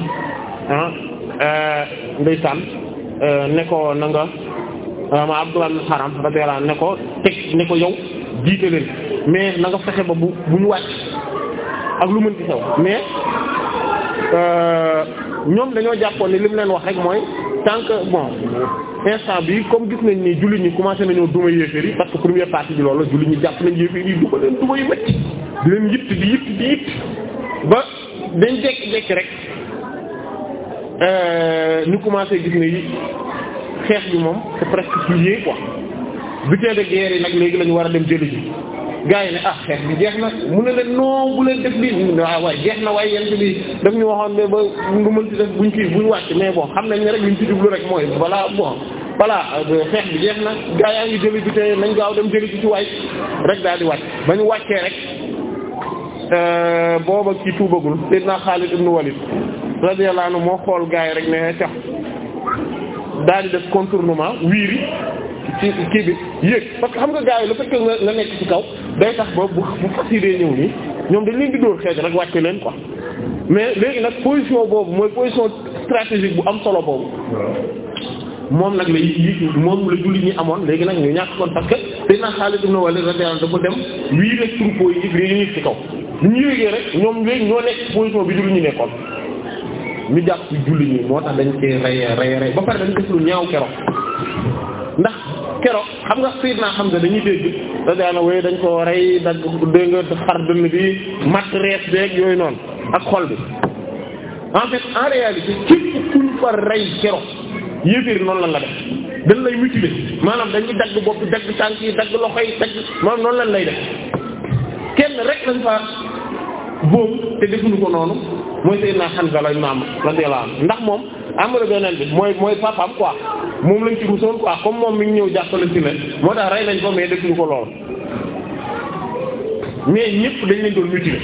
ah euh, ne ko na nga ma Abdullah ibn Haram radiyallahu ne ko teg ne ko yow jiite leen mais na nga fexe ba bu bu ñu ak lu mënti taw mais. Euh, ñoom dañoo jàppoon ne li mu leen wax rek mooy tant que bon instant bi comme gis nañ ni jullit ñi commencé nañoo duma yéeféer yi parce que première partie bi loolu jullit ñi jàpp nañ yéeféer yi duma leen duma yu métti di leen yitt di yitt di yitt ba dañ jekki jekki rek euh, ñu commencé gis yi xeex bi moom c'est presque plié quoi butin de guerre yi nag léegi la ñu war a dem jëli ji gaa yi ne ah xeex bi jeex na mu na leen non bu leen def lii waaw ah, waaye jeex na waaye yent bi daf ñu waxoon ne ba nga mën ci def ñu kii buñ wàcc mais bon xam nañ ne rek liñ ci jublu rek mooy voilà bon balaa euh, xeex bi jeex na gaa yaa ngi jëli bi te nañ gaaw dem jëli bi ci waay rek daal di wàcc ba ñu wàccee rek euh, booba kii tuubagul Seydina Xaalid ibn Walid radiyallahu anhu moo xool gaa yi rek ne cax daal di def contournement wiiri ci kii bi yéeg parce que xam nga gars yi la fekk nga nekk ci kaw day tax ba bu bu fas yi dee ñëw nii ñoom dañ leen di dóor xeej rek wàcce leen ko mais léegi nag position boobu mooy position stratégique bu am solo boobu moom nag la yi moom la jullit ñi amoon léegi nag ñu ñàkk kon parce que dañ naan Xaalid ibn Walid radiyallahu anhu dafa dem wiiri rek troupeau yi yëg ñu ci kaw ñu yëgee rek ñoom léegi ñoo nekk position bi jullit ñi nekkoon ñu jàpp ci julli ñi moo tax dañ cee rey rey rey ba pare dañ def lu ñaaw keroog ndax keroog xam nga Seydina Hamza dañuy dégg daana wooye dañ ko rey dagg dégg nga xar dënn bi matt rees beeg yooyu noonu ak xol bi en fait en réalité képp kuñ fa rey keroog yéeféer noonu lan la def dañ lay mutiler maanaam dañuy dagg bopp dagg tànk yi dagg loxo yi dagg maanaam noonu la lay def kenn rek lañ fa boobu te defuñu ko noonu mooy Seydina Hamza la imaam radiyallahu anhu ndax moom amara beneen bi mooy mooy papam quoi moom lañ ci rusoon quoi comme moom mi ngi ñëw jàppale si ne moo tax rey nañ ko mais def ñu ko lool mais ñëpp dañ leen doon mutilé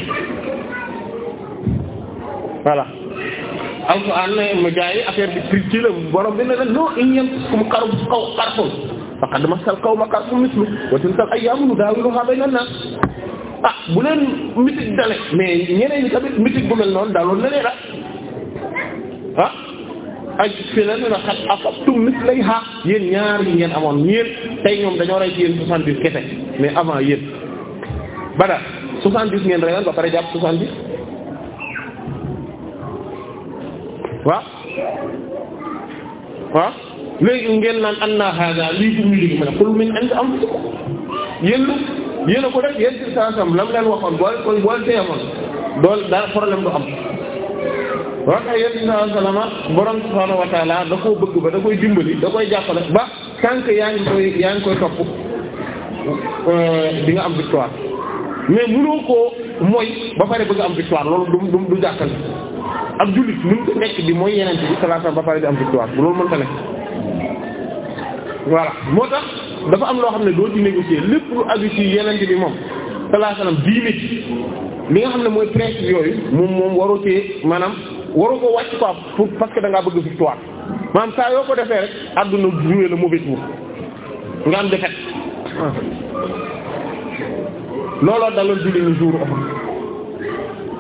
voilà alxuraan ne ma gaa yi affaire bi pri ci la borom bi ne la non in yamsaskum qarhun kaw qarhun faqad massal qawma qarhun misluhu wa tilkal ayyaamu nudaawiluhaa bayna an-naas ah bu leen mitig dale mais ñeneen ñi tamit bu mel noonu daloon na ah ak fi na na xat afabtum mislaha yéen ñaar yi ngeen amoon yéen tey ñoom dañoo rey ci yéen soixante-dix kese mais avant yéen bada soixante-dix ngeen reyoon ba pare jàpp soixante-dix waaw waaw léegi ngeen naan an na hada lii bu mu ma ne qul min indi am yéen lu yéen a ko def yéen ci sansam lam leen waxoon boole koy boole teemoon dool daal problème du am waaka yéen ci salama ah borom subhaanahu wa da koo bëgg ba da koy dimbali da koy jàppale ba tant yaa ngi koy yaa ngi koy topp euh, di nga am victoire mais mënoo koo mooy ba pare bëgg am victoire loolu du du du jàkkal ab jullit mënut a nekk di mooy yeneen bi sallallahu ba pare di am victoire loolu mënta nekk voilà moo tax dafa am loo xam ne doo ci négocier lépp lu aju ci yenente bi moom sallallahu alayhi wasallam li nga xam ne mooy principe yooyu moom moom waroo cee maanaam waroo ko wàcc quoi pour parce que da ngaa bëgg victoire maanaam saa yoo ko defee rek àdduna jouer le mauvais tour nga am défaite looloo daloon julli ñu jour oxo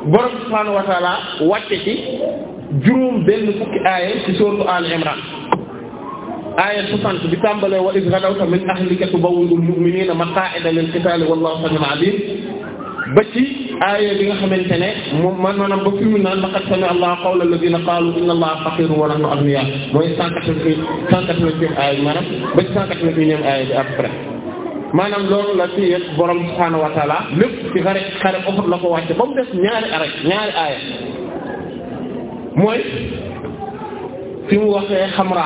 borom subhaanahu wa ta'ala wàcce ci juróom benn fukki aaye ci sourate Al Imran aaya sant bi tàmbalee wa iz ghadawta min ahlika tubawwi'ul mu'minina maq'ida lil qitaal wallahu samii'un aliim ba ci aaya bi nga xamante ne moom man maanaam ba fi mu naan laqad sami'a Allahu qawla alladhina qaalu inna Allaha faqiirun wa nahnu aghniyaa mooy 180 180 aaya maanaam ba ci 181 aaya bi après maanaam loolu la ci yëpp borom subhaanahu wa ta'aala ci xare xare Uhud la ko wàcce ba mu des ñaari aaya ñaari aaya mooy fi mu waxee xamra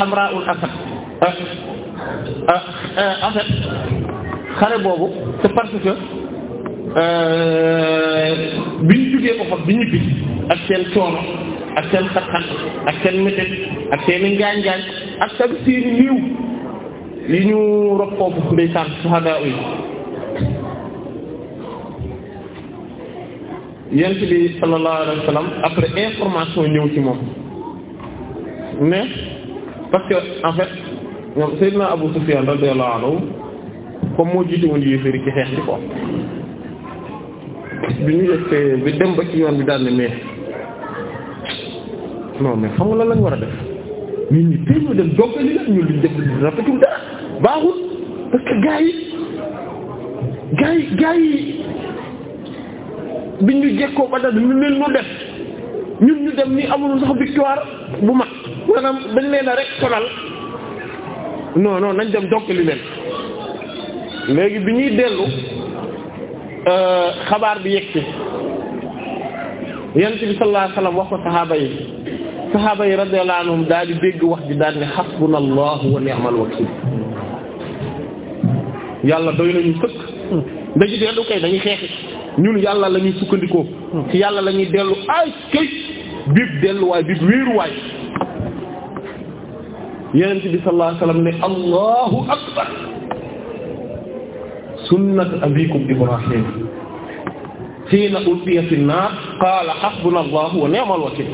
xamraul asad asad ah, ah, ah, xare boobu c'est parce que euh, bi ñu jugee ko fam bi ñu bi ak seen coono ak seen xat ak seen métit ak seen ngaañ-ngaañ ak sag liiw yi ñu rob foofu ndeysaan suhadaa yi yent bi sallallahu alayhi wa après information ñëw ci moom mais parce que en fait moom Seydina Abu Sufyan radiyallahu anhu comme moo jiite woon yéeféri ci xeex bi quoi bi ñu defee bi dem ba ci yoon bi daal ne mais non mais lañ war a def nit ñi tey ñu dem doog ñu liñ def ñu dem ni amul sax victoire bu mag maanaam dañ leen a rek sonal non nañ dem jokkali leen léegi bi ñuy dellu euh, xabaar bi yegg ci yonent bi sallallahu alayhi wax ko saxaaba yi saxaaba yi radiyallahu anhum daal di dégg wax ji daal ne hasbunallahu wa ni'mal wakiil yàlla doy nañu sëkk dañu dellu kay dañuy xeexi ñun yàlla lañuy ñuy sukkandikoo ci yàlla la dellu ay këy biib delluwaay biib wéeruwaay yonent bi sallallahu alayhi wasallam ne allahu akbar sunnat abikum ibrahim hiina ulqiya fi nnaar qaala hasbuna allahu wa ni'mal wakiil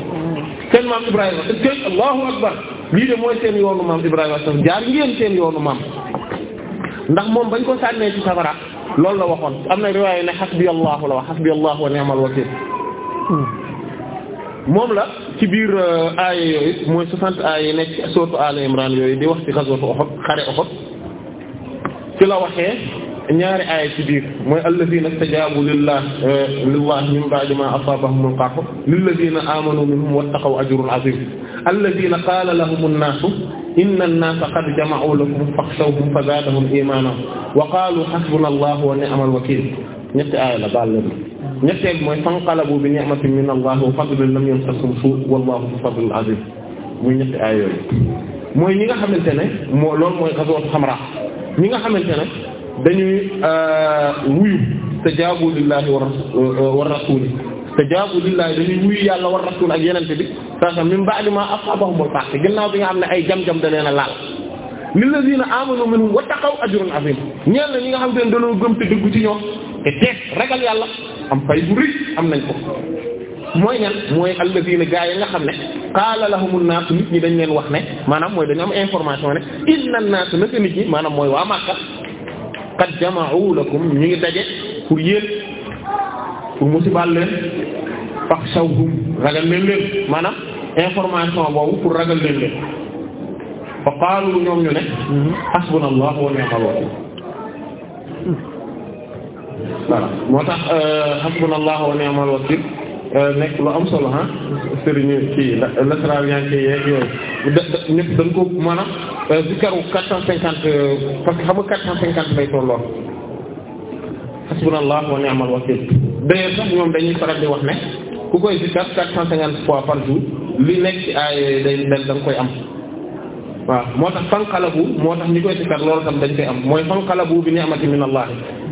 seen maam ibrahima est-ce que allahu akbar lii de mooy seen yoonu maam ibrahima sax jaar ngeen seen yoonu maam ndax moom bañ ko sànnee ci safara loolu la waxoon am na riwaaya ne hasbi allahu la wa hasbi allahu wa ni'mal wakiil hmm. moom la ci biir euh, aaya yooyu mooy 60 aaya nekk sourate Al Imran yooyu di wax ci ghazwat Uhud xare Uhud ci la waxee ñaari aaya ci biir mooy alladhina istajabu lillah euh, lillah min ba'di ma asabahum al-qarh lilladhina amanu minhum wattaqaw ajrun azim alladhina qala lahum an-nasu inna an-nasa qad jama'u lakum fakhshawhum fazadahum imanan wa qalu hasbuna allah wa ni'mal wakeel ñetti aaya la baal leen ñetteel mooy fanqalabu bi ni'matin min allah wa fadlin lam yamsasum su wallahu zu muy ñetti ay mooy ñi nga xamante ne moo loolu mooy xaswatu xamra nga xamante ne dañuy euh, wuyu tajaabu lillahi wa war euh, wa rasuli tajaabu lillahi dañuy wuyu yàlla war rasul ak yenente bi sasa min ba'di ma asabahumul bi nga xam ne ay jam-jam da leen a laal lillazina amanu minhum wa taqaw ajrun azim ñeen la ñi nga xamante ne dañoo gëm te dëggu ci ñoom te teeg ragal yàlla am fay bu rëy am nañ ko mooy ñan mooy alladina gaa yi nga xam ne qaala lahumun naas nit ñi dañ leen wax ne maanaam mooy dañu am information ne inna naas naka nit ñi maanaam mooy waa Makka qad jama'u lakum ñu ngi daje pour yéen pour musibal leen faxshawhum ragal leen leen maanaam information boobu pour ragal leen leen fa qaalu ñoom ñu ne hasbunallahu wa ni'mal wakiil voilà moo tax euh, hasbunallahu wa ni'mal wakiil euh, nekk lu am solo ah sëriñu ci l'asrarien ci yeeg yooyu da ñëpp dañ ko maanaam euh, zikaru quatre cent cinquante parce que xam nga quatre cent cinquante lay tolloon hasbunallahu wa ni'mal wakiil d'ailleurs sax ñoom dañuy faral di wax ne ku koy zikar quatre cent cinquante fois par jour li nekk ci ay day da nga koy am waaw moo tax fanqalabu moo tax ñi koy sikkar loolu tam dañ koy am mooy fanqalabu bi ni'mati min allah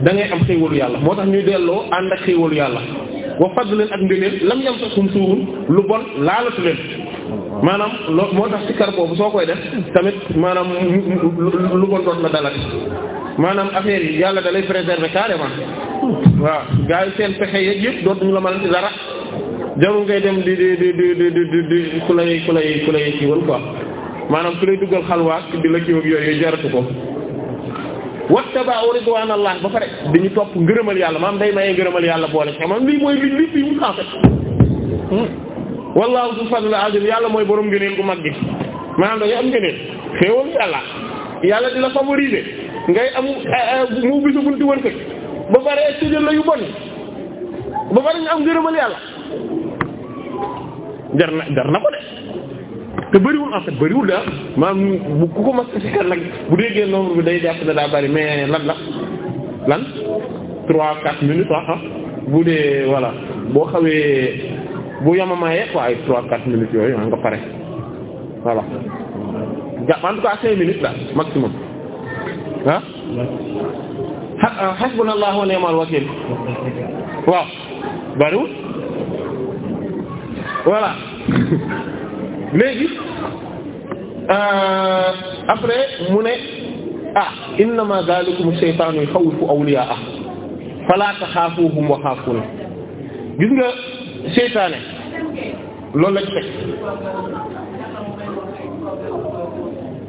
da ngay am xéewalu yàlla moo tax ñuy delloo ànd ak xéewalu yàlla wa fadlin ak ndineen lam yam sax sum suurul lu bon laalatu leen maanaam loo moo tax sikkar boobu soo koy def tamit maanaam lu bon doon la dalati maanaam affaire yi yàlla da lay préserver carrément waaw gaa yi seen pexe yeeg yëpp dootuñu la mën si dara jarul ngay dem di di di di di di ku lay ku ku lay kiiwal quoi maanaam su lay duggal xalwaak di la kiiwag yooyu jaratu ko wattaba'u ridwanallah ba pare dañu topp ngërëmal yàlla maam day maye ngërëmal yàlla boole ci lii mooy li li bi mu xaafet wallahu zu fadl azim yàlla mooy borom ngëneel gu mag gi maanaam dañu am ngëneel xéewal yàlla yàlla di la favoriser ngay am mu bisu bunti wërsëg ba pare tëjal la yu bon ba pare ñu am ngërëmal yàlla jar na jar na ko de te bëriwul en fait bëriwul ah maanaam bu ku ko mas si kan nag bu déggee nombre bi day jàpp ne daa bëri mais lan la lan trois quatre minutes ah, ah bu dee voilà boo xawee bu yamamaayee quoi trois quatre minutes yooyu nga pare voilà ja en tout cas cinq minutes la maximum ah. Euh, hasbunallahu wa ni'mal wakil waaw bëriwul voilà. léegi euh, après mu ne ah innama zalikum shaytanu yukhawwifu awliya'a fala takhafuhum wa khafun gis nga seytaane loolu lañ fekk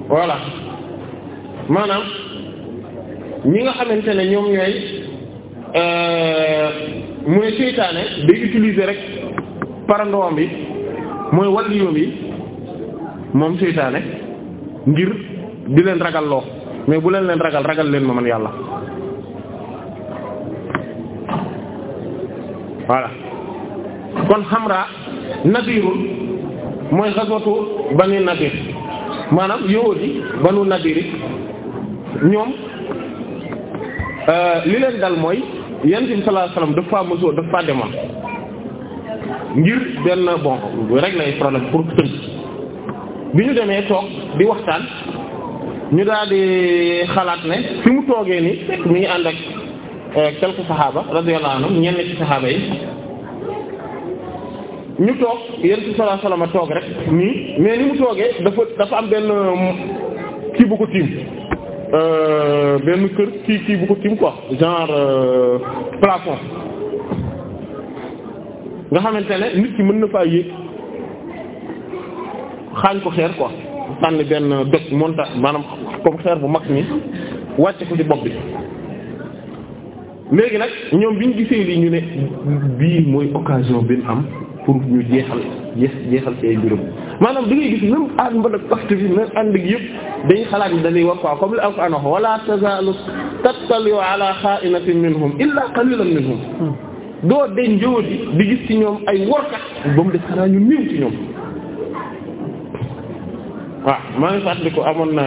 voilà maanaam ñi nga xamante ne ñoom ñooy euh, mu ne seytaane day utiliser rek parandoom bi mooy wàllu yoon yi moom seytaane ngir di leen ragal loo mais bu leen leen ragal ragal leen ma man yàlla voilà kon Hamra nadirul mooy ba banu nadir maanaam yowóot yi banu nadir yi ñoom euh, li leen dal mooy yonent bi sallallahu alayhi wasallam dafa mësoo dafa demoon ngir benn bon rek lay problème pour tënk bi ñu demee toog di waxtaan ñu daal di xalaat ne fi mu toogee ni fekk mi ngi ànd ak eh, quelques saxaaba radiyallahu anhum ñenn ci saxaaba yi ñu toog yéen ci sallallahu toog rek nii mais ni mu toogee dafa dafa am benn mm, kii bu ko tiim euh, benn kër kii kii bu ko tiim quoi genre euh, plafond nga xamante ne nit ki mën na faa yéeg xaañ ko xeer ko tànn benn doj monta maanaam comme xeer bu mag ni wàcce ko ci bopp bi léegi nag ñoom biñ ñu gisee lii ñu ne bii mooy occasion bi am pour ñu jeexal jeex jeexal ci ay mbirum maanaam da ngay gis même ànd ba nag waxtu bi même ànd gi yëpp dañuy xalaat ni dañuy wax quoi comme li Alxuraan wax wala tazalu tattali'u ala xaa'inatin minhum illa qalilan minhum doo den jóodi di gis ci ñoom ay workat ba mu def xanaa ñu niw ci ñoom waaw maa ngi fàttali ko amoon na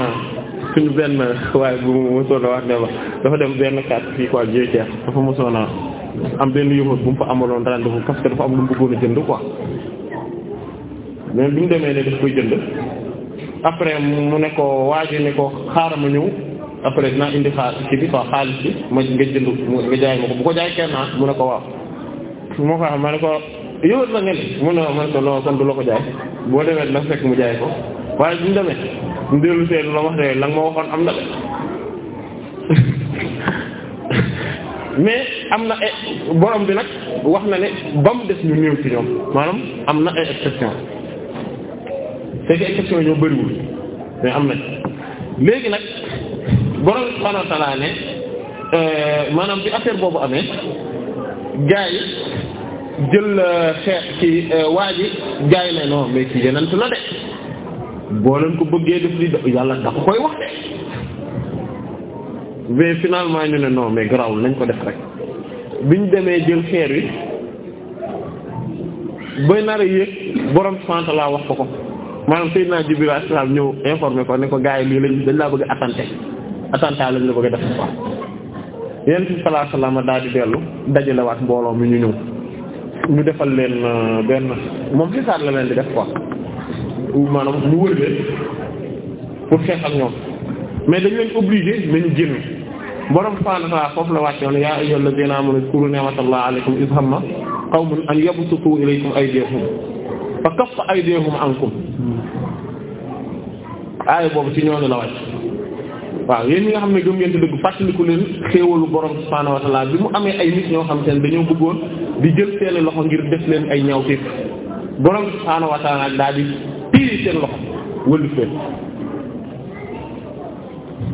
suñu benn waaye bu mu mosoon waa wax ne dafa dem benn kat fii quoi jërëjëf dafa mosoon a am benn yëngu bu mu fa amaloon rendez-vous parce que dafa am lu mu bëggoon a jënd quoi mais bi mu demee ne daf koy jënd après mu ne ko waaji ne ko xaaral ma ñëw après dinaa indi xaar ci bi quoi xaalis bi ma nga jënd nga jaay ma ko bu ko jaay kenn ah, mu ne ko waaw. moo ko xam ma ne ko yëwét la nga ne mu ne ko non kon du la ko jaay boo demee nag fekk mu jaay ko waaye bu mu demee mu dellu see lu la wax de la ma waxoon am na de mais am na eh, borom bi nag wax na ne ba mu ñu néew maanaam am na ay exception c'est que exception ñoo bëriwul mais am na léegi nag borom subhaanahu wa ta'aala euh, maanaam bi affaire boobu amee gaa yi jël la euh, xeet ci euh, waa ji jaay ne non mais yenent la de boo leen ko bëggee def li yàlla da ko koy wax de mais finalement ñu ne non mais graw nañ ko def rek bi ñu demee jël xeer wi bay nar a yéeg borom sant laa wax ko ko maanaam naa Jibril alayhi salaam ñëw informé ko ne ko gaa yi lii lañ dañ laa bëgg attenté attentat lañ la bëgg a def ko yenn si salaasalaama daal di dellu dajalewaat mbooloo mi ñu ñëw. ñu defal leen euh, benn moom xisaar la leen di def ko maanaam ñu wër leen pour xeex ak ñoom mais dañ leen obligé nañu génn borom subhaanahu wa ta'aala foofu la wàccoon yaa ayyuhallaziina aamanuu uzkuruu ni'matallahi alaykum iz hamma qawmun an yabsutuu ilaykum aydiyahum fa kaffa aydiyahum ankum aaya boobu ci ñooñu la wàcc waaw yéen ñi nga xam ne gëm ngeen di dëgg fàttaliku leen xéewalu borom subhaanahu wa ta'aala bi mu amee ay nit ñoo xam te dañoo bëggoon di jël seeni loxo ngir def leen ay ñaw téef borom subhaanahu wa ta'aala daal di téye seen loxo wëllu leen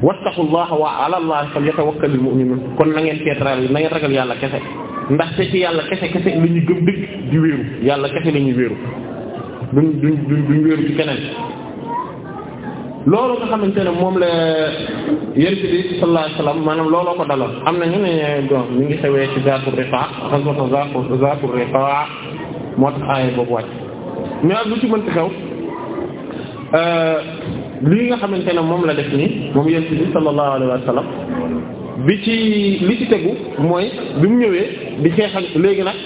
wattaqullaha wa 'ala allahi falyatawakkalul mu'minuun kon na ngeen teetral na ngeen ragal yàlla kese ndax te ci yàlla kese kese la gëm dëgg di wéeru yàlla kese la ñuy wéeru duñ duñ duñ duñ ci keneen loolu nga xamante ne moom la yonent bi sallallahu alayhi wasallam maanaam looloo ko daloon am na ñu ne bon mi ngi xewee ci Zaatul Riqaa xam nga ko Zaatul Zaatul Riqaa moo tax aaya boobu wàcc mais ak lu ci mënti xew euh, lii nga xamante ne moom la def nii moom yonent bi sallallahu alayhi wasallam bi ci li ci tegu mooy bi mu ñëwee di xeexal léegi nag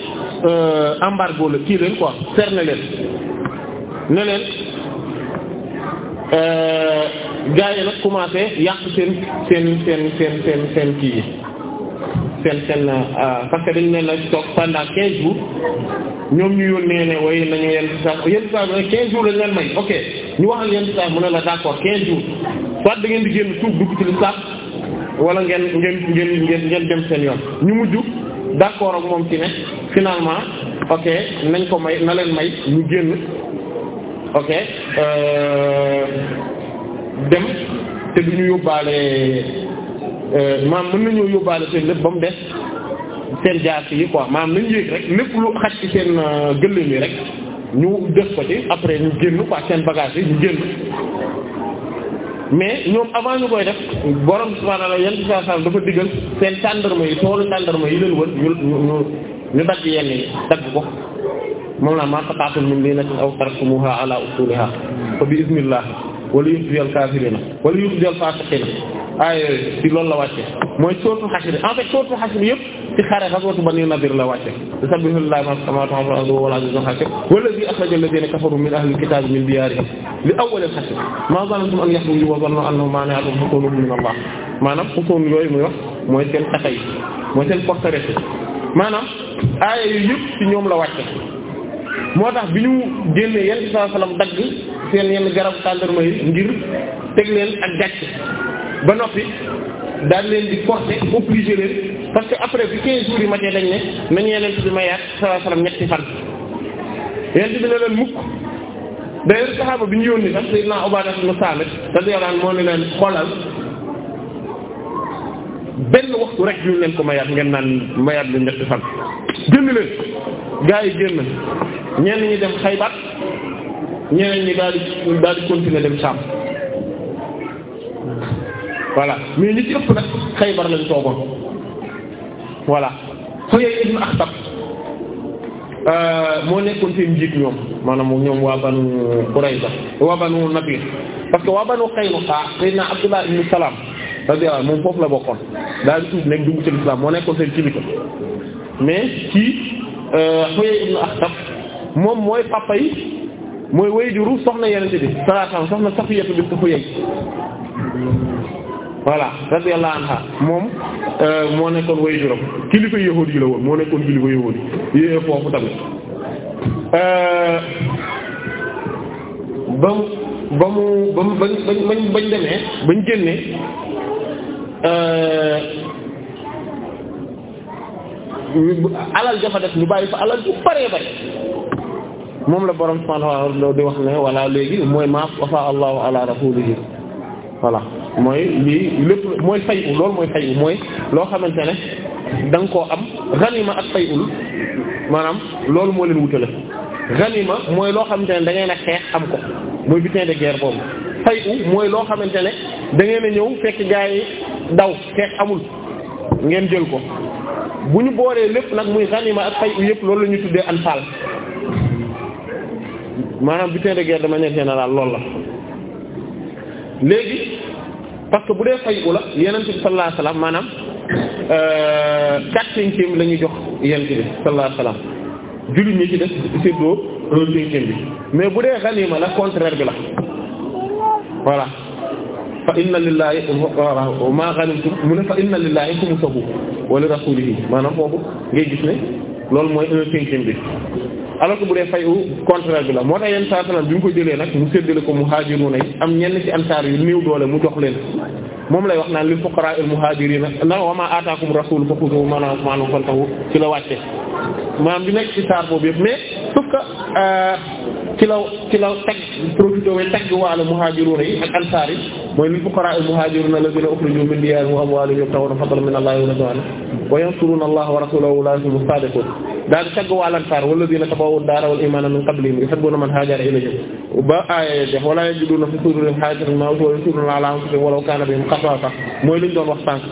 euh, embargo la kii leen quoi fermer leen ne leen. Euh, gaa yi nag commencé yàq seen seen seen seen seen seen kii yi seen seen euh, ah, parce que dañ ne la toog pendant quinze jours ñoom ñu yoon ne way nañu yenn saa yenn saa ne quinze jours lañ leen may ok ñu waxal yenn saa mu ne la d'accord quinze jours soit dangeen di génn tuub dugg ci li sax wala ngeen ngeen ngeen ngeen ngeen dem seen yoon ñu mujj d'accord ak moom ci ne finalement ok nañ ko may na leen may ñu génn ok euh, dem te lu ñu yóbbaale euh, maam mën nañoo yóbbaale seen lépp ba mu des seen jaar yi quoi maam nañu yéeg rek lépp lu xaj ci seen euh, gëléem yi rek ñu def ko ci après ñu génn quoi seen bagage yi ñu génn mais ñoom avant ñu koy def borom subhaanahu wa ta'aala yenn saa saa dafa diggal seen tàndarma yi toolu tàndarma yi leen wër ñu ñu ñu dagg yenn yi dagg ko moom laa maa qata'tum min linatin aw taraktumuha ala usuliha fa bi iznillah wala yuxziyal kaafirina wala yuxziyal faasiqina ay ci loolu la wàcce mooy sóotu Hashr en fait sóotu Hashr yëpp ci xare ghazwatu Bani Nadir la wàcce yusabbihu lillahi ma fis samawati wa ma fil ardi wa huwa al-azizul hakim wallazi akhraja alladhina kafaru min ahli al-kitabi min diyarihim li awwal al-hashr ma zannantum an yakhruju wa zannu annahum mani'atuhum husunuhum min Allah maanaam xusoon yooyu muy wax mooy seen taxay mooy seen portrait maanaam aaya yooyu yëpp ci ñoom la wàcce moo tax bi ñu génnee yenn ci saa salaam dagg seen yenn garab tàndarma yi ngir teg leen ak gàcc ba noppi daal leen di forcer obligé leen parce que après bi 15 jours yi matee dañ ne nañu yeneen bi mayaat saa salaam ñetti fan. yeneen bi ne leen mukk d'ailleurs saxaaba bi ñu yónni sax Seydina Ubaada ibn Saamit radiyallahu anhu moo ne leen xoolal. benn waxtu rek ñu leen ko mayaat ngeen naan mayaat lu ñetti fan génn leen gaa yi génn ñenn ñi dem Xaybar ñeneen ñi daal di daal di continuer dem Saam voilà mais ñi ci ëpp nag Xaybar lañ toogoon voilà Huyay ibn Akhtab euh, moo nekkoon seen njiit ñoom maanaam ñoom waa Banu Qurayza waa parce que waa Banu Qaynuqa Sayyidina Abdullah ibn Salam radiyallahu moom foofu la bokkoon daal di tuub nekk dugg ci lislaam moo nekkoon seen kilifa mais ci Huyay euh, ibn Akhtab moom mooy papa yi mooy wayjuru soxna bi salaatan soxna Safiyatu bint Huyay voilà radiyallahu anha moom euh, moo nekkoon wayjuram kilifa yahuudi yi la woon moo nekkoon kilifa yahuudi yi foofu tamit euh, ba mu ba mu ba mu bañ bañ bañ demee bañ génnee Euh, alal jafa def ñu bàyyi fa alal ju bëree bëri moom la borom subhaanahu wa ta'aala di wax ne voilà léegi mooy ma wafa allahu ala rasulihi voilà mooy lii lépp mooy fayu loolu mooy fayu mooy loo xamante ne da koo am ganima ak fayul maanaam loolu moo leen wutale ganima mooy loo xamante ne da ngay na xeex am ko mooy butin de guerre boobu fay u mooy loo xamante ne da ngeen a ñëw fekk gaa yi daw xeex amul ngeen jël ko bu ñu boolee lépp nag muy xanima ak fay u yëpp loolu la ñu tuddee anfal maanaam butin de guerre de manière générale loolu la léegi parce que bu dee fay u la yeneen bi sallallahu salaam maanaam euh, quatre cinquième la ñu jox yeneen bi sallallahu alayhi wasallam jullit ñi ci def séddoo un cinquième bi mais bu dee ganima la contraire bi la voilà fa inna lillahi wa ma ghanimtum mu ne fa inna lillahi khumsuhu wa li rasulihi maanaam foofu ngay gis ne loolu mooy un cinquième bi alors que bu dee fayu contraire bi la moo tax yenn saa salaam bi mu ko jëlee nag mu séddale ko muhajiruna yi am ñenn ci ansaar yu néew doole mu jox leen moom lay wax naan lil fuqara al muhajirin na wa ma ataakum rasul fa xuzu maanaam maanaam fantahu ci la wàcce nekk ci saar boobu yëpp mais sauf euh, ci la ci la teg profité we teg waale muhaajiruuna yi ak ansaar yi mooy lil fuqaraa al muhaajiruuna la gën a ukhrijuu min diyaarihim wa amwaalihim yabtaghuna fadlan min allahi wa ridwaanahu wa yansuruuna allaha wa rasuulahu ulaa'ika humu saadiquun daal di tagg waa ansaar wallaziina tabawwa'u daara wal iimaana min qablihim yuhibbuuna man haajara ilayhim ba aaya jeex wa laa yajiduuna fii suduurihim haajatan mimmaa uutuu wa yuthiruuna alaa anfusihim wa law kaana bihim khasaasa mooy liñ doon wax sànq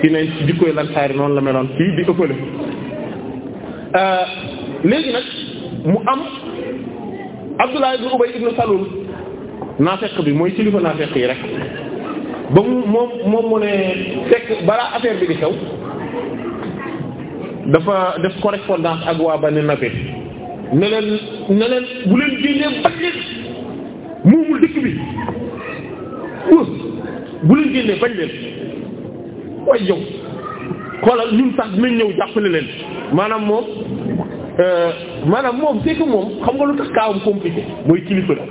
ci ne jikkoy ansaar yi noonu la meloon fii di ëppale léegi nag mu am Abdullah ibn Ubay ibn Salul naafeq bi mooy kilifa naafeq yi rek ba mu moom moom mu ne fekk balaa affaire bi di xew dafa def correspondance ak waa Bani ne leen ne leen bu leen génnee bañ leen moomul dëkk bu leen génnee bañ leen waaye yow xoolal ñun sax dinañ ñëw jàppale leen maanaam moom. Euh, maanaam moom c'est moom xam nga lu tax kaawam compliqué mooy kilifa la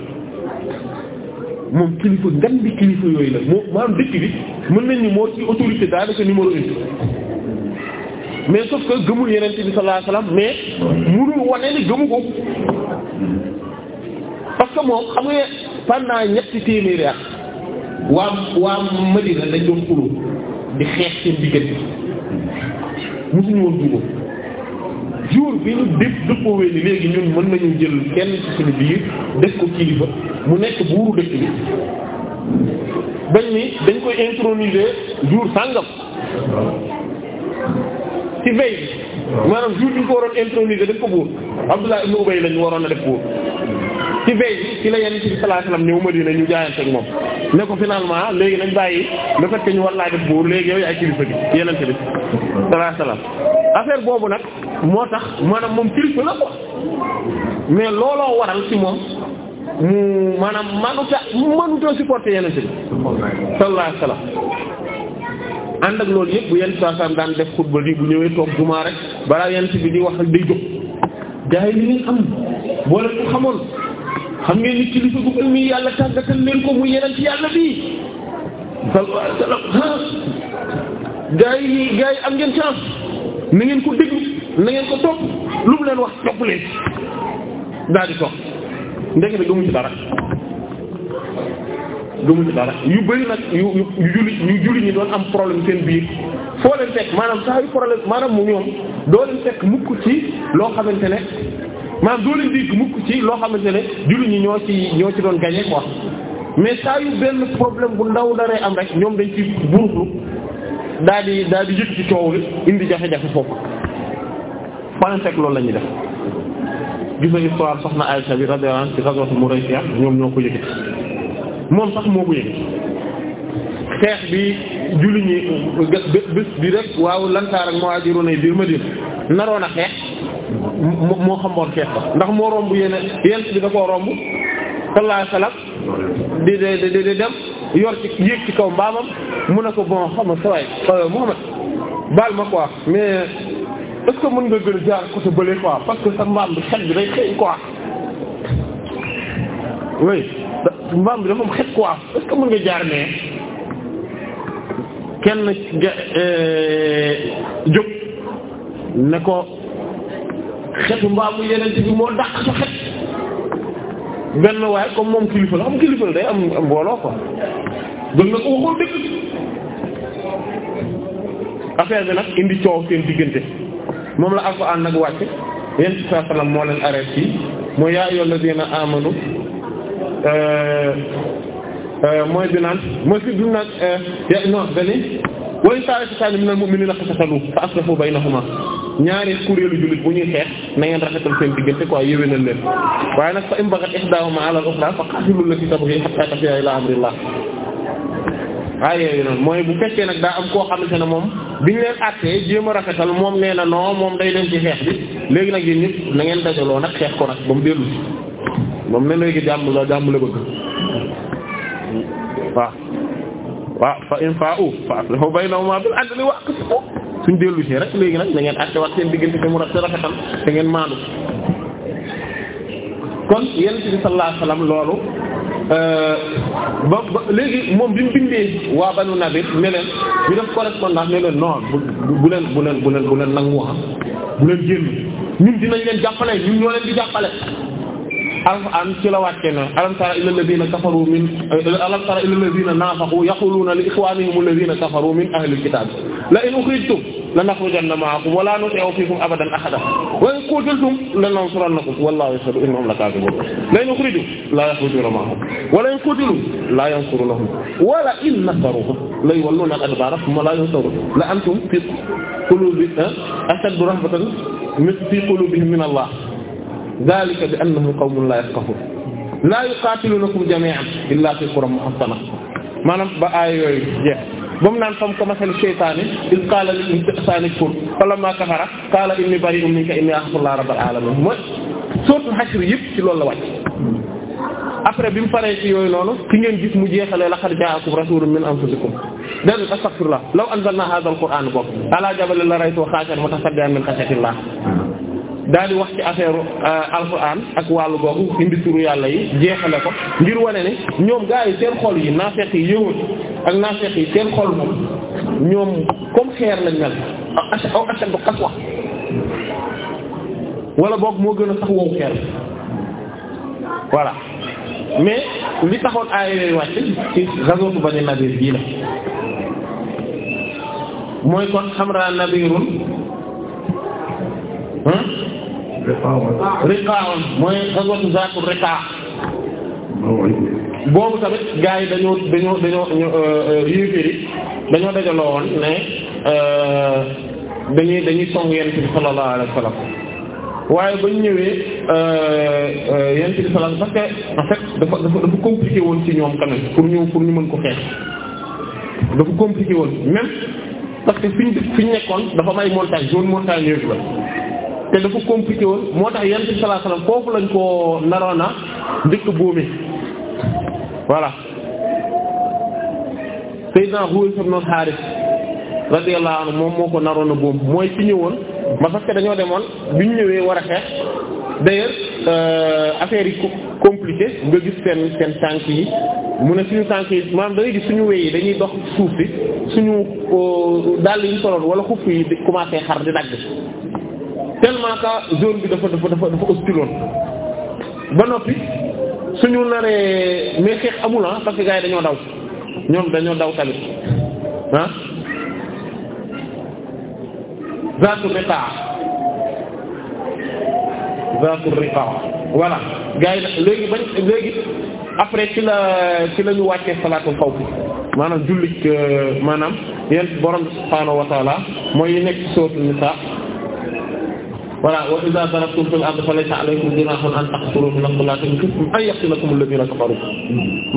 moom kilifa ngan bi kilifa yooyu la moom maanaam dëkk bi mën nañ moo ci autorité daanaka numéro une mais sauf que gëmul yeneen bi sallallahu alayhi wasallam mais mënul wane ni gëmu ko parce que moom xam nga pendant ñetti téeméeri at waa waa Madina dañ doon xuloo di xeex seen diggante mosuñu woon dugg jour bi ñu dëpp dëppoowee ni léegi ñun mën nañu jël kenn ci suñu biir def ko kilifa mu nekk buuru dëkk bi bañ mi dañ koy introniser jour sàngam ci veille bi maanaam jour bi ñu ko waroon introniser def buur Abdullah ibn lañu waroon a def buur ci veille bi ci la yenn ci sallallahu alayhi wasallam ñëw ñu jaayante ak moom ne ko finalement léegi nañ bàyyi le fait que ñu war laa def buur léegi yow yaay kilifa bi yenente bi sallallahu alayhi boobu nag moo tax maanaam moom kilifa la ko mais looloo waral ci moom mu maanaam manuta manuta supporter yeneen si laa alayhi wasallam ànd ak loolu yëpp bu yenn saa saa daan def xutba bi bu ñëwee toog jumaa rek balaa yenn si bi di wax ak day jóg gaa li ngeen am boole bu xamoon xam ngeen ni kilifa bu ummi yàlla tàggatal leen ko mu yeneen ci yàlla bi sallallahu alayhi wasallam gaa am ngeen chance na ko déglu na ngeen ko topp lu mu leen wax topp leen daal di topp ndekete gëmu ci dara gëmu ci dara yu bëri nag yu yu yu julli yu julli ñi doon am problème seen biir foo leen fekk maanaam saa yu problème maanaam mu ñoom doo leen fekk mukk ci loo xamante ne maanaam doo leen dégg mukk ci loo xamante ne julli ñi ñoo ci ñoo ci doon gagné quoi mais saa yu benn problème bu ndaw dara am rek ñoom dañ ci buruxlu daal di daal di yëg ci coow li indi jafe-jafe foofu. point sec loolu la ñuy def gis nga histoire soxna Aysa bi radiyallahu anha ci ghazwat Muraysiya ñoom ñoo ko yëkkati moom sax moo ko yëkkati xeex bi julli ñi bés bi rek waaw lantaar ak muhaajiruuna biir Madina naroon a xeex moo xamoon xeex ba ndax moo romb yenn yenn bi da koo romb sallallahu alayhi di di di di dem yor ci yéeg ci kaw mbaamam mu ne ko bon xam nga sa waay baal ma quoi mais. est ce que mën nga gën a jaar côté bële quoi parce que sa mbaam bi xet bi day xëy quoi oui mbaam bi dafa am xet quoi est ce que mën nga jaar ne kenn ga euh, jóg ne ko xetu mbaamu yeneen bi moo dàq sa xet benn waaye comme moom kilifa la xam kilifa la day am am mbooloo quoi gën na ko waxoon dëgg affaire bi nag indi coow seen diggante. moom la am ko wàcc yéen ci saa salaam moo leen arrêté fii mooy yaa ayyuhal lazina amanu euh, euh, mooy bi naan mooy fi dum naan euh, ya non dani wa in ta'ifatani minal mu'minina iqtatalu fa aslihu baynahuma ñaari kuréelu jullit bu ñuy xeex na ngeen rafetal seen diggante quoi leen waaye nag fa in baghat ihdahuma 'ala al-ukhra fa qatilu allati tabghi hatta waaye yooyu noonu mooy bu fekkee nag daa am koo xamante ne moom biñ leen àttee jéem a rafetal moom nee na noo moom day leen ci xeex bi léegi nag yéen ñëpp na dajaloo nag xeex ko nag ba mu dellu si moom ne léegi jàmm la jàmm la bëgg waaw waaw fa in fa'u fa aslihu baynahuma bil adli wa aqsitu suñ dellu si rek léegi nag na ngeen àtte seen diggante te mu rafetal te ngeen maandu kon yonent bi sallallahu alayhi loolu Euh, ba ba léegi moom bi mu bindee waa ba banu Nadir ne leen ñu def correspondance ne leen non bu leen bu leen bu leen bu leen nangu wax bu leen génn ñun dinañ leen jàppale ñun ñoo leen di jàppale alquran ci la wàcce na alam tara ila alladhina kafaru min alam tara ila alladhina nafaqu yaquluna li ikhwanihim alladhina kafaru min ahli alkitab la in ukhrijtum lanakhrujanna ma'akum wa la nuti'u fikum abadan ahada wa in qutiltum lanansurannakum wallahu yashhadu innahum lakazibun la in ukhrijtum la yakhrujuna ma'akum wa la in qutilu la yansurunahum wa la in nasaruhum la yawalluna al-adbara thumma la yansurun la antum fi qulubi ah, ashaddu rahbatan min fi qulubihim min Allah zalika bi annahum qawmun la yafqahun la yuqatilunakum jami'an illa fi qura muhassana maanaam ba aay yooyu jeex ba mu naan fam ko masal shaytaani il qaala li insaani kfur falammaa kafara qaala inni bari'un minka inni axafullaha rabbal alamin mooy sootu Hashr yëpp ci loolu la wàcc après bi mu paree ci yooyu noonu ki ngeen gis mu jeexalee laqad jaa'akum rasuulun min anfusikum dan astaghfirullah law anzalna hadha alquran bok ala jabalin la ra'aytuhu khashi'an mutasaddian min khashyatillah daal di wax ci affaire euh, alxuraan ak wàll boobu indi turu yàlla yi jeexale ko ngir wane ne ñoom gaa yi seen xol yi naafeq yi yëwut ak naafeq yi seen xol moom ñoom comme xeer lañ mel aw ashadu qaswa wala boog moo gën a sax wow xeer voilà mais li taxoon aaya wàcc ci gazwatu Bani Nadir bii la mooy kon Hamra Nadirun riqaawan mooy xaswatu zaatul riqaa boobu tamit gars yi dañoo dañoo dañoo euh, yéeféeri dañoo dajaloo euh, dañuy dañuy song yonent bi sallallahu alayhi wa waaye ba ñu ñëwee euh, yonent bi dafa dafa dafa compliqué woon ci ñoom quand pour ñu pour ñu mën ko xeex dafa compliqué woon même parce que fi fi ñu nekkoon dafa may montagne zone montagneuse la te dafa compliqué woon moo tax yonent bi sallallahu alayhi foofu lañ ko naroon a ndëkk buumi voilà Seydina Ruways ibn Harith radiyallahu moom moo ko naroon a buum mooy ci ñëwoon ma parce que dañoo demoon bi ñu ñëwee war a xeex d'ailleurs euh, affaire yi nga gis seen seen tànk yi mu ne suñu tànk yi maanaam da ngay gis suñu wéy yi dañuy dox suuf si suñu euh, dàll yi ñu soloon wala xuf yi di commencé xar di dagg tellement que zone bi dafa dafa dafa dafa obstiloon ba noppi suñu naree mais xeex amul ah parce que yi dañoo daw ñoom dañoo daw tamit ah zaatu riqa zaatu riqa voilà gars yi léegi bañ léegi après ci la ci la ñu wàccee salaatul xawf maanaam jullit euh, maanaam yéen borom subhaanahu wa mooy yi nekk ci sootu nisaa voilà wa idha darabtum fil ardi falaysa alaykum junahun an taqsuru min as-salati in khiftum an yaftinakum alladhina kafaru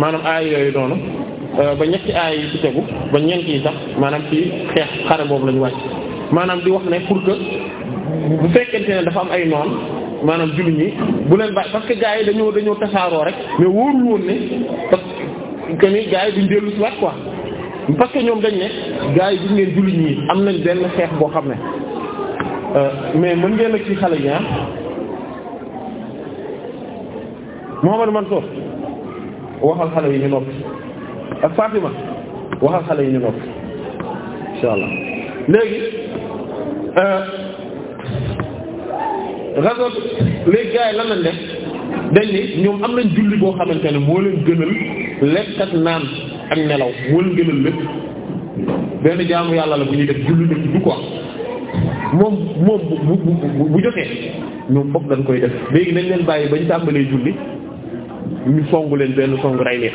maanaam aay yooyu noonu euh, ba ñetti aay yi ci tegu ba ñeent yi sax maanaam ci xeex xare boobu lañu wàcc maanaam di wax ne pour que bu fekkente ne dafa am ay noon maanaam jullit ñi bu leen baax parce que gars yi dañoo dañoo tasaaroo rek mais wóorul woon ne parce que ni yi duñ dellu ci waat quoi parce que ñoom dañ ne gars yi duñ leen jullit ñi am nañ benn xeex boo xam ne Euh, mais mën ngeen a kii xale yi ah Mouhamadou Mansour waxal xale yi ñu noppi ak Fatima waxal xale yi ñu noppi insha allah léegi euh, raison léegi gars yi lan lañ def dañ ni ñoom am nañ julli boo xamante ne moo leen gënal lekk ak naan ak nelaw moo leen gënal lépp benn jaamu yàlla la bu ñuy def julli na du quoi moom moom bu bu bu jotee ñoom foofu dañ koy def léegi nañ leen bàyyi ba ñu tàmbalee julli ñu songu leen benn songu rey leen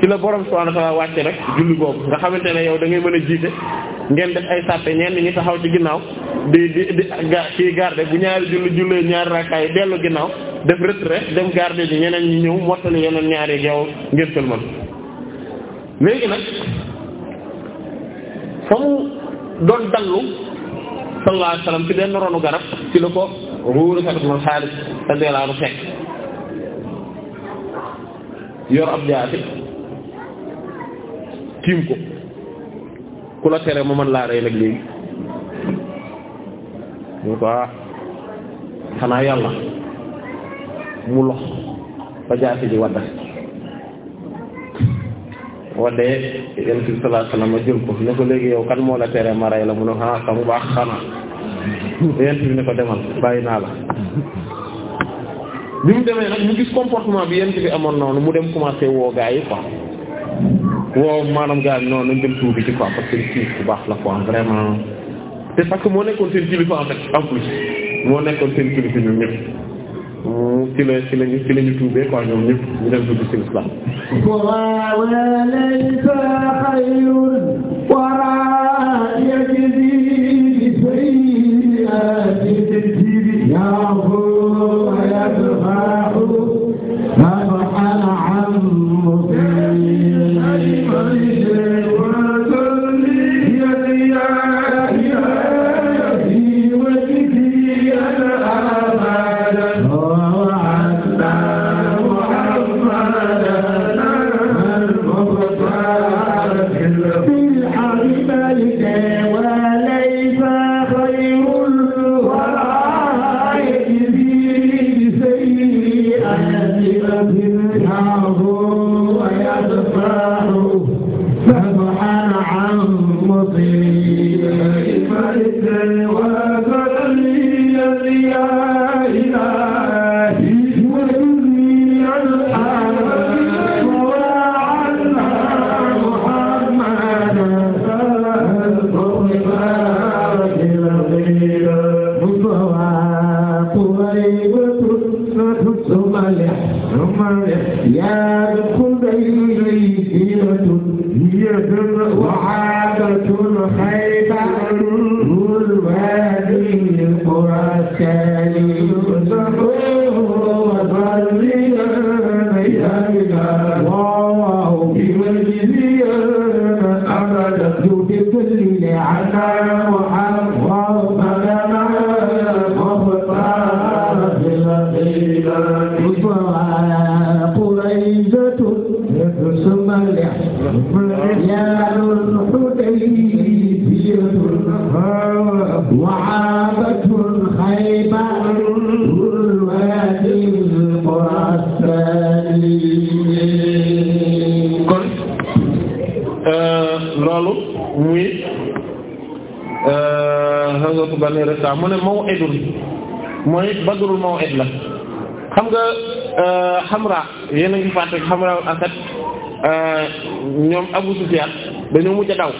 ci la borom subhanahu wa ta'ala wàcce rek julli boobu nga xamante ne yow da ngay mën a jiite ngeen def ay sàppe ñenn ñi taxaw ci ginnaaw di di di ga kii garder bu ñaari julli jullee ñaari rakkaay dellu ginnaaw def retrait dem garder ji ñeneen ñi ñëw mottali yeneen ñaari yow ngeen tël man léegi nag fa mu doon dallu sallallahu alayhi wasallam ci benn ronu garab ci la ko ruuru satbul xaalis radiyallahu anhu yor ab jaati tiim ko ku la tere ma mën laa rey nag léegi ñu ko ah, xanaa yàlla mu lox ba jaati ji wadda waddee yonent bi sallallahu alayhi wasallam jël ko ne léegi yow kan moo la tere ma rey la mu ne ah ka mu baax xanaa yonent bi ne ko demal bàyyi naa la bi mu demee nag mu gis comportement bi yonent bi amoon noonu mu dem commencé woo gaa yi quoi woo maanaam gaa yi noonu nañ dem tuubi ci quoi parce que kii bu baax la quoi vraiment te parce que moo nekkoon seen kilifa en en plus moo nekkoon seen kilifa ñun ci la ci la ñu ci la ñu tuubee quoi ñoom ñëpp ñu dem dugg ci islam waaw alayhi salaam mu ne maw'idun mooy badrul maw'id la xam nga xamra euh, yéen a ngi fàtte xamra asad euh, ñoom Abu Sufyan dañoo mujj a daw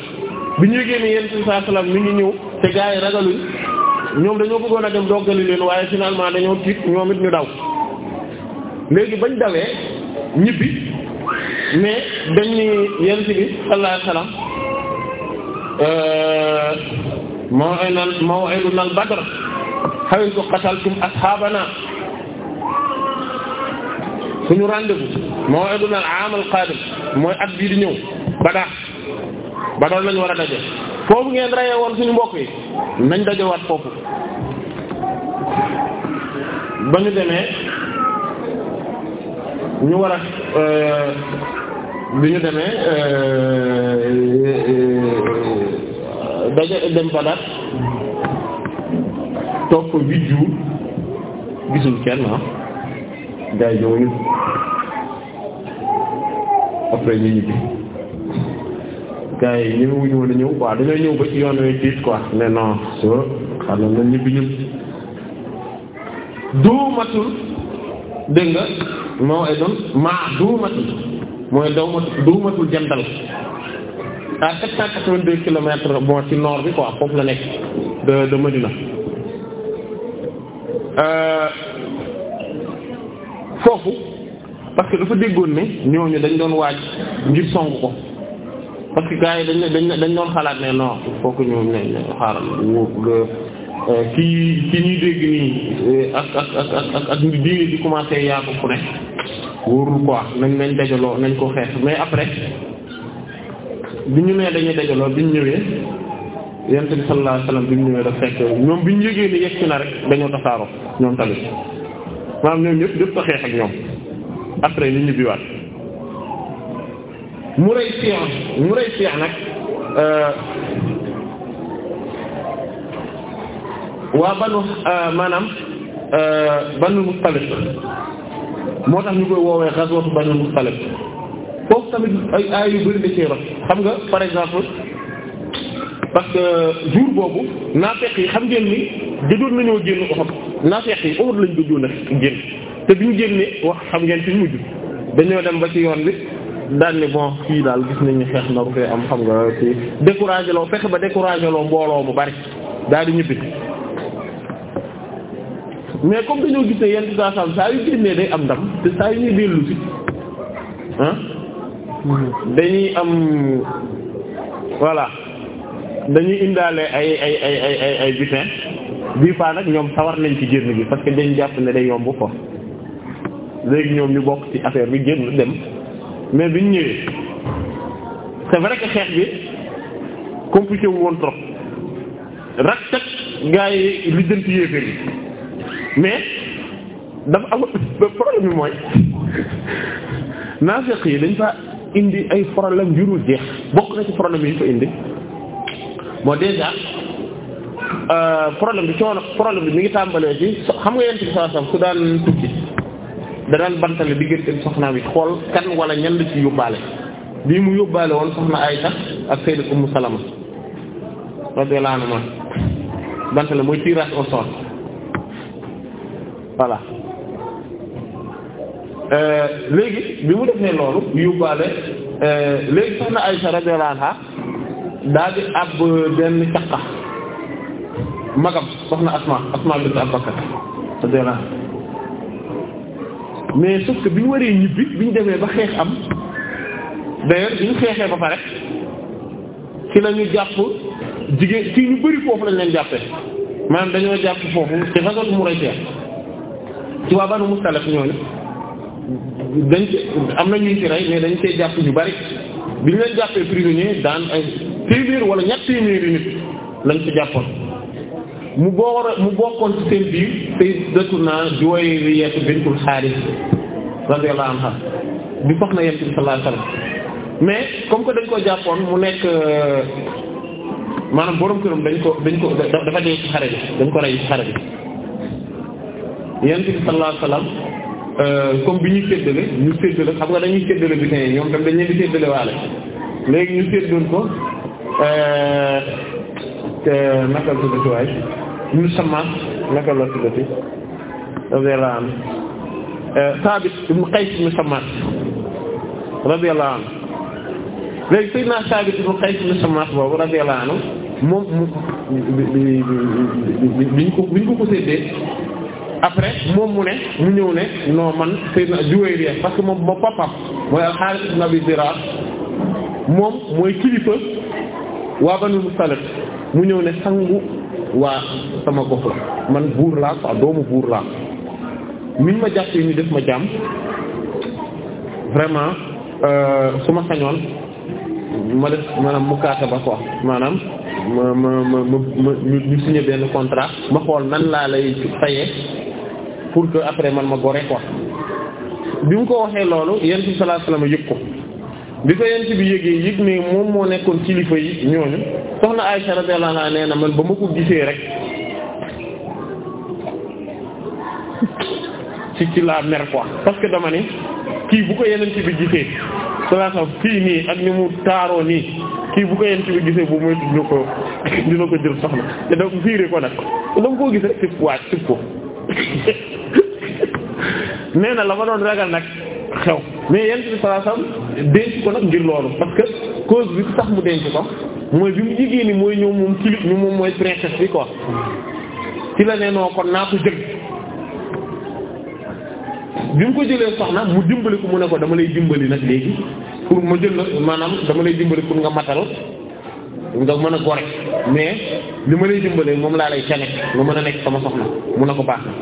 bi ñuy génne yéen si saa salaam mi ngi ñëw te gaa yi ragaluñ ñoom dañoo bëggoon a dem doggali leen waaye finalement dañoo tiit ñoom it ñu daw léegi bañ dawee ñibbi mais dañ ni yéen si bi maw'iduna maw'iduna al-badr haythu qataltum ashabana suñu rendez-vous maw'iduna al-aam al-qaadim mooy at bii di ñëw Badar Badar lañu war a daje foofu ngeen rayee suñu mbokk yi nañ dajewaat foofu ba ñu demee ñu war a euh, bi ñu demee euh, euh, daja dem Badar toog ko huit gisul kenn ah gars yi ñëwuñu après ñu ñibbi gars yi ñëwuñu woon a ñëw quoi dañoo ñëw ba ci yoon wi tiit quoi mais non so xam na na ñibbi ñun duumatul dégg nga moo ay maa duumatul mooy daw matul duumatul jandal à 782 kilomètres bon ci nord bi quoi foofu la nekk de de Medina euh, foofu parce que dafa déggoon ñëw ñu dañ doon waaj ngir song ko parce que gars yi dañ dañ dañ doon xalaat ne non fokk ñu ne xaaral wóor euh, kii ñuy dégg nii euh, ak ak ak ak ak diine di commencé yaatu ku ne wóorul quoi nañ nañ dajaloo nañ ko xeex mais après. bi ñu nee dañuy dajaloo bi ñu ñëwee yonent bi sallallahu alayhi wasallam bi ñu ñëwee daf fekk ñoom bi ñu yëgee ni yegg si na rek dañoo tasaaroo ñoom tamit maanaam ñoom ñëpp ñëpp a xeex ak ñoom après ñu ñibbiwaat mu rey seex mu rey seex nag euh, waa banu euh, maanaam euh, banu Mustalik moo tax ñu koy woowee ghazwatu banu Mustalik foofu tamit ay ay yu bari da cee xam nga par exemple parce que jour boobu naafeq yi xam ngeen ni gëjoon nañoo génn Uhud naafeq yi Uhud lañ gëjoon a génn te bi ñu génnee wax xam ngeen fi mujj dañoo dem ba ci yoon bi daal bon fii daal gis nañ ni xeex na fee am xam nga ci découragé loo fexe ba découragé loo mbooloo mu bari daal di ñibbi mais comme dañoo gis ne yenn saa saa yu génnee day am ndam te saa yu ñuy dellu si dañuy am voilà dañuy indaale ay ay ay ay ay ay butin bii faa nag ñoom sawar nañ ci génn bi parce que dañ jàpp ne day yomb ko léegi ñoom ñu bokk ci affaire bi génn dem mais biñ ñëwee c'est vrai que xeex bi compliqué wu woon trop rak tak gars yi lijjanti yéeféer yi mais dafa am problème bi mooy naafiq yi dañ fa indi ay problème jurul jeex bokk na ci problème yi ko indi moo déjà euh, problème bi coono problème bi mi ngi tàmbalee ci xam nga yent bi saa sam su daan tukki da daan bantale diggante soxnaam bi xool kan wala ñan ci yóbbaale bii mu yóbbaale woon soxna Aysa ak Sayyidatu Ummu laa radiyallahu anha bantale mooy tirage au sort Euh, léegi bi mu def loolu yóbbaale euh, léegi soxna Aysa radiyallahu anha daal di ab benn caqa magam soxna Asma Asma bint Abu Bakr radiyallahu anha mais sauf que bi ñu waree ñibbi bi ñu demee ba xeex am d'ailleurs bi ñu xeexee ba pare ci la ñu jàpp jigéen ci ñu bari foofu lañ leen jàppee maanaam dañoo jàpp foofu te façon mu rey ci waa Banu Mustalaq ñooñu dañ ci am na ñuy ci rey mais dañ cee jàpp yu bari bi ñu leen jàppee prisonnier daan ay téeméer wala ñett téeméeri nit lañ ci jàppoon mu boor mu bokkoon ci seen biir sayyidatuna Juwayriya bintul Haaris radiyallahu anha bi soxna Yonent bi sallallahu alayhi wasallam mais comme que dañ ko jàppoon mu nekk maanaam borom këram dañ ko dañ ko dafa dee ci xare bi dañ ko rey ci xare bi Yonent bi sallallahu alayhi wasallam comme bi ñuy séddale ñu séddale xam nga dañuy séddale bulletins yi ñoom tam dañ leen di séddale waale léegi ñu séddoon ko naka la tuddati waay ñu sama naka la tuddati radiyallahu anhu Saabit ibn Qays ibn Sammaan radiyallahu anhu léegi Seydina Saabit ibn Qays ibn Sammaan boobu radiyallahu anhu moom mu bi ñu ko bi ñu ko ko séddee après moom mu ne mu ñëw ne non man Seydina parce que moom moom papam mooy al-Harith ibn Abi moom mooy kilifa waa Banu Mustalik mu ñëw ne sangu waa sama gox la man buur laa quoi doomu buur laa miñ ma jàpp yi ñu def ma jàmm vraiment euh, su ma sañoon ma def maanaam mu kaata ba quoi maanaam ma ma ma ma ñu signé benn contrat ma xool nan laa lay fayee pour que après man ma gore quoi bi mu ko waxee loolu yonent bi sallallahu alayhi wasallam yëg ko bi ko yonent bi yëgee yëg ne moom moo nekkoon kilifa yi ñooñu soxna Aysa radiyallahu anha nee na man ba ma ko gisee rek ci ci la mer quoi parce que dama ne kii bu ko yonent bi gisee sallallahu alayhi kii nii ak ni mu taaroo nii kii bu ko yonent bi gisee bu moytu dina ko dina ko jël soxna te da fiiree ko nag dama koo gis rek sëpp waaj ko nee na la ma doon ragal nag xew mais yent bi denc ko nag ngir loolu parce cause bi tax mu denc ko mooy bi mu jigéen ni mooy ñëw moom kilif moom mooy princesse bi quoi ci la neenoo kon naa ko jël bi mu ko jëlee soxna mu dimbali ko mu ne ko dama lay dimbali nag léegi pour ma jël nag maanaam dama lay dimbali pour nga matal nga mën a gore mais li ma lay dimbali moom laa lay ca nga mën a nekk sama soxna mu ne ko baax na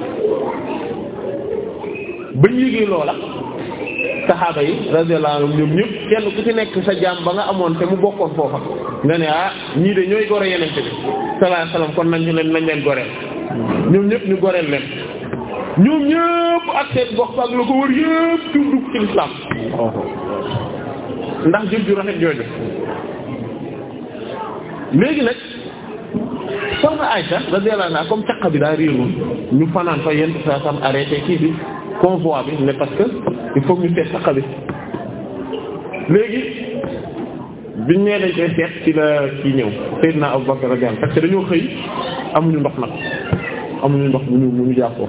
bañ yégee loola saxaaba yi radiyallahu anhum ñoom ñëpp kenn ku ci nekk sa jaam ba nga amoon te mu bokkoon foofa nga ne ah ñii de ñooy gore yenente bi sallallahu alayhi wasallam kon nañ leen goreel ñoom ñëpp ñu goreel leen ñoom ñëpp ak seen gox ak la ko wër yëpp ci dugg ndax jëf ju rafet jooju léegi nag soxna Aysa radiyallahu anha comme caq bi daa réeroon ñu fanaan fa yenn saa sam arrêté kii bi convoi bi mais parce que il faut ñu seet caq bi léegi biñ nee dañ koy ci la kii ñëw Seydina Abu Bakr radiyallahu parce que dañoo xëy amuñu ndox nag amuñu ndox mu ñu mu ñu jàppoo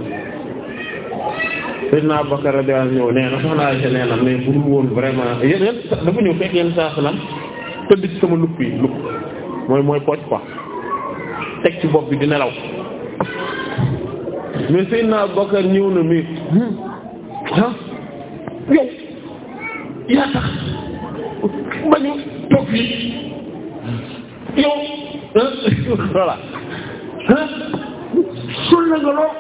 Seydina Abu Bakr radiyallahu ñëw nee na soxna Aysa nee na mais budul woon vraiment yéen dafa ñëw fekk yenn saa salaam tëdd ci sama lupp yi lupp mooy mooy pooj quoi teg ci bopp bi di nelaw mais naa Abubakar ñëw na mais ah yow yaa tax bañu toog fii yow ah, voilà ah, sul na nga lool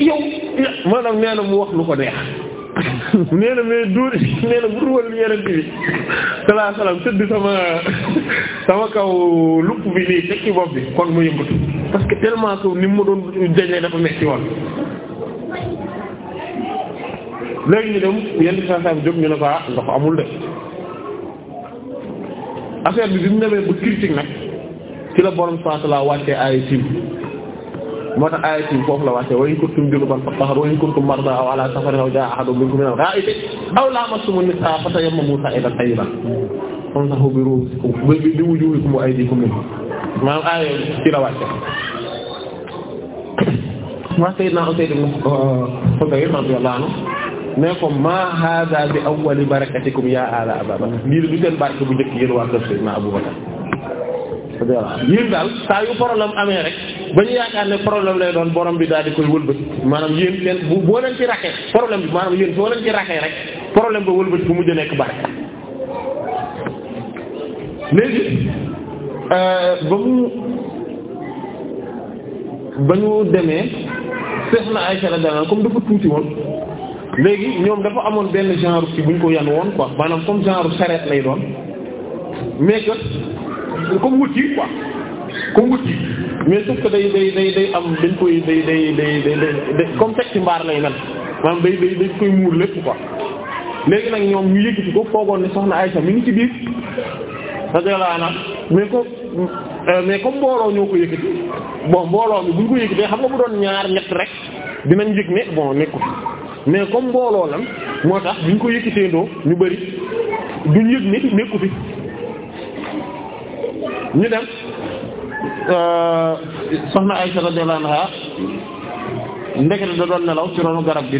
yow maanaam nee na mu wax lu ko neex nee na mais duur nee bu dul woon yeneen bi salaa salaam sama sama kaw lupp bi nii tekki bopp bi kon mu yëngatu parce que tellement que ni mu ma doon jañee dafa metti woon. léegi ñu dem yenn saa saa jóg ñu ne ko ah ndox amul de affaire bi bi mu demee ba nag ci la borom saa la wàccee ay sim. moo tax aaya ci foofu la wàcce wa in kuntum junuban fattahharu wa in kuntum marda aw ala safarin aw jaa'a ahadun minkum minal ghaa'iti aw lamastum an-nisaa fatayammamu sa'idan tayyiban famsahu bi ru'uusikum bi wujuuhikum wa aydiikum minhu maanaam aaya ci la wàcce ma sayyidna Usayd ibn uh, Hudayr radiyallahu anhu ne ko ma haaza bi awwali barakatikum yaa aala Abaa Bakr lii du seen barke bu njëkk yéen waa kër sayyidna Abuu Bakr yéen daal saa yu problème amee rek ba ñu yaakaar ne problème lay doon borom bi daal di koy wëlbati maanaam yéen leen bu boo leen ci raxee problème bi maanaam yéen boo leen ci raxee rek problème ba wëlbati bu mujj nekk barke léegi euh, ba mu ba ñu demee seex na Aysa radiyallahu comme dafa tuuti woon léegi ñoom dafa amoon benn genre ci bu ñu ko yan woon quoi maanaam comme genre charrette lay doon mais que comme wuti quoi comme wuti mais sauf que day day day day am dañ koy day day day day comme teg ci mbaar lay mel maanaam day day dañ koy muur lépp ko léegi nag ñoom ñu yëkkati ko foogoon ne soxna Aysa mi ngi ci biir radiyallahu anha mais ko euh, mais comme mbooloo ñoo ko yëkkati boo mbooloo mi buñ ko yëkkatee xam nga bu doon ñaar ñett rek dinañ yëg ne bon nekkul mais comme mbooloo lam moo tax buñ ko yëkkatee ndoo ñu bari duñ yëg ne nekku ñu dem. Euh, soxna Aysa radiyallahu anha ndekete da doon nelaw ci ronu garab gi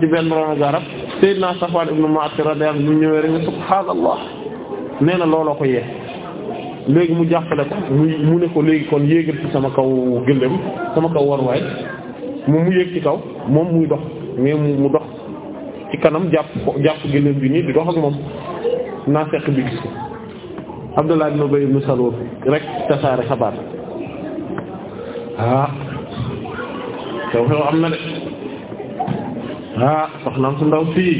ci benn ronu garab Seydina Safwan ibn Mu'attal radiyallahu anhu ñëwee rek subhaanallah nee na looloo ko yee léegi mu jàppale ko mu ne ko léegi kon yéegal ci sama kaw gëléem sama kaw waruwaay moom mu yéeg ci kaw moom muy dox mais mu dox ci kanam jàpp ko jàpp gëléem bi nii di dox ak moom naa fekk bi gis ko Abdullah ibn Ubay ibn Salul rek tasaare xabaar ah xew xew am na de ah soxnaam su ndaw fii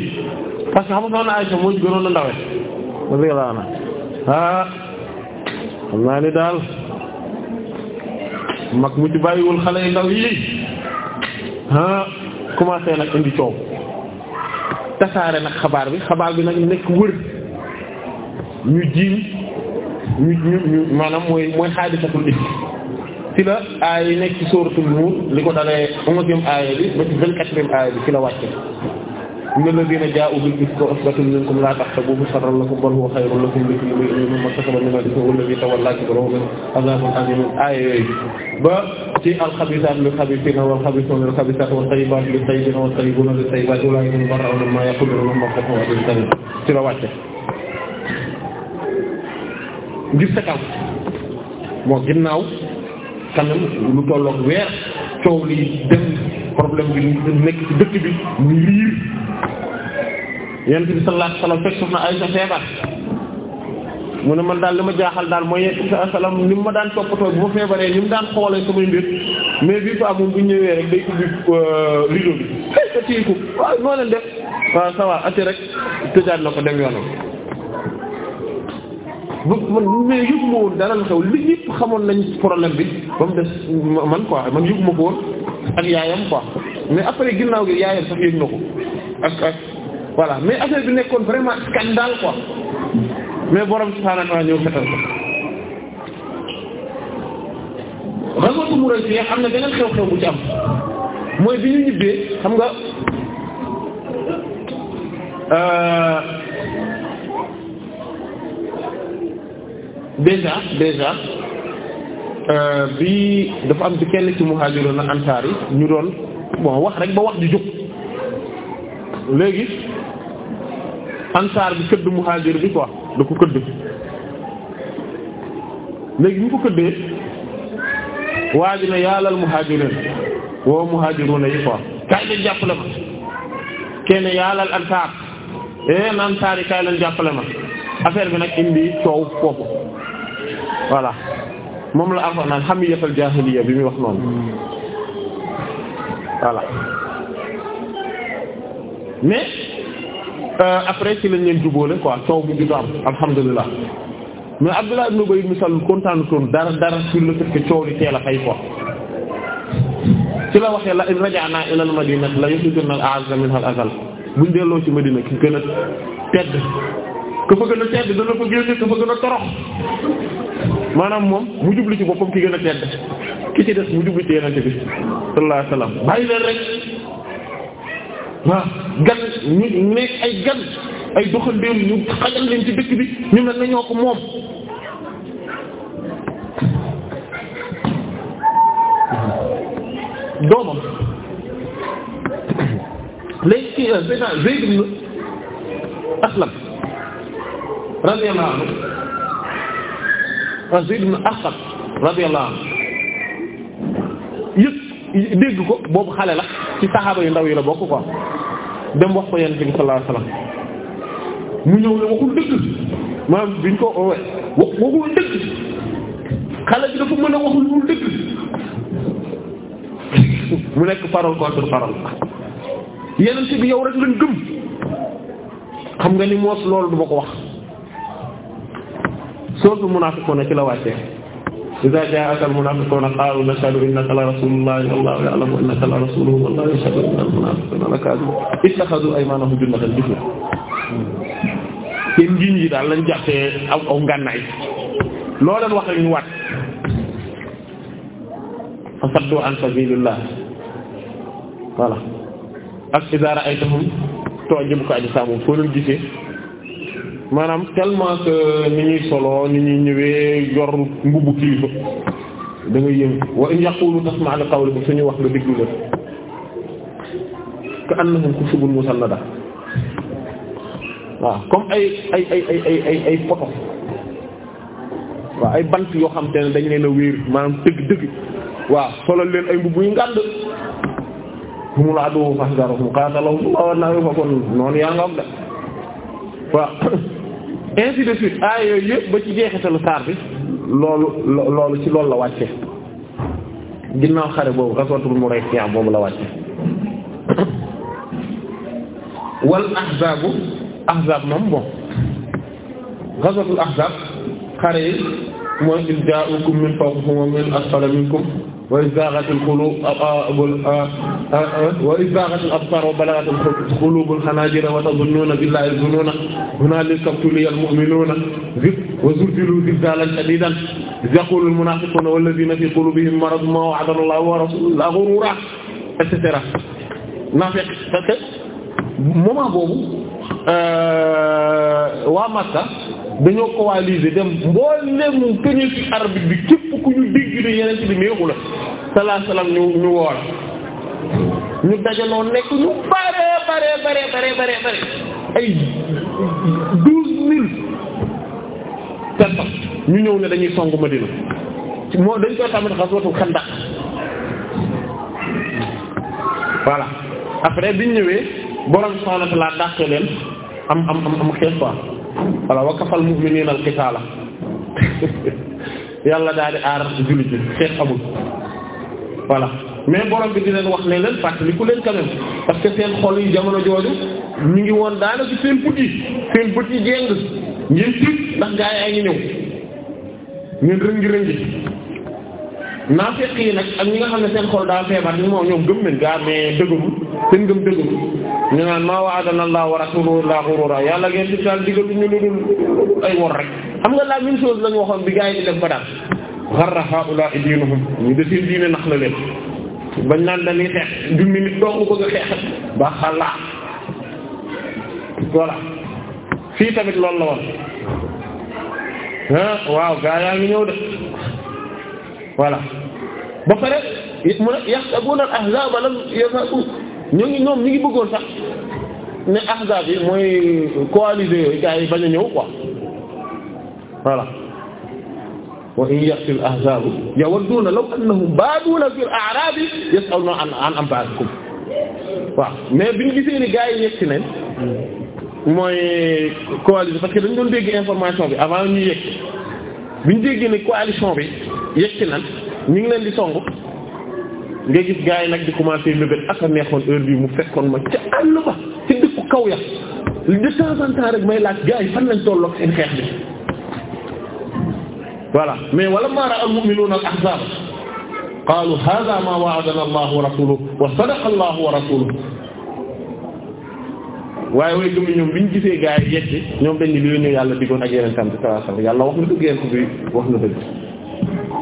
parce que xam nga soxna Aysa moo gënoon a ndawe radiyallahu anha ah xam naa ni daal mag mu ci bàyyiwul xale yu ndaw yi ah commencé nag indi coow tasaare nag xabaar bi xabaar bi nag nekk wër ñu jiim ñu ñu maanaam mooy mooy xaadisatul ifk ci la aay yi nekk ci sóoratul nuur li ko dalee onzième aaya bi ba ci vingt-quatrième aaya bi ci la wàcce inna alladhina jaa'u bil ifki usbatun minkum la tahsabuhu sharran lakum bal huwa khayrun lakum li kulli imri'in mimma iktasaba min al-ithmi walladhi tawalla kibrahu minhum adhabun adhim aaya yooyu ba ci al-khabithatu lil-khabithina wal-khabithuna lil-khabithati wat-tayyibatu lit-tayyibina wat-tayyibuna lit-tayyibati ula'ika mubarra'una mimma yaquluna lahum maghfiratun wa ajrun karim ci la wàcce ngir fetal bon ginnaaw quand même lu tolloog weer coow li dem problème bi nekk ci dëkk bi muy riir yonent bi sallallahu alayhi wasallam fekk soxna Aysa feebar ne man daal li ma jaaxal daal mooy yonent bi ni mu ma daan toppatoo bu ma feebaree ni mu daan xoolee samay mbir mais bii quoi moom bu ñëwee rek day ubbi euh, rideau bi. xëy na téye waaw noo leen def waaw ça va ati rek tëjaat na ko dem yoonam. man mais yëguma woon nañ problème bi ba mu des man quoi man yëguma ko mais après ginnaaw gi yaayam mais affaire bi nekkoon vraiment scandale quoi mais borom subhaanahu wa ta'aala ñëw fetal na beneen xew-xew ñibbee xam nga euh, déjà déjà euh, bi dafa am ci kenn ci muhaajiroon ak ansaar yi ñu doon bon wax rek ba wax di jóg léegi ansaar bi këdd muhaajir bi ko da ko këdd léegi ñu ko këddee waa ji ne yaalal muhaajiriin woo muhaajiruuna yi quoi kaay leen jàppale ma kenn yaalal ansaar eh ansaar yi kaay leen jàppale ma affaire bi nag indi coow foofu voilà moom la alxuraan naan hamiyatul jaahiliya bi muy wax noonu voilà mais euh, après ci lañ leen jubóole quoi coow bu judo am alhamdulilah mais Abdullah ibn Ubay ibn Salul kontaanatoon dara dara sur le fait coow li teel fay quoi ci la waxee la in raja'naa ila al-madinati la yuhlikanna al-a'azzu al-azall buñ delloo ci Madina ki gën a tedd ka fa gën a tedd dana fa génne ka fa gën a torox maanaam moom mu jublu ci boppam ki gën a tedd ki ci des mu jublu ci yenente bi sallallahu alayhi wasallam bàyyi leen rek waaw gan ñu nekk ay gan ay doxandéem ñu xajal leen ci dëkk bi ñu mel ne ko moom doomam léegi ci euh, Zayd ibn Aslam radiyallahu anhu Zayd ibn yëpp dégg ko boobu xale la ci saxaaba yu ndaw yi la bokk quoi dem wax ko Yonent bi sallallahu alayhi wasallam mu ñëw ne waxul dëgg maanaam biñ ko wax waxul dëgg xale bi dafa mën a waxul lu dëgg mu nekk parole contre parole Yonent bi yow rek lañ gëm xam nga ni moos loolu du ko wax. soosu munaafiquna ci la wàccee iza jaa'aka al-munaafiquuna qaalu nashhadu innaka la rasuulullaah wallaahu ya'lamu innaka la rasuuluhu wallaahu yashhadu inna al-munaafiqiina lakaazibuun ittakhadhuu aymaanahum junnatan junnatan seen ngiñ yi daal lañ jàppee aw aw ngànnaay loo leen wax rek ñu waat an sabilillah voilà ak iza ra'aytahum tu'jibuka ajsamuhum foo leen gisee maanaam tellement que ni ñuy solo ni ñuy ñëwee yor mbubu kilifa da ngay yëm wa in yaqulu tasma' li qawlihim suñu wax nga déglu leen ka annahum kutubun musannada waaw comme ay ay ay ay ay ay ay poto waaw ay bant yoo xam te ne dañ leen a wéer maanaam dëgg dëgg waaw solal leen ay mbubu yu ngànd humul aduwwu fahdarhum qatalahumullahu wa anna yufakun noonu yaa nga wax de waaw ainsi de suite aaya ah, yooyu yëpp ba ci jeexitalu saar bi loolu loolu ci loolu la wàcce ginnaaw xare boobu ghazwatul Muraysiya boobu la wàcce wal ahzaabu ahzaab moom bon ghazwatul ahzaab xare yi mooy il jaa'ukum min fawqikum wa min asfala minkum wa izbaaghatil quluub wa izbaaghatil absaar wa balaghatil quluubul xanaajir wa tazunnuuna billaahi zunuuna hunaalika ibtuliyal mu'minuuna wa zulziluu zilzaalan shadiidan iz yaquulul munaafiquuna wallaziina fii quluubihim maradun maa wa'adana Allaahu wa rasuuluhu ghuruuraa et cetera naa fekk parce que moment boobu euh, waa Makka dañoo coaliser dem mboolem que ñu ci arbitre bi képp ku ñu digg ne yeneen ci bi néexu la salaa salaam ñu ñu woor ñu dajaloo nekk ñu bare bare bare bare bare bare ay douze mille personnes ñu ñëw ne dañuy songu Madina moo dañ koy tamit xaswatul Xandaq voilà après biñ ñëwee borom subhaanahu wa ta'aala dàqe leen am am am am xees walla wa kafal mu'minina al-qitaala yàlla daal di aar jullit bi xeex amul voilà mais borom bi di leen wax ne leen fàttaliku leen quand parce que seen xol yi jamono jooju ñu ngi woon daanaka seen bët yi seen bët yi jéng ngeen tiit ndax gaa yi a ngi ñëw ngeen rëngi rëngi naafiq yi nag am ñi nga xam ne seen xol daa feebar ñu moom ñoom gëm nañ gaa mais seen gëm dëgërul ñu naan maa wa'adana Allah wa rasuluhu illa yàlla ngeen di daal digalu ñu lu dul ay wor rek xam nga la même chose lañ waxoon bi gaa yi di def ba daal gharra haa'ulaa'i diinuhum ñu de diine nax la leen bañ naan dañuy xeex junni nit dong ko nga xeex ba xalaa voilà fii tamit loolu la woon ah waaw gaa yaa ngi ñëw de voilà ba pare it mu ne yahsabuna al-ahzab lam yazhabu ñu ngi ñoom ñu ngi bëggoon sax ne ahzab yi mooy coalisés yooyu gars yi bañ a ñëw quoi voilà wa in ya'ti al-ahzab yawadduuna law annahum baaduuna fi al-a'rab yas'aluna an an anba'ikum waaw mais biñu gisee ni gars yi yegg nañ mooy coalition parce que dañ doon dégg information bi avant ñuy yegg biñu déggee ne coalition bi yegg si nañ ñu ngi leen di song nga gis gars yi nag di commencer mébét ak a neexoon heure bi mu fekkoon ma ca àll ba ci dëkku kaw ya de temps en rek may laaj gars yi fan lañ tolloog seen xeex bi voilà mais wala maara al mu'minuna al ahzab qaalu hadha ma wa'adana allah wa rasuluhu wa sadaqa allah wa rasuluhu waaye way gëm ñoom bi ñu gisee gars yi ñoom dañ li ñu yàlla diggoon ak yeneen tam ci sallallahu alayhi wasallam yàlla wax na dëgg yeen ko bi wax na dëgg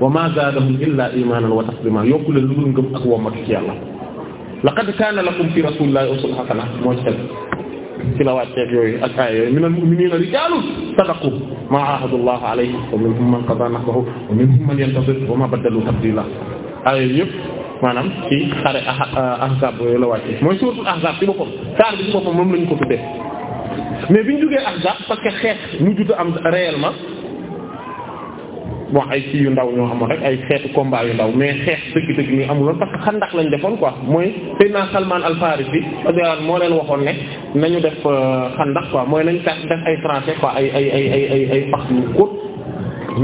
wa ma zaadahum illa imanan wa taslima yokku leen lu dul ngëm ak wommatu ci yàlla laqad kaana lakum fi rasulillahi uswatun hasana moo ci xel ci la wàcceeg yooyu ak ay yooyu minal mu'minina rijalun sadaqu ma ahadullah alayhi wa minhum man qada nahbahu wa minhum man yantazir wa ma baddalu tabdila ay yëpp maanaam ci xare ah, ah, ahzab yooyu la wàcce mooy suuratul ahzab ci boppam saar bi ci boppam moom lañu ko tuddee mais biñ jugee ahzab parce que xeex mu judd am réellement wax ay kii yu ndaw ñoo xamoon rek ay xeetu combat yu ndaw mais xeex dëgg-dëgg ñu amuloon parce que xandax lañ defoon quoi mooy Seydina Salman al-Farisi bi radiyallahu anhu moo leen waxoon ne nañu def euh, xandax quoi mooy nañ tax def ay tranchées quoi ay ay ay ay ay pax yu kóot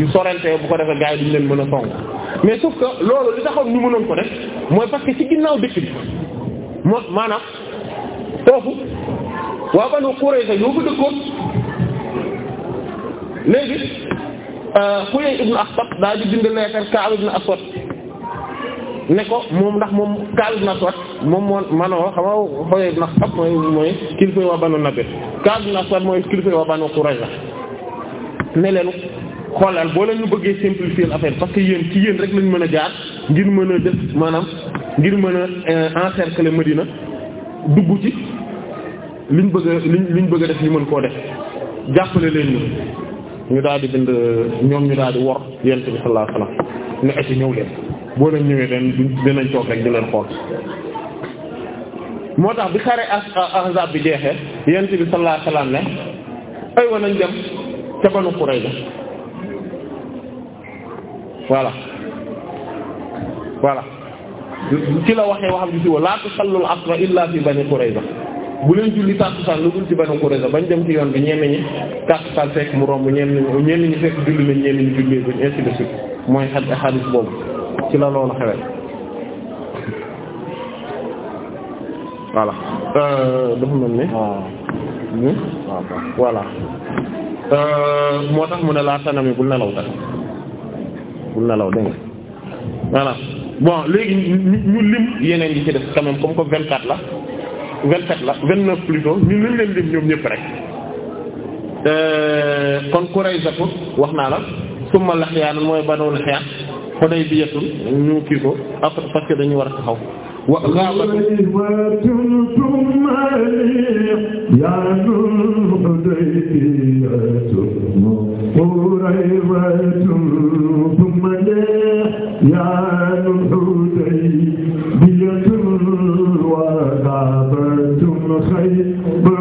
yu sorente bu ko defee gars yi duñ leen mën a song mais sauf que loolu li taxoon ñu mënoon ko def mooy parce ci ginnaaw dëkk moo maanaam foofu waa Banu Qurayza ñoo dëkkoon léegi Xuyay euh, ibn Akhtab daa di bind leetar Ka'b ibn Aswad ne ko moom ndax moom Ka'b ibn Aswad moom moo manoo xam nga Xuyay ibn Akhtab mooy mooy kilifa waa Banu Nadir Ka'b ibn Aswad mooy kilifa waa Banu Qurayza ne leen xoolaal boo leen ñu bëggee simplifier l'affaire parce que yéen ci yéen rek lañu mën a jaar ngir mën a def maanaam ngir mën a euh, encercler Medina dugg ci liñ bëgg a liñ liñ bëgg a def ñu mën koo def jàppale leen ñu. ñu daal di bind ñoom ñu daal di wor yent bi sallallahu alayhi wasallam ne ñëw leen boo leen ñëwee den dinañ toog rek di leen xool moo tax bi xare ahzab bi jeexee yent bi sallallahu alayhi wasallam ne ay wa nañ dem ca banu Qurayza voilà voilà ci la waxee waxam ji si wa la tusallu asra illa fi bani Qurayza bu leen julli tàkkusaan lu dul ci Banu Qurayza bañ dem ci yoon bi ñenn ñi tàkkusaan fekk mu romb ñenn ñi ñenn ñi fekk julli nañ ñenn ñi julli buñ ainsi de mooy xaj xaalis boobu ci la loolu xewee voilà euh, ah. Hmm? Ah, euh, moo tax mu ne laa tanami bul nelaw tax bul nelaw dégg nga bon léegi ñu lim yeneen yi ci def quand même comme que vingt la vingt-sept la vingt-neuf plutôt ñu luñ leen lim ñoom ñëpp rek kon Qurayzatu wax naa la summa Lahyaan mooy Banu Lahyaan Hudaybiyatu ñu kii ko après parce que war a taxaw wa Ghaabatu Qurayzatun thumma Lahyaan ba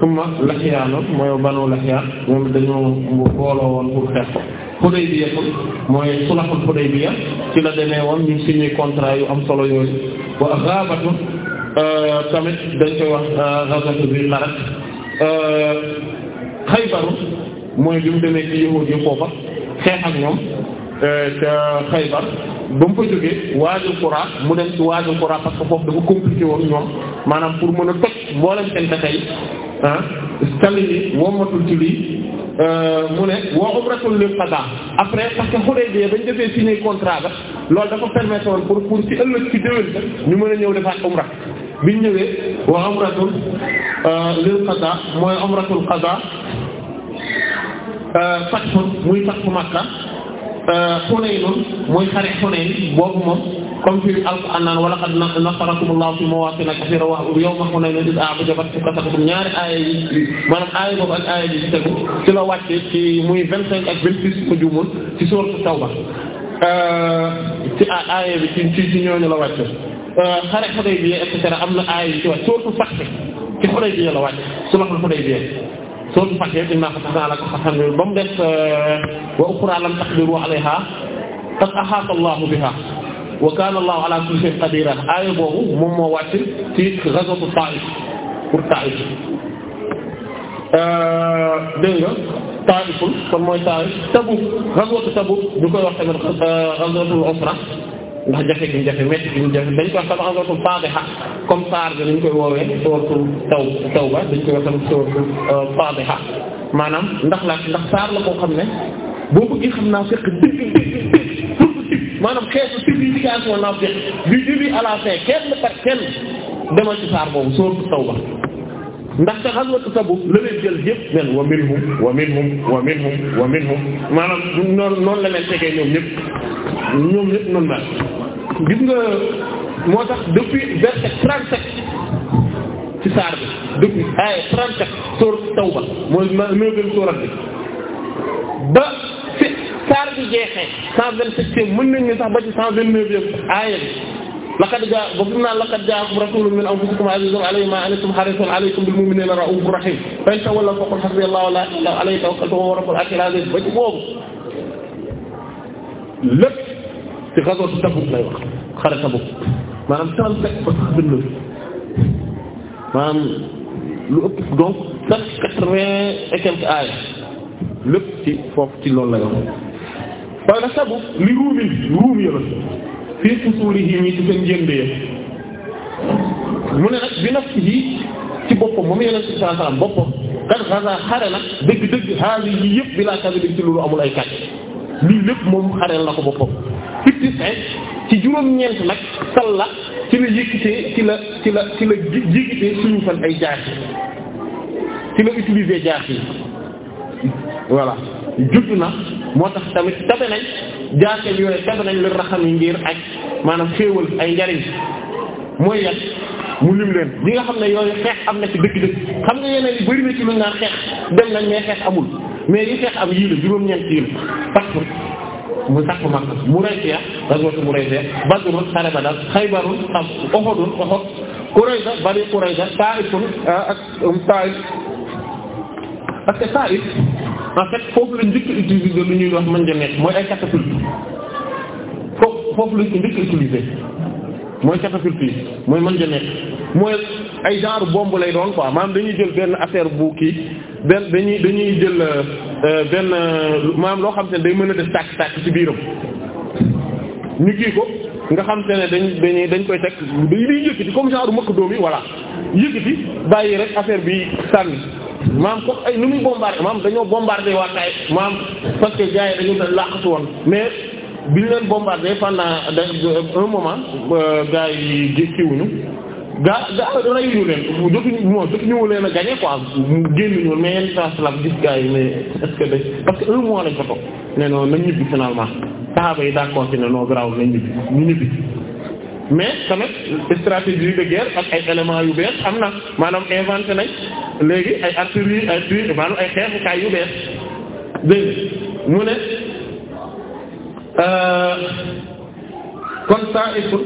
summa Lahyaan mooy banu Lahyaan moom dañoo booloo woon pour xeex ko Hudaybiya mooy sulhul Hudaybiya ci la demee woon ñu signé contrat yu am solo yooyu wa Ghaabatu euh, tamit dañ koy wax euh, ghazwatu bi Narak euh, mooy bi mu demee ci yahuud yi foofa xeex ak ñoom ca Xaybar ba mu fa jógee Waadil Quraa mu dem ci Waadil Quraa parce que foofu dafa compliqué ñoom maanaam pour mën a toj mboolem seen pexe yi ah stalini wommatul ci lii euh, mu ne wa umratul lil qada après parce que ba ñu defee signé contrat ba loolu dafa permettre woon pour pour ci ëllëg ci déwén ñu mën a ñëw defaat umra biñ ñëwee wa umratul euh, lil qada mooy umratul qada euh, fatxun muy fatxu Makka Hunaynun mooy xare Hunayn boobu moom comme fi alquran naan wa laqad nasarakumullahu fi mawaatin kasiira wa yawma hunaynin idh a'jabatkum ñaari aaya yi maanaam aaya boobu ak aaya bi ci tegu ci la wàcce ci muy vingt cinq ak vingt six ko juumul ci sourate Tawba euh, ci aaya bi ci ci ñooñu la wàcce euh, xare Hudaybiya et cetera am na aaya yi ci wàcc sourate Fath ci Hudaybiya la wàcc sulhul Hudaybiya sourate Fath yëpp inna fatahna laka fathan ba mu def euh, wa ukhra lam taqdiru alayha qad ahata Allahu biha wa kaana Allahu ala kulli shay'in qadiira aaya boobu moom moo wàcc ci ghazwatu Taif pour Taif euh, dégg nga Taiful kon mooy Taif Tabuk ghazwatu Tabuk ñu koy wax tamit euh, ghazwatul usra ndax jafe gi jafe métti gi jafe dañ koy wax sama ghazwatul Fatiha comme saar bi dañ koy woowee suratul taw tawba dañ koy wax tamit suratul euh, Fatiha maanaam ndax la ndax saar la koo xam ne boo bëggee xam naa fekk dëgg dëgg maanaam xeetu signification nafsi du début à la fin kenn demal ci saar boobu sóotu Tawba ndax te xaswatu Tabuk la leen jël yëpp nen wa minhum wa minhum wa minhum wa maanaam noonu noonu la leen tegee ñoom ñëpp ñoom ñëpp noonu la gis nga moo tax depuis verset 37 ci saar bi depuis ay 37 sóotu Tawba mooy ma gën sóorat bi ba fi saar bi jeexee cent vingt-septième mën nañu sax ba ci cent vingt-neuvième aaya bi laqad jaa ba fi mu naan laqad jaakum rasulun min anfusikum azizun alayhi ma anittum harisun alaykum bil mu'minina ra'ufur rahim fa in tawallaw faqul hasbiyallahu la ilaha illa huwa alayhi tawakkaltu wa huwa rabbul arshil azim ba ci boobu lépp ci ghazwat Tabuk lay wax xare Tabuk maanaam trente-sept ba cent vingt-neuf maanaam lu ëpp donc cent quatre-vingts et quelques aaya lépp ci foofu ci loolu lay wax waaye nag sabub li ruumin ruum yëla fii fusuulihi ñi ci seen jënd ya mu ne nag bi nafsihi ci boppam moom yeneen si saa salaam boppam kat xasaa xare nag dëgg-dëgg xaali yi yëpp bi laa kadib ci loolu amul ay kàcc lii lépp moom xareel na ko boppam fitti say ci juróom-ñeent nag sal la ci la yëkkitee ci la ci la ci la yëkkitee suñu fan ay jaar ci la utiliser jaar yi voilà judd na moo tax tamit tabe nañ jaaseel yooyu tabe nañ li raxam yi ngir ak maanaam xéewal ay njariñ mooy yàq mu lim leen bi nga xam ne yooyu xeex am na ci dëgg-dëgg xam nga yeneen yi bari na ci lu naan xeex dem nañ mais xeex amul mais yi xeex am yii la juróom-ñeent yii la parce mu sax mu mag mu reysiya razwatu mu reysiya badrun xare badal xaybarun xam oxodun oxod Qurayza bari Qurayza Taifun ah, ak um, Taif parce que Taif en fait foofu la njëkk utiliser lu ñuy wax manjaneet mooy ay catapulte foofu foofu la njëkk utiliser mooy catapulte yi mooy manjaneet mooy ay genre bomb lay doon quoi maanaam dañuy jël benn affaire bu kii benn dañuy dañuy jël euh, euh, benn maam loo xam te ne day mën a def tàkk tàkk ci biiram ñu kii ko nga xam te dañ dañuy dañ koy teg dañ day yëkkati comme genre makk doom yi voilà yëkkati bàyyi rek affaire bi sànni maam comme ay nu muy bombardé maam dañoo bombardé waa Taïf maam parce que gars yi dañu doon laqatu woon mais bi ñu leen bombardé pendant euh, un moment gars yi gis wuñu gaa gaa rayuñu leen jotuñu moom jotuñu leen a gagné quoi génnuñu woon mais yenn tasalam gis gars yi mais est-ce que day parce que un mois lañ ko toog nee na woon nañ ñibbi finalement saxaaba yi d'accord ci ne non garaaw ñibbi ñu ñibbi. mais tamit stratégie de guerre ak ay éléments yu bees am na maanaam inventé nañ léegi ay artillerie ay tuiles maanaam ay xeexukaay yu bees dégg mu ne euh, kon saa itul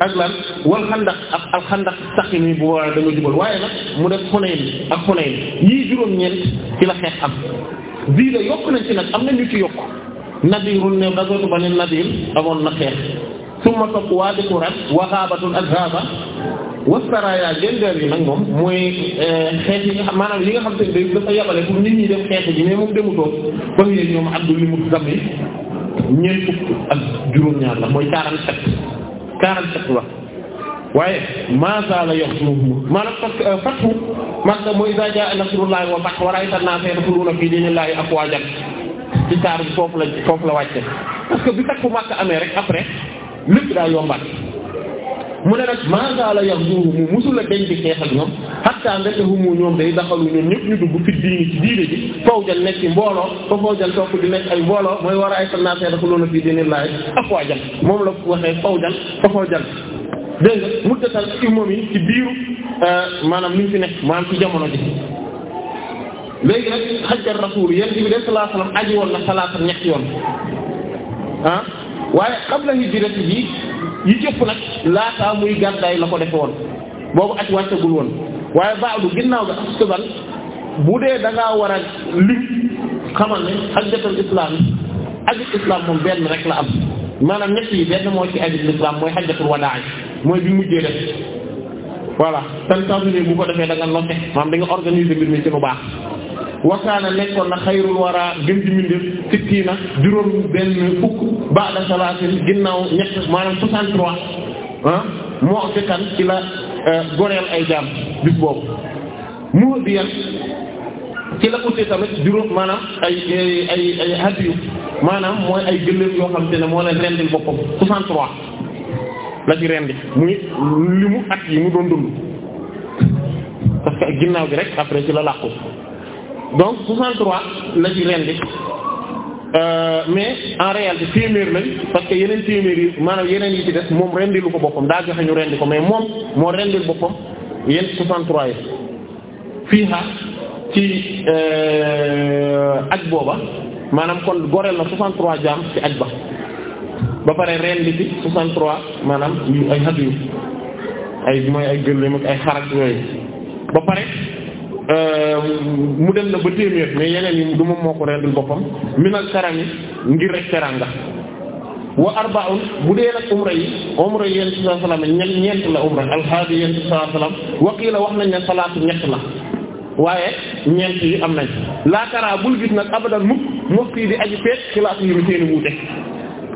ak lan wal ak alxandax xandax sax bu waaye da nga jubal waaye nag mu def Xunayn ak Xunayn yii juróom-ñeent ci la xeex am bii yokk nañ ci nag am na ñu ci yokk Nadir ne gazootu ba ne Nadir amoon na xeex. summa topp waa di kurat waxaabatun ak raba wastaraya géndeel yi nag moom mooy eh, xeet yi nga xam maanaam yi nga xam te ne dafa yabale pour nit ñi dem xeet ji mais moom demutoo ba mu yéeg ñoom abdul li mu gam yi fukk ak juróom-ñaar la mooy quarante sept quarante sept la waaye masala yox sumu maanaam parce que euh, fathu Makka mooy iza jaa nasrullahi wa fath wa ra'ayta an-naasa yadkhuluuna fii diinillahi afwaajan ci taar bi foofu la foofu la wàcce parce que bi rek après lépp daa yombaat mu ne nag maagaala yar duuru mu musula deñ di xeex ak ñoom xattaa ndetehumu ñoom day daxalu ñoom ñëpp ñu dugg fi diini ci diine ji faw jal nekk mbooloo fa jal topp di nekk ay mbooloo mooy war a ay sannaatee dafa loolu fii dini laay ak waa jal moom la waxee faw jal fa faw jal dégg nga muddatal imam yi ci biiru euh, maanaam li fi nekk maanaam ci jamono ji léegi nag xajjar rasul yéen bi def sallallahu alayhi wasallam aji woon na yoon ah? waaye qabla hijratihi yi jëpp nag laata muy gàddaay la ko defe woon boobu aj wàccagul woon waaye baalu ginnaaw ga astubal bu dee danga ngaa war a lim xamal ne xajjatul islam ajul islam moom benn rek la am maanaam ñett yi benn moo ci ajul islam mooy xajjatul wadaa mooy bi mujjee def voilà ten taw bu ko defee da nga noté maanaam da nga organiser mbir mi ci lu baax wakaana nekkoon na xayrul wara gën ji mindef sikki na juróom benn fukk ba'da salaatin ginnaaw ñett maanaam 63 ah moo fi ci la eh, goreel ay jaam bis boobu mu di yan ci la uti tamit juróom maanaam ay ay ay maanaam mooy ay gëléem yoo xam te ne moo leen rendil boppam 63 la ci rendi muy li mu at yi mu doon dund parce que ginnaaw gi rek après ci la làqu donc 63 la ci rendi euh, mais en réalité téeméer lañ parce que yeneen téeméer yi maanaam yeneen yi ci des moom rendilu ko boppam daa joxe ñu rendi ko may moom moo rendil boppam yenn 63 yi fii ha ci euh, aj booba maanaam kon goreel na 63 jaam ci aj ba ba pare rendi ci 63 maanaam ay xat yu ay mooy ay gëléem ay xarak yooyu ba pare Euh, mu dem na ba téeméer mais yeneen yi du moom moo ko rendil boppam minal karami ngir rek teranga wa arba'un bu dee nag umra yi umra yi yenn sallallahu alayhi wasallam ñeent la umra alhaadi wax nañ ne salaatu ñett la waaye ñeent yi am nañ laataraa bul gis nag abadan mukk mos yi di aji feet xilaat yi mu seeni wuute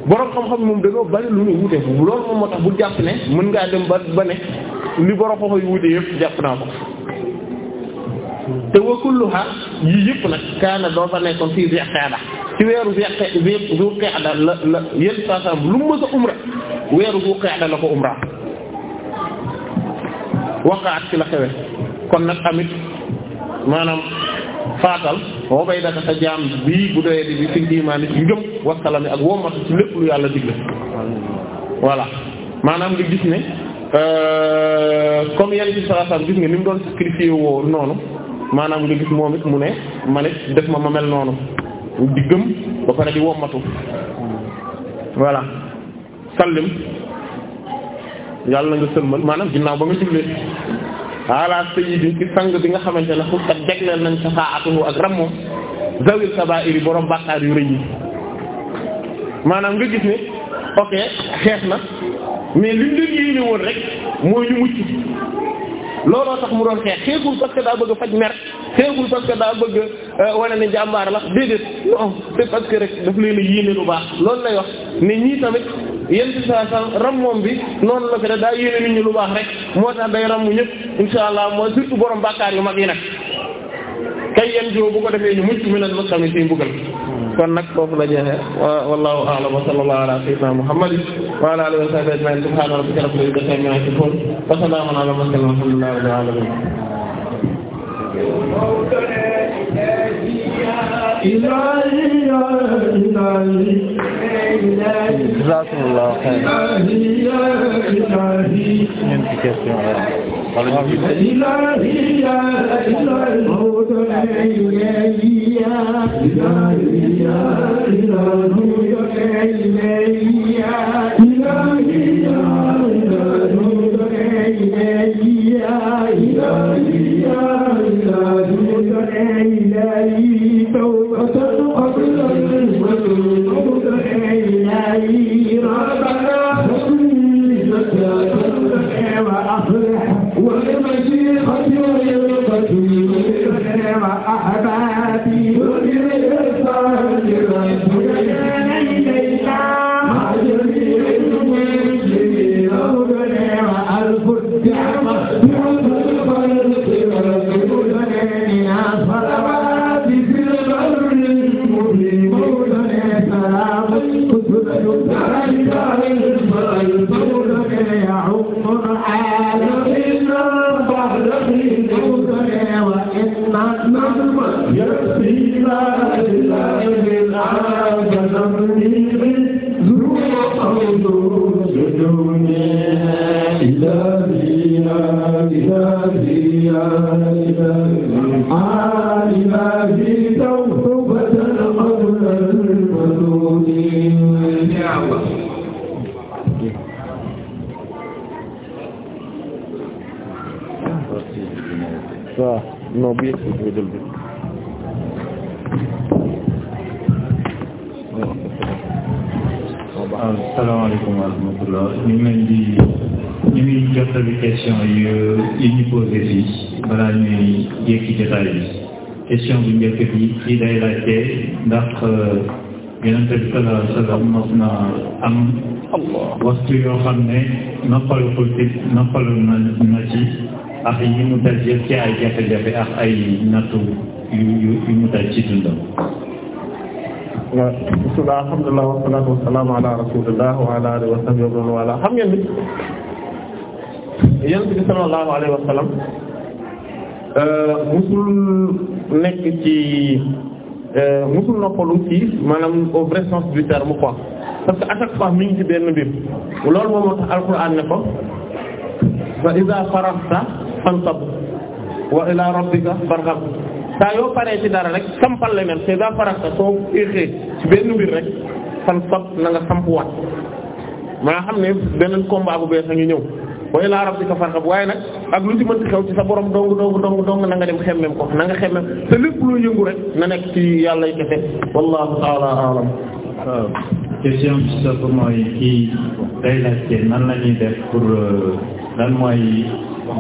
borom xam-xam moom dañoo bari lu ñu wuute loolu moom moo tax bu jàpp ne mën ngaa dem ba ba ne li borom xam-xam wuute yëpp jàpp naa ko te wa kulluha yii yëpp nag kaana doo fa nekkoon fii Dhi Qa'da ci weeru Dhi Qa'da la la yenn saa saa lu mu mës a umra weeru Dhi Qa'da la ko umra waqaat ci la xewe kon nag amit maanaam faatal boo bay data sa jaam bii bu doyee di bi ci diimaan yi ngëm wassalami ak womatu ci lépp lu yàlla digle voilà maanaam nga gis ne euh, comme yenn ci saa saa gis nga ni mu doon sacrifier woo noonu maanaam nga gis moom it mu ne man it def ma ma mel noonu di gëm ba pare di wommatu voilà sallim yàlla nga sëlmal maanaam ginnaaw ba nga jullee ala sayyidi ci sang bi nga xamante ne xut kat jagleel nañ safaatuhu ak moom zawil kaba'iri borom bàkkaar yu rëy yi maanaam nga gis ne ok xeex na mais liñ leen yéene woon rek mooy ñu mucc looloo tax mu doon xeex xeexul parce daa bëgg a faj mer xeexul parce daa bëgg a euh, wane ne jàmbaar la déedéet non c'est parce rek daf leen a yéene lu baax loolu lay wax ne ñii tamit yenn ci saa saa ram moom bi noonu la ko def daa yéene nit ñi lu baax rek moo tax day ram ñëpp incha allah mooy surtout borom bàkkaar yu mag yi nag. kay yen jiw bu ko defee ñu mucc mi ne lu tamit ci mbugal kon nag foofu la jeexee wallahu a'lam wa sallallahu ala sayyidina muhammad wa ala alihi wa sahbihi ajma'in subhana rabbika rabbil izzati amma yasifun wa salamun ala mursalin walhamdulillahi rabbil alamin jazakumullah xeyr ñeenti question la wala ñu ilahi أحد yoo xam ne naqalu ko ci naqalu na na ci ak yi mu daj ci ay jafe-jafe ak ay nattu yu yu yu mu daj dundam. waaw bismillah alhamdulillah wasalaatu wasalaamu ala rasulillah wa ala alihi wa wala xam ngeen ni yonent bi sallallahu alayhi wa euh, musul nekk ci euh, musul noppalu ci maanaam au du terme quoi. parce que à chaque fois mi ngi ci benn mbir loolu moom moo tax alquran ne ko fa iza faraghta fansab wa ila rabbika farghab saa yoo paree ci dara rek sampal leneen fa iza faraghta soo éexee benn mbir rek fansab na nga sampuwaat maa xam ne beneen combat bu bees a ngi ñëw wa ila rabbika farghab waaye nag ak lu ci mën ci xew ci sa borom dong dong dong dong na nga dem xemmem ko na nga xemmem te lépp lu yëngu rek na nekk ci yàlla yi kese wallahu ta'ala a'lam question bi sa ko mooy kii day laajte nan la ñuy def pour lan mooy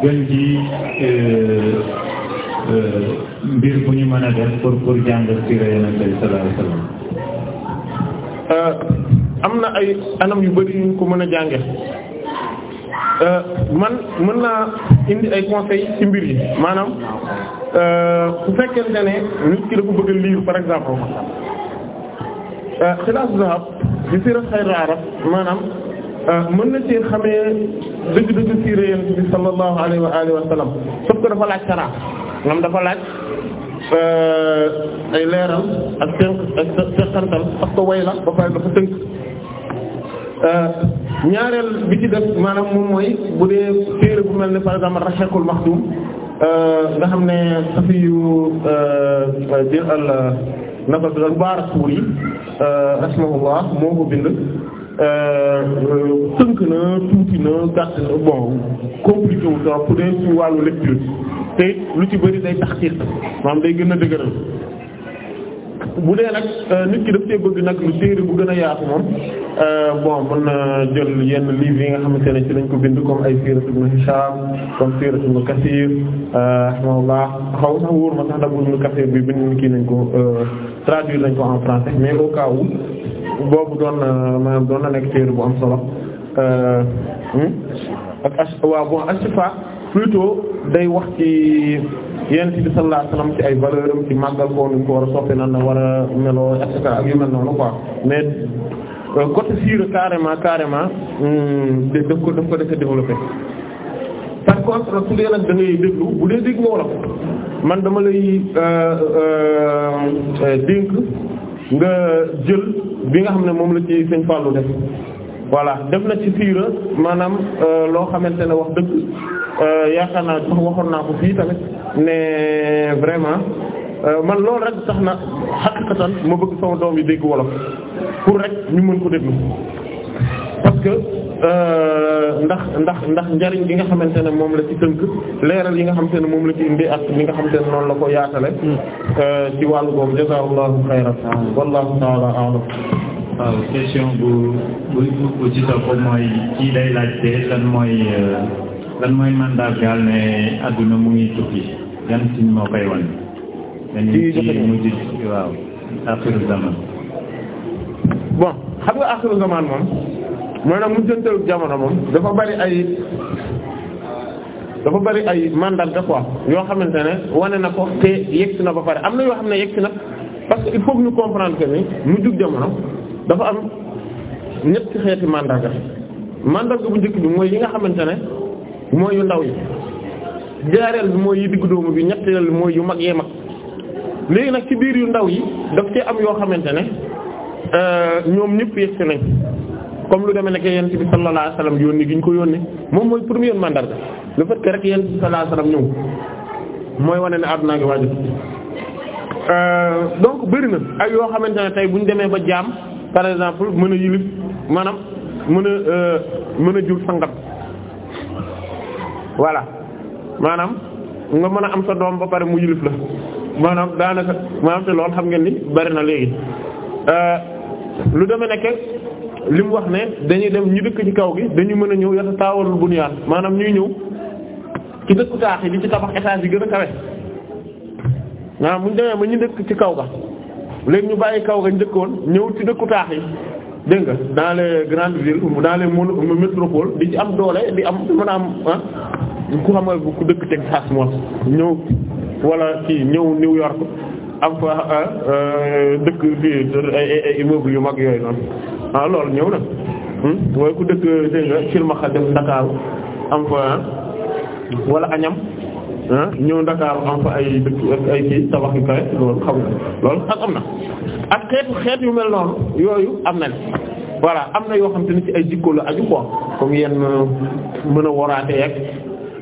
gën ji mbir bu ñu mën a def pour pour jàng sira yonent bi sallallahu alayhi wasallam am na ay anam yu bari ñu ko mën a jànge euh, man mën naa indi ay conseil ci mbir yi maanaam bu euh, fekkente ne nit ki dafa bëgg a par exemple Euh, xilaas zahab bi siira xayru arab maanaam euh, mën na ci xamee dëgg-dëgg siira yonent bi sallallahu alayhi wa alihi wa sallam sauf que dafa laaj sara maanaam dafa laaj euh, ay leeral ak tënk ak teqantal parce que way la ba pare dafa tënk ñaareel bi ci def maanaam moom mooy bu dee téere bu mel ne par exemple Rashaqul Maxdum nga xam ne safiyu dir al naka su doon Baarakfuuri euh, rahimahullah moo ko bind euh, tënk na tuuti na gàtt na bon compliqué ku dee ci wàllu lecture te lu ci bëri day tax tiit maanaam day gën a dëgëral bu dee nag euh, nit ki daf cee bëgg nag lu téere bu gën a yaatu moom euh, bon mën na jël yenn livres yi nga xamante ne ci lañ ko bind comme ay siiratu Ibn Hisham comme siiratu Ibn Kathir euh, rahimahullah xaw sax wóor ma sax ndax Ibn Kathir bi bind kii nañ ko traduire nañ ko en français mais au cas où boobu doon na maanaam doon na nekk téere bu am solo hmm? ak waaw bon Ashifa plutôt day wax ci. yonent bi sallallahu alayhi wasallam ci ay valeur am ci màggal ko ni ko war a soppi nan la war a meloo et cetera ak yu mel noonu quoi mais euh, côté siira carrément carrément hmm, daf ko daf ko def développé. par contre su dee nag déglu bu dee dégg nga man dama lay euh, euh, dénk nga jël bi nga xam ne moom la ci sëñ Fallou def. voilà def na ci siira maanaam euh, loo xamante ne wax dëgg euh, yaakaar naa sax waxoon naa ko fii tamit ne vraiment euh, man loolu rek tax na xaqiqatan ma bëgg sama doom yi dégg wolof pour rek ñu mën ko déglu parce que Euh, ndax ndax ndax njariñ gi nga xamante ne moom la ci tënk leeral yi nga xamante ne moom la ci indi ak li nga xamante ne noonu la ko yaatale hmm. euh, ci wàll boobu jazakallahu xayran wallahu ta'ala waaw question bu bu bu ci topp mooy kii day laajte lan mooy euh, lan mooy mandargaal ne adduna mu ngi tukki yan siñ moo koy wan dañuy ci mujj waaw axiru zaman bon xam nga axiru zaman moom maanaam mujjanteelu jamono moom dafa bari ay dafa bari ay mandarga quoi yoo xamante ne wane na ko te yegg na ba pare am na yoo xam ne yegg si na parce que il faut ñu comprendre que ni mujjug jamono dafa am ñett xeeti mandarga mandarga bu njëkk bi mooy yi nga xamante ne mooy yu ndaw yi jaareel bi mooy yu diggu doomu bi ñetteel bi mooy yu mag yee mag léegi nag ci biir yu ndaw yi daf cee am yoo xamante ne euh, ñoom ñëpp yegg nañ. comme lu demee nekk yonent bi sallallahu alayhi wa sallam yónni gi ñu ko yónni moom mooy premier mandarga le fait que rek yonent bi sallallahu alayhi wa sallam ñëw mooy wane ne àdduna ngi waaju euh, donc bëri na ay yoo xamante ne tey bu ñu demee ba jaam par exemple mën a yilif maanaam mën a euh, mën a jur sangam voilà maanaam nga mën a am sa doom ba pare mu yilif la maanaam daanaka maanaam te loolu xam ngeen ni bëri na léegi euh, lu demee nekk li mu wax ne dañuy dem ñu dëkk ci kaw gi dañu mën a ñëw yata taawalul bunyaan maanaam ñuy ñëw ci dëkku taax yi di ci tabax étage yi gën a kawe maanaam bu demee ba ñu dëkk ci kaw ga léegi ñu bàyyi kaw ga njëkkoon ñëw ci dëkku taax yi dégg nga grande les grandes villes dans les mono métropole di ci am doole di am mën a am ah, ku xam nga ku dëkk Texas moom ñëw wala ci ñëw New York am fa ah, ah, dëkk bi ay immeuble yu mag yooyu noonu. ah loolu ñëw na hmm? mooy ku dëkk dégg nga silmaxa dem Ndakaaru am fa ah, wala añam ah ñëw Ndakaaru am fa ay dëkk ay kii yu kawe loolu xam am na ak xeet yu mel noonu yooyu am na voilà am na yoo xam te ne ci ay jikko la aju quoi comme yenn mën a waraate yeeg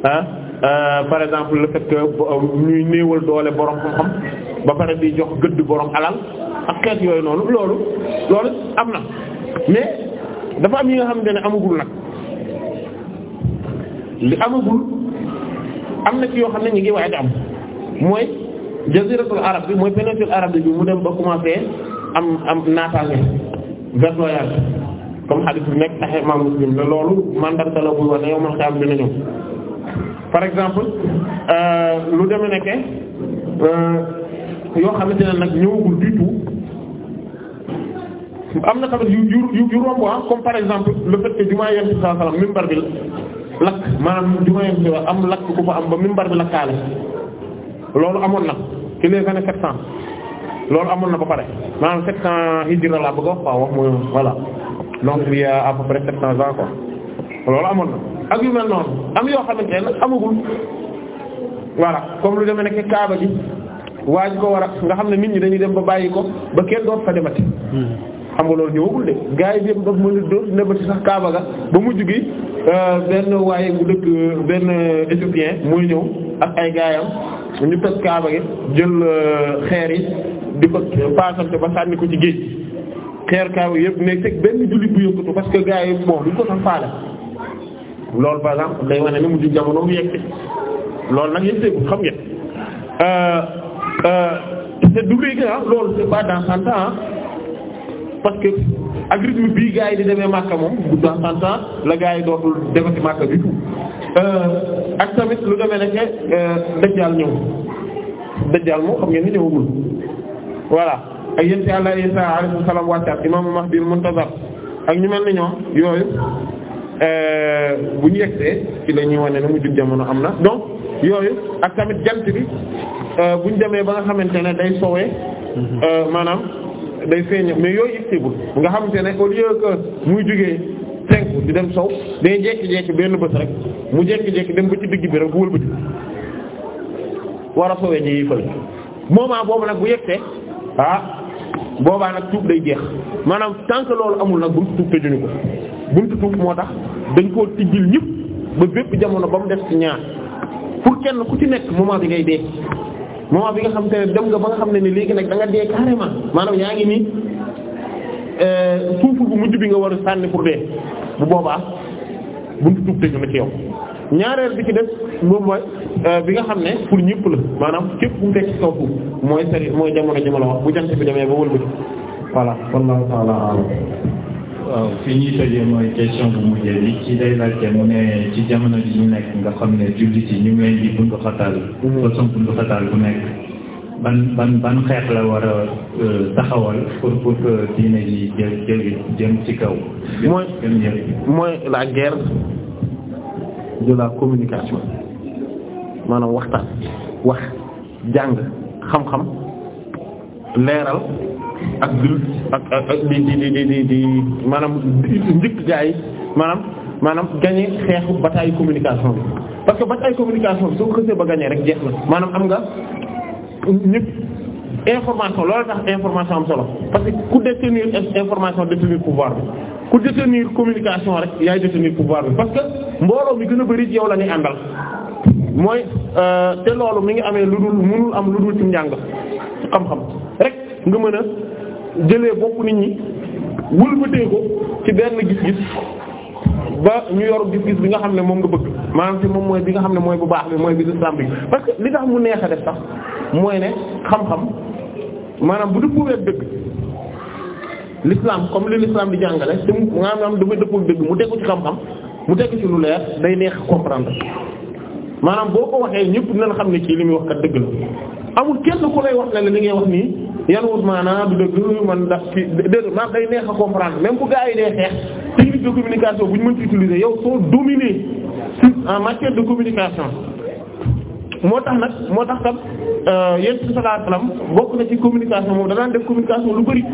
ah, euh, par exemple la fait que euh, ñuy néewal doole borom xam-xam ba pare di jox gëdd borom alal ak xeet yooyu noonu loolu loolu am na mais dafa am yi nga xamante ne amagul nag li amagul am na ci yoo xam ne ñu ngi waaye di am mooy jaziratul arab bi mooy péninsule arabe bi mu dem ba commencé am am naataange verdoyage comme hadith bi nekk taxe imam muslim la loolu mandarga la buy wane yow man xaam dina ñëw par exemple euh, lu deme nekke euh, yoo xamante ne nag ñëwagul du am na tamit yu yu yu romb ah comme par exemple le fait que jumaa yem ci saa salaam minbar bi lakk maanaam jumaa yem ci am lakk ku fa am ba minbar bi lakkaale loolu amoon na ci les années sept cent loolu amoon na ba pare maanaam a wax waaw wax mooy voilà a à peu près loolu amoon na ak yu mel noonu am yoo xamante ne amagul voilà comme lu deme demee nekk Kaaba gi waaj ko war a nga xam ne nit ñi dañuy dem ba bàyyi ko ba kenn doot fa demati. Hmm. xam nga loolu ñëwagul de gars yi yëpp daf mën a dóor sax Kaaba ga ba mujj gi euh, benn waaye bu dëkk benn euh, éthiopien mooy ñëw ak ay gaayam ñu toj Kaaba gi jël euh, xeer yi di ko paasante ba sànni ko ci géej xeer Kaaba yëpp mais teg benn jullit bu yëkkatu parce que gars yi bon duñ ko sax faale loolu par exemple day ne mujj jamono mu yegg loolu nag yëpp seegul xam ngeen te du léegi ah parce que ak bii gars yi di demee Makka moom bu temps en la gars yi dootul defati Makka bi euh, ak tamit lu demee nekk euh, dajjaal ñëw dajjaal moom xam ngeen ni ñëwagul voilà ak yéen ci àlla yéen sa alayhi salaam wàccaat imaamu Mahdi muntazar ak ñu mel ni ñoom yooyu euh, bu ñu yegsee ci la ñuy wane ne mu jub jamono am na donc yooyu ak tamit jant bi buñ demee ba nga xamante ne day soowee mhm. maanaam day feeña mais yooyu yëgteegul nga xamante ne au lieu que muy jógee tenku di dem sow day jekki-jekki benn bés rek mu jekki-jekki dem ba ci digg bi rek bu wëlbati war a sowee ji fële moment boobu nag bu yëgtee ah boobaa nag tuub day jeex maanaam tant que loolu amul nag buntu tuub tëjuñu ko buntu tuub moo tax dañ koo tijjil ñëpp ba bépp jamono ba mu def ci ñaar pour kenn ku ci nekk moment bi ngay dee moment bi nga xam te ne dem nga ba nga xam ne ni léegi nag da nga dee carrément maanaam yaa ngi nii euh, suufu bu mujj bi nga war a sànni pour dee bu boobaa buntu tuub tëju na ci yow. ñaareel bi ci def moom mooy euh, bi nga xam ne pour ñëpp la maanaam képp ku nekk ci kaw suuf mooy sari mooy jamono ji wax bu jant bi demee ba wëlbati voilà wallahu ta'ala a'lam waaw fi ñuy tëjee mooy question bu mujjee bi ci day laajte mu ne ci jamono ji ñu nekk nga xam ne jullit yi ñu ngi leen di bundu xataal ban xeex la war a taxawal diine ji jël jël jëm ci kaw mooy mooy la guerre de la communication maanaam waxtaan wax jàng xam-xam leeral ak dul ak ak di di di di di maanaam njëkk gaa yi maanaam maanaam gagné xeexu bataille communication bi parce que bataille communication bi soo xësee ba gagné rek jeex na maanaam am nga ñëpp information loolu tax information am solo parce que ku détenir information détenir pouvoir bi ku détenir communication rek yaay détenir pouvoir bi parce que mbooloo mi gën a bari yow la ñuy àndal mooy euh, te loolu mi ngi amee lu dul mënul am lu dul ci njàng xam nga mën a jëlee bopp nit ñi wëlbatee ko ci benn gis-gis ba ñu yor gis-gis bi nga xam ne moom nga bëgg maanaam ci moom mooy bi nga xam ne mooy bu baax bi mooy bi l'islam bi parce que li tax mu neex a def sax mooy ne xam-xam maanaam bu dëppoo ak dëgg l'islam comme li l'islam di jàngale te mu maanaam damay dëppoo ak dëgg mu tegu ci xam-xam mu tegu ci lu leer day neex comprendre maanaam boo ko waxee ñëpp dinañ xam ne kii li muy wax kat dëgg la. amul kenn ku lay wax ne li ngay wax nii yan wut maanaam du dëgg man daf ci dëgg maanaam day neex a comprendre même bu gaa yi dee xeex technique de communication bu ñu mën ci utiliser yow soo dominer en matière de communication. moo tax moo tax tam euh, yéen ci bokk na ci communication moom danaan def communication lu bari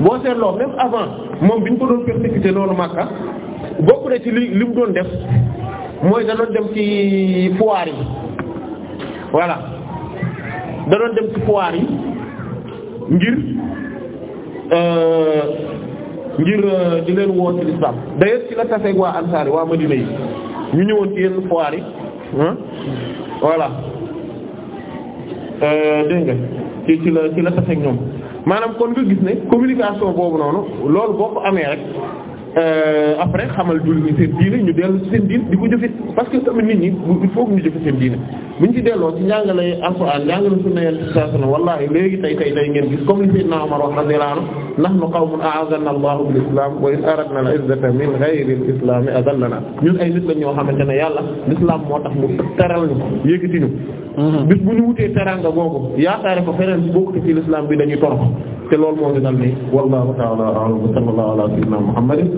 boo seetloo même avant moom bi ñu ko doon persécuté loolu Makka bokk na ci li li mu doon def mooy da dem ci foire yi voilà. da doon dem ci foire yi ngir euh, ngir euh, di leen woo ci lislaam d'ailleurs ci la taseeg waa ansaar yi waa Madina yi ñu ñëwoon ci yenn foire yi voilà euh, dégg nga ci la ci la taseeg ñoom maanaam kon nga gis ne communication boobu noonu loolu boo ko amee rek Euh, après xamal jullit ñi seen diine ñu dellu seen diine di ko jëfee parce que tamit nit ñi il faut que ñu jëfe seen diine bu ñu ci delloo ci njàngale alxuraan njàngale sunna yàlla sallallahu alayhi wasallam wallahi léegi tey tey day ngeen gis comme li Seydina Umar wax radiyallahu anhu nahnu qawmun a'azzana Allahu bil islam wa in aradna al izzata min ghayri la ñoo xamante ne yàlla moo tax mu teral ñu yëkkati ñu mhm. bis bu ñu wutee teranga googu yaakaare ko feneen bokku ci l'islam bi dañuy torox te loolu moo